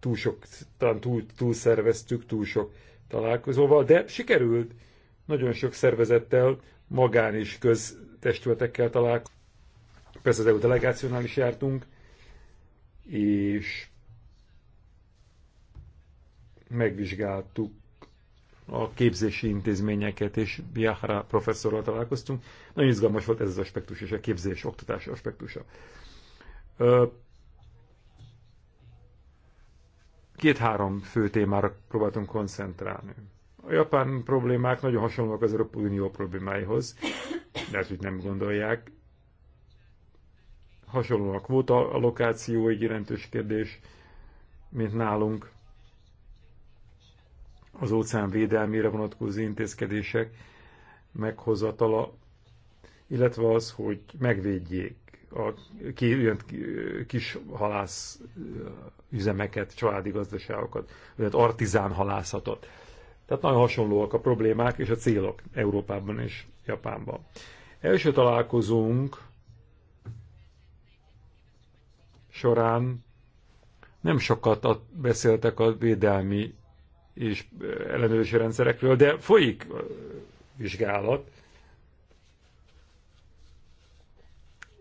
Speaker 2: túl sok, talán túl, túl szerveztük, túl sok találkozóval, de sikerült nagyon sok szervezettel, magán és köztestületekkel találkozni. Persze az EU delegációnál is jártunk, és megvizsgáltuk a képzési intézményeket, és Biahara professzorral találkoztunk. Nagyon izgalmas volt ez az aspektus, és a képzés, oktatás aspektusa. Két-három fő témára próbáltunk koncentrálni. A japán problémák nagyon hasonlóak az Európai Unió problémáihoz, de ezt úgy nem gondolják. Hasonlóak volt a lokáció egy jelentős kérdés, mint nálunk. Az óceán védelmére vonatkozó intézkedések meghozatala, illetve az, hogy megvédjék a olyan kis halász üzemeket, családi gazdaságokat, vagy hát artizán halászatot. Tehát nagyon hasonlóak a problémák és a célok Európában és Japánban. Első találkozunk, során nem sokat beszéltek a védelmi és ellenőrzési rendszerekről, de folyik vizsgálat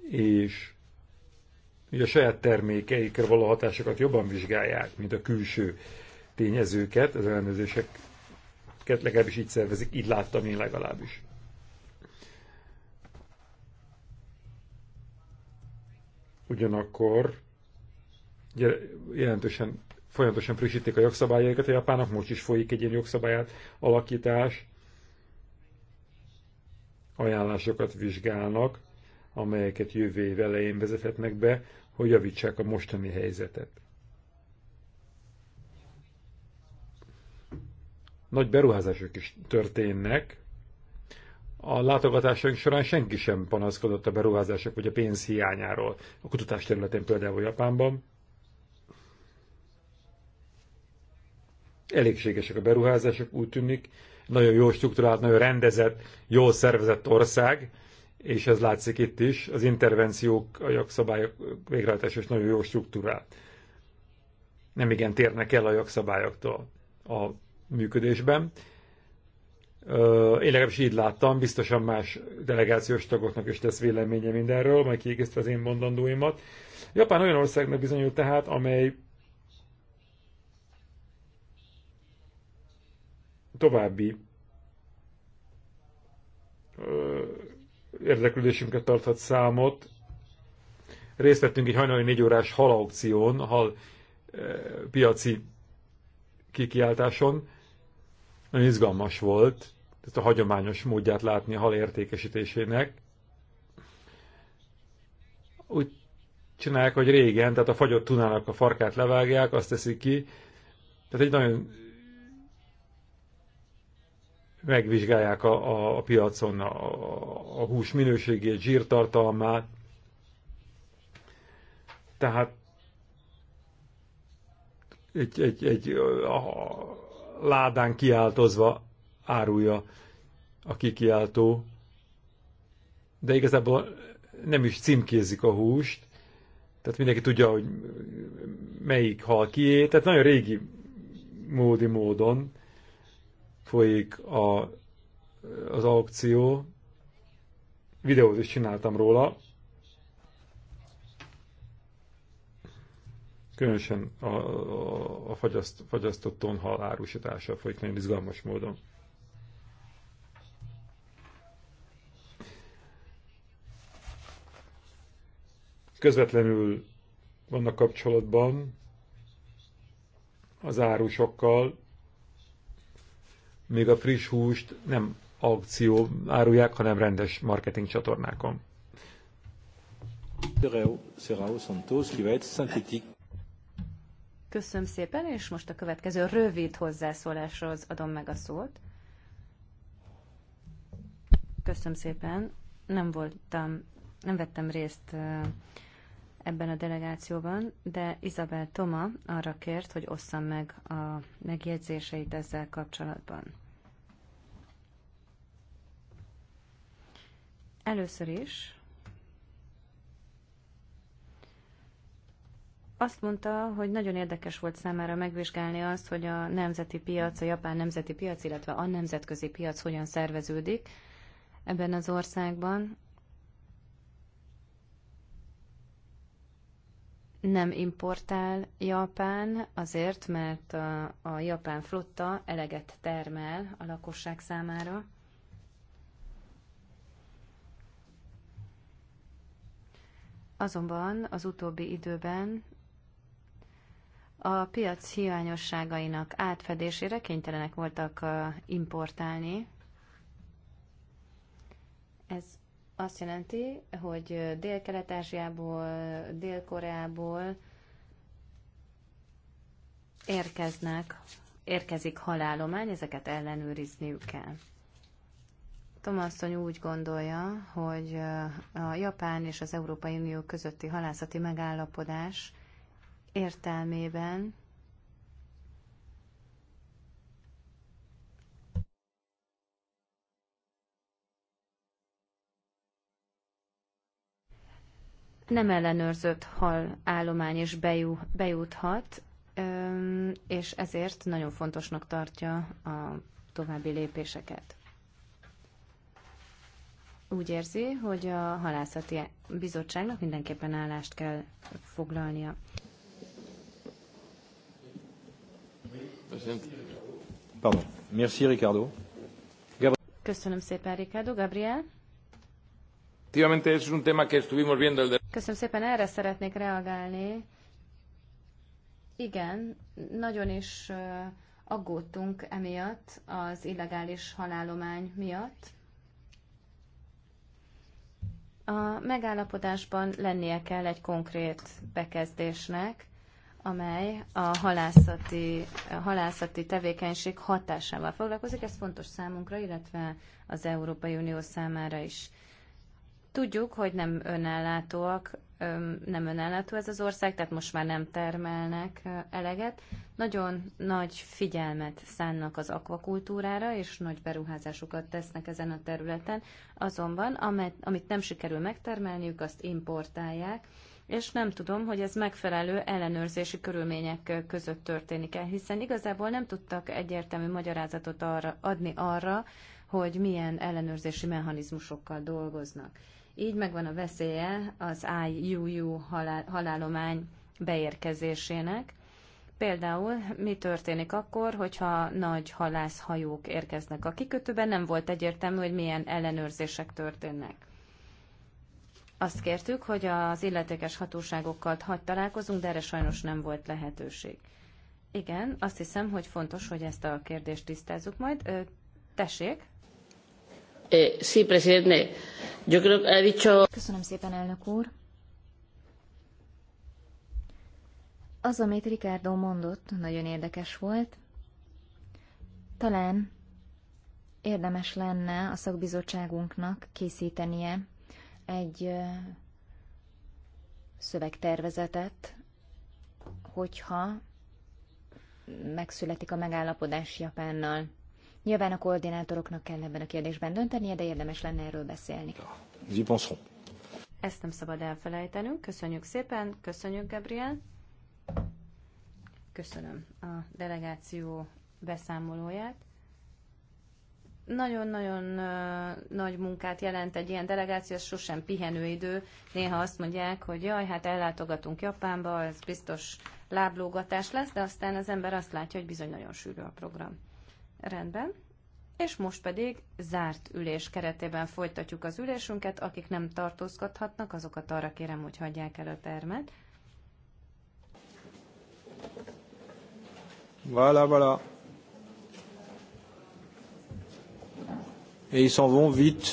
Speaker 2: és hogy a saját termékeikre való hatásokat jobban vizsgálják, mint a külső tényezőket, az ellenőrzéseket legalábbis így szervezik, így láttam én legalábbis. Ugyanakkor jelentősen, folyamatosan frissítik a jogszabályaikat, a japánok most is folyik egy ilyen jogszabályát, alakítás, ajánlásokat vizsgálnak, amelyeket jövő év elején vezethetnek be, hogy javítsák a mostani helyzetet. Nagy beruházások is történnek. A látogatásaink során senki sem panaszkodott a beruházások vagy a pénz hiányáról. A kutatás területén például Japánban. Elégségesek a beruházások, úgy tűnik. Nagyon jó struktúrált, nagyon rendezett, jól szervezett ország és ez látszik itt is, az intervenciók, a jogszabályok végrehajtása is nagyon jó struktúrál. Nem igen térnek el a jogszabályoktól a működésben. Én legalábbis így láttam, biztosan más delegációs tagoknak is lesz véleménye mindenről, majd kiegészítve az én mondandóimat. Japán olyan országnak bizonyult tehát, amely további érdeklődésünket tarthat számot. Részt vettünk egy hajnali négy órás halaukción, hal eh, piaci kikiáltáson. Nagyon izgalmas volt, tehát a hagyományos módját látni a hal értékesítésének. Úgy csinálják, hogy régen, tehát a fagyott tunának a farkát levágják, azt teszik ki. Tehát egy nagyon megvizsgálják a, a, a piacon a, a hús minőségét, zsírtartalmát. Tehát egy, egy, egy a ládán kiáltozva árulja a kikiáltó, de igazából nem is címkézik a húst, tehát mindenki tudja, hogy melyik hal kié, tehát nagyon régi módi módon folyik a, az aukció, videót is csináltam róla, különösen a, a, a fagyaszt, fagyasztott tonhal árusítása folyik nagyon izgalmas módon. Közvetlenül vannak kapcsolatban az árusokkal, még a friss húst nem akció árulják, hanem rendes marketing csatornákon.
Speaker 1: Köszönöm szépen, és most a következő rövid hozzászóláshoz adom meg a szót. Köszönöm szépen, nem voltam, nem vettem részt ebben a delegációban, de Izabel Toma arra kért, hogy osszam meg a megjegyzéseit ezzel kapcsolatban. Először is azt mondta, hogy nagyon érdekes volt számára megvizsgálni azt, hogy a nemzeti piac, a japán nemzeti piac, illetve a nemzetközi piac hogyan szerveződik ebben az országban, nem importál Japán, azért, mert a, a japán flotta eleget termel a lakosság számára. Azonban az utóbbi időben a piac hiányosságainak átfedésére kénytelenek voltak importálni. Ez azt jelenti, hogy Dél-Kelet-Ázsiából, Dél-Koreából érkeznek, érkezik halálomány, ezeket ellenőrizniük kell. Tomasszony úgy gondolja, hogy a Japán és az Európai Unió közötti halászati megállapodás értelmében nem ellenőrzött hal állomány is bejuthat, és ezért nagyon fontosnak tartja a további lépéseket. Úgy érzi, hogy a halászati bizottságnak mindenképpen állást kell foglalnia.
Speaker 2: Pardon. Merci, Ricardo.
Speaker 1: Köszönöm szépen, Ricardo. Gabriel?
Speaker 2: Köszönöm
Speaker 1: szépen, erre szeretnék reagálni. Igen, nagyon is aggódtunk emiatt, az illegális halálomány miatt. A megállapodásban lennie kell egy konkrét bekezdésnek, amely a halászati, a halászati tevékenység hatásával foglalkozik. Ez fontos számunkra, illetve az Európai Unió számára is. Tudjuk, hogy nem önellátóak, nem önellátó ez az ország, tehát most már nem termelnek eleget. Nagyon nagy figyelmet szánnak az akvakultúrára, és nagy beruházásokat tesznek ezen a területen. Azonban, amet, amit nem sikerül megtermelniük, azt importálják, és nem tudom, hogy ez megfelelő ellenőrzési körülmények között történik el, hiszen igazából nem tudtak egyértelmű magyarázatot arra, adni arra, hogy milyen ellenőrzési mechanizmusokkal dolgoznak. Így megvan a veszélye az IUU halál, halálomány beérkezésének. Például mi történik akkor, hogyha nagy halászhajók érkeznek a kikötőben, nem volt egyértelmű, hogy milyen ellenőrzések történnek. Azt kértük, hogy az illetékes hatóságokkal hagy találkozunk, de erre sajnos nem volt lehetőség. Igen, azt hiszem, hogy fontos, hogy ezt a kérdést tisztázzuk majd. Tessék!
Speaker 3: Eh, sí, presidente. Yo creo que ha dicho...
Speaker 1: Köszönöm szépen, elnök úr.
Speaker 3: Az, amit Ricardo mondott, nagyon érdekes volt. Talán érdemes lenne a szakbizottságunknak készítenie egy szövegtervezetet, hogyha megszületik a megállapodás Japánnal. Nyilván a koordinátoroknak kell ebben a
Speaker 1: kérdésben döntenie, de érdemes lenne erről beszélni. Ezt nem szabad elfelejtenünk. Köszönjük szépen, köszönjük Gabriel. Köszönöm a delegáció beszámolóját nagyon-nagyon nagy munkát jelent egy ilyen delegáció, ez sosem pihenőidő. Néha azt mondják, hogy jaj, hát ellátogatunk Japánba, ez biztos láblógatás lesz, de aztán az ember azt látja, hogy bizony nagyon sűrű a program. Rendben. És most pedig zárt ülés keretében folytatjuk az ülésünket. Akik nem tartózkodhatnak, azokat arra kérem, hogy hagyják el a termet.
Speaker 2: Voilà, voilà. Et ils s'en vont vite,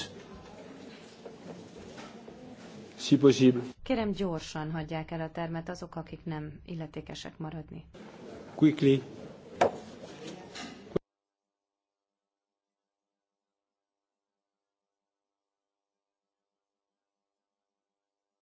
Speaker 2: si possible.
Speaker 1: Kérem gyorsan hagyják el a termet azok, akik nem illetékesek maradni.
Speaker 2: Quickly.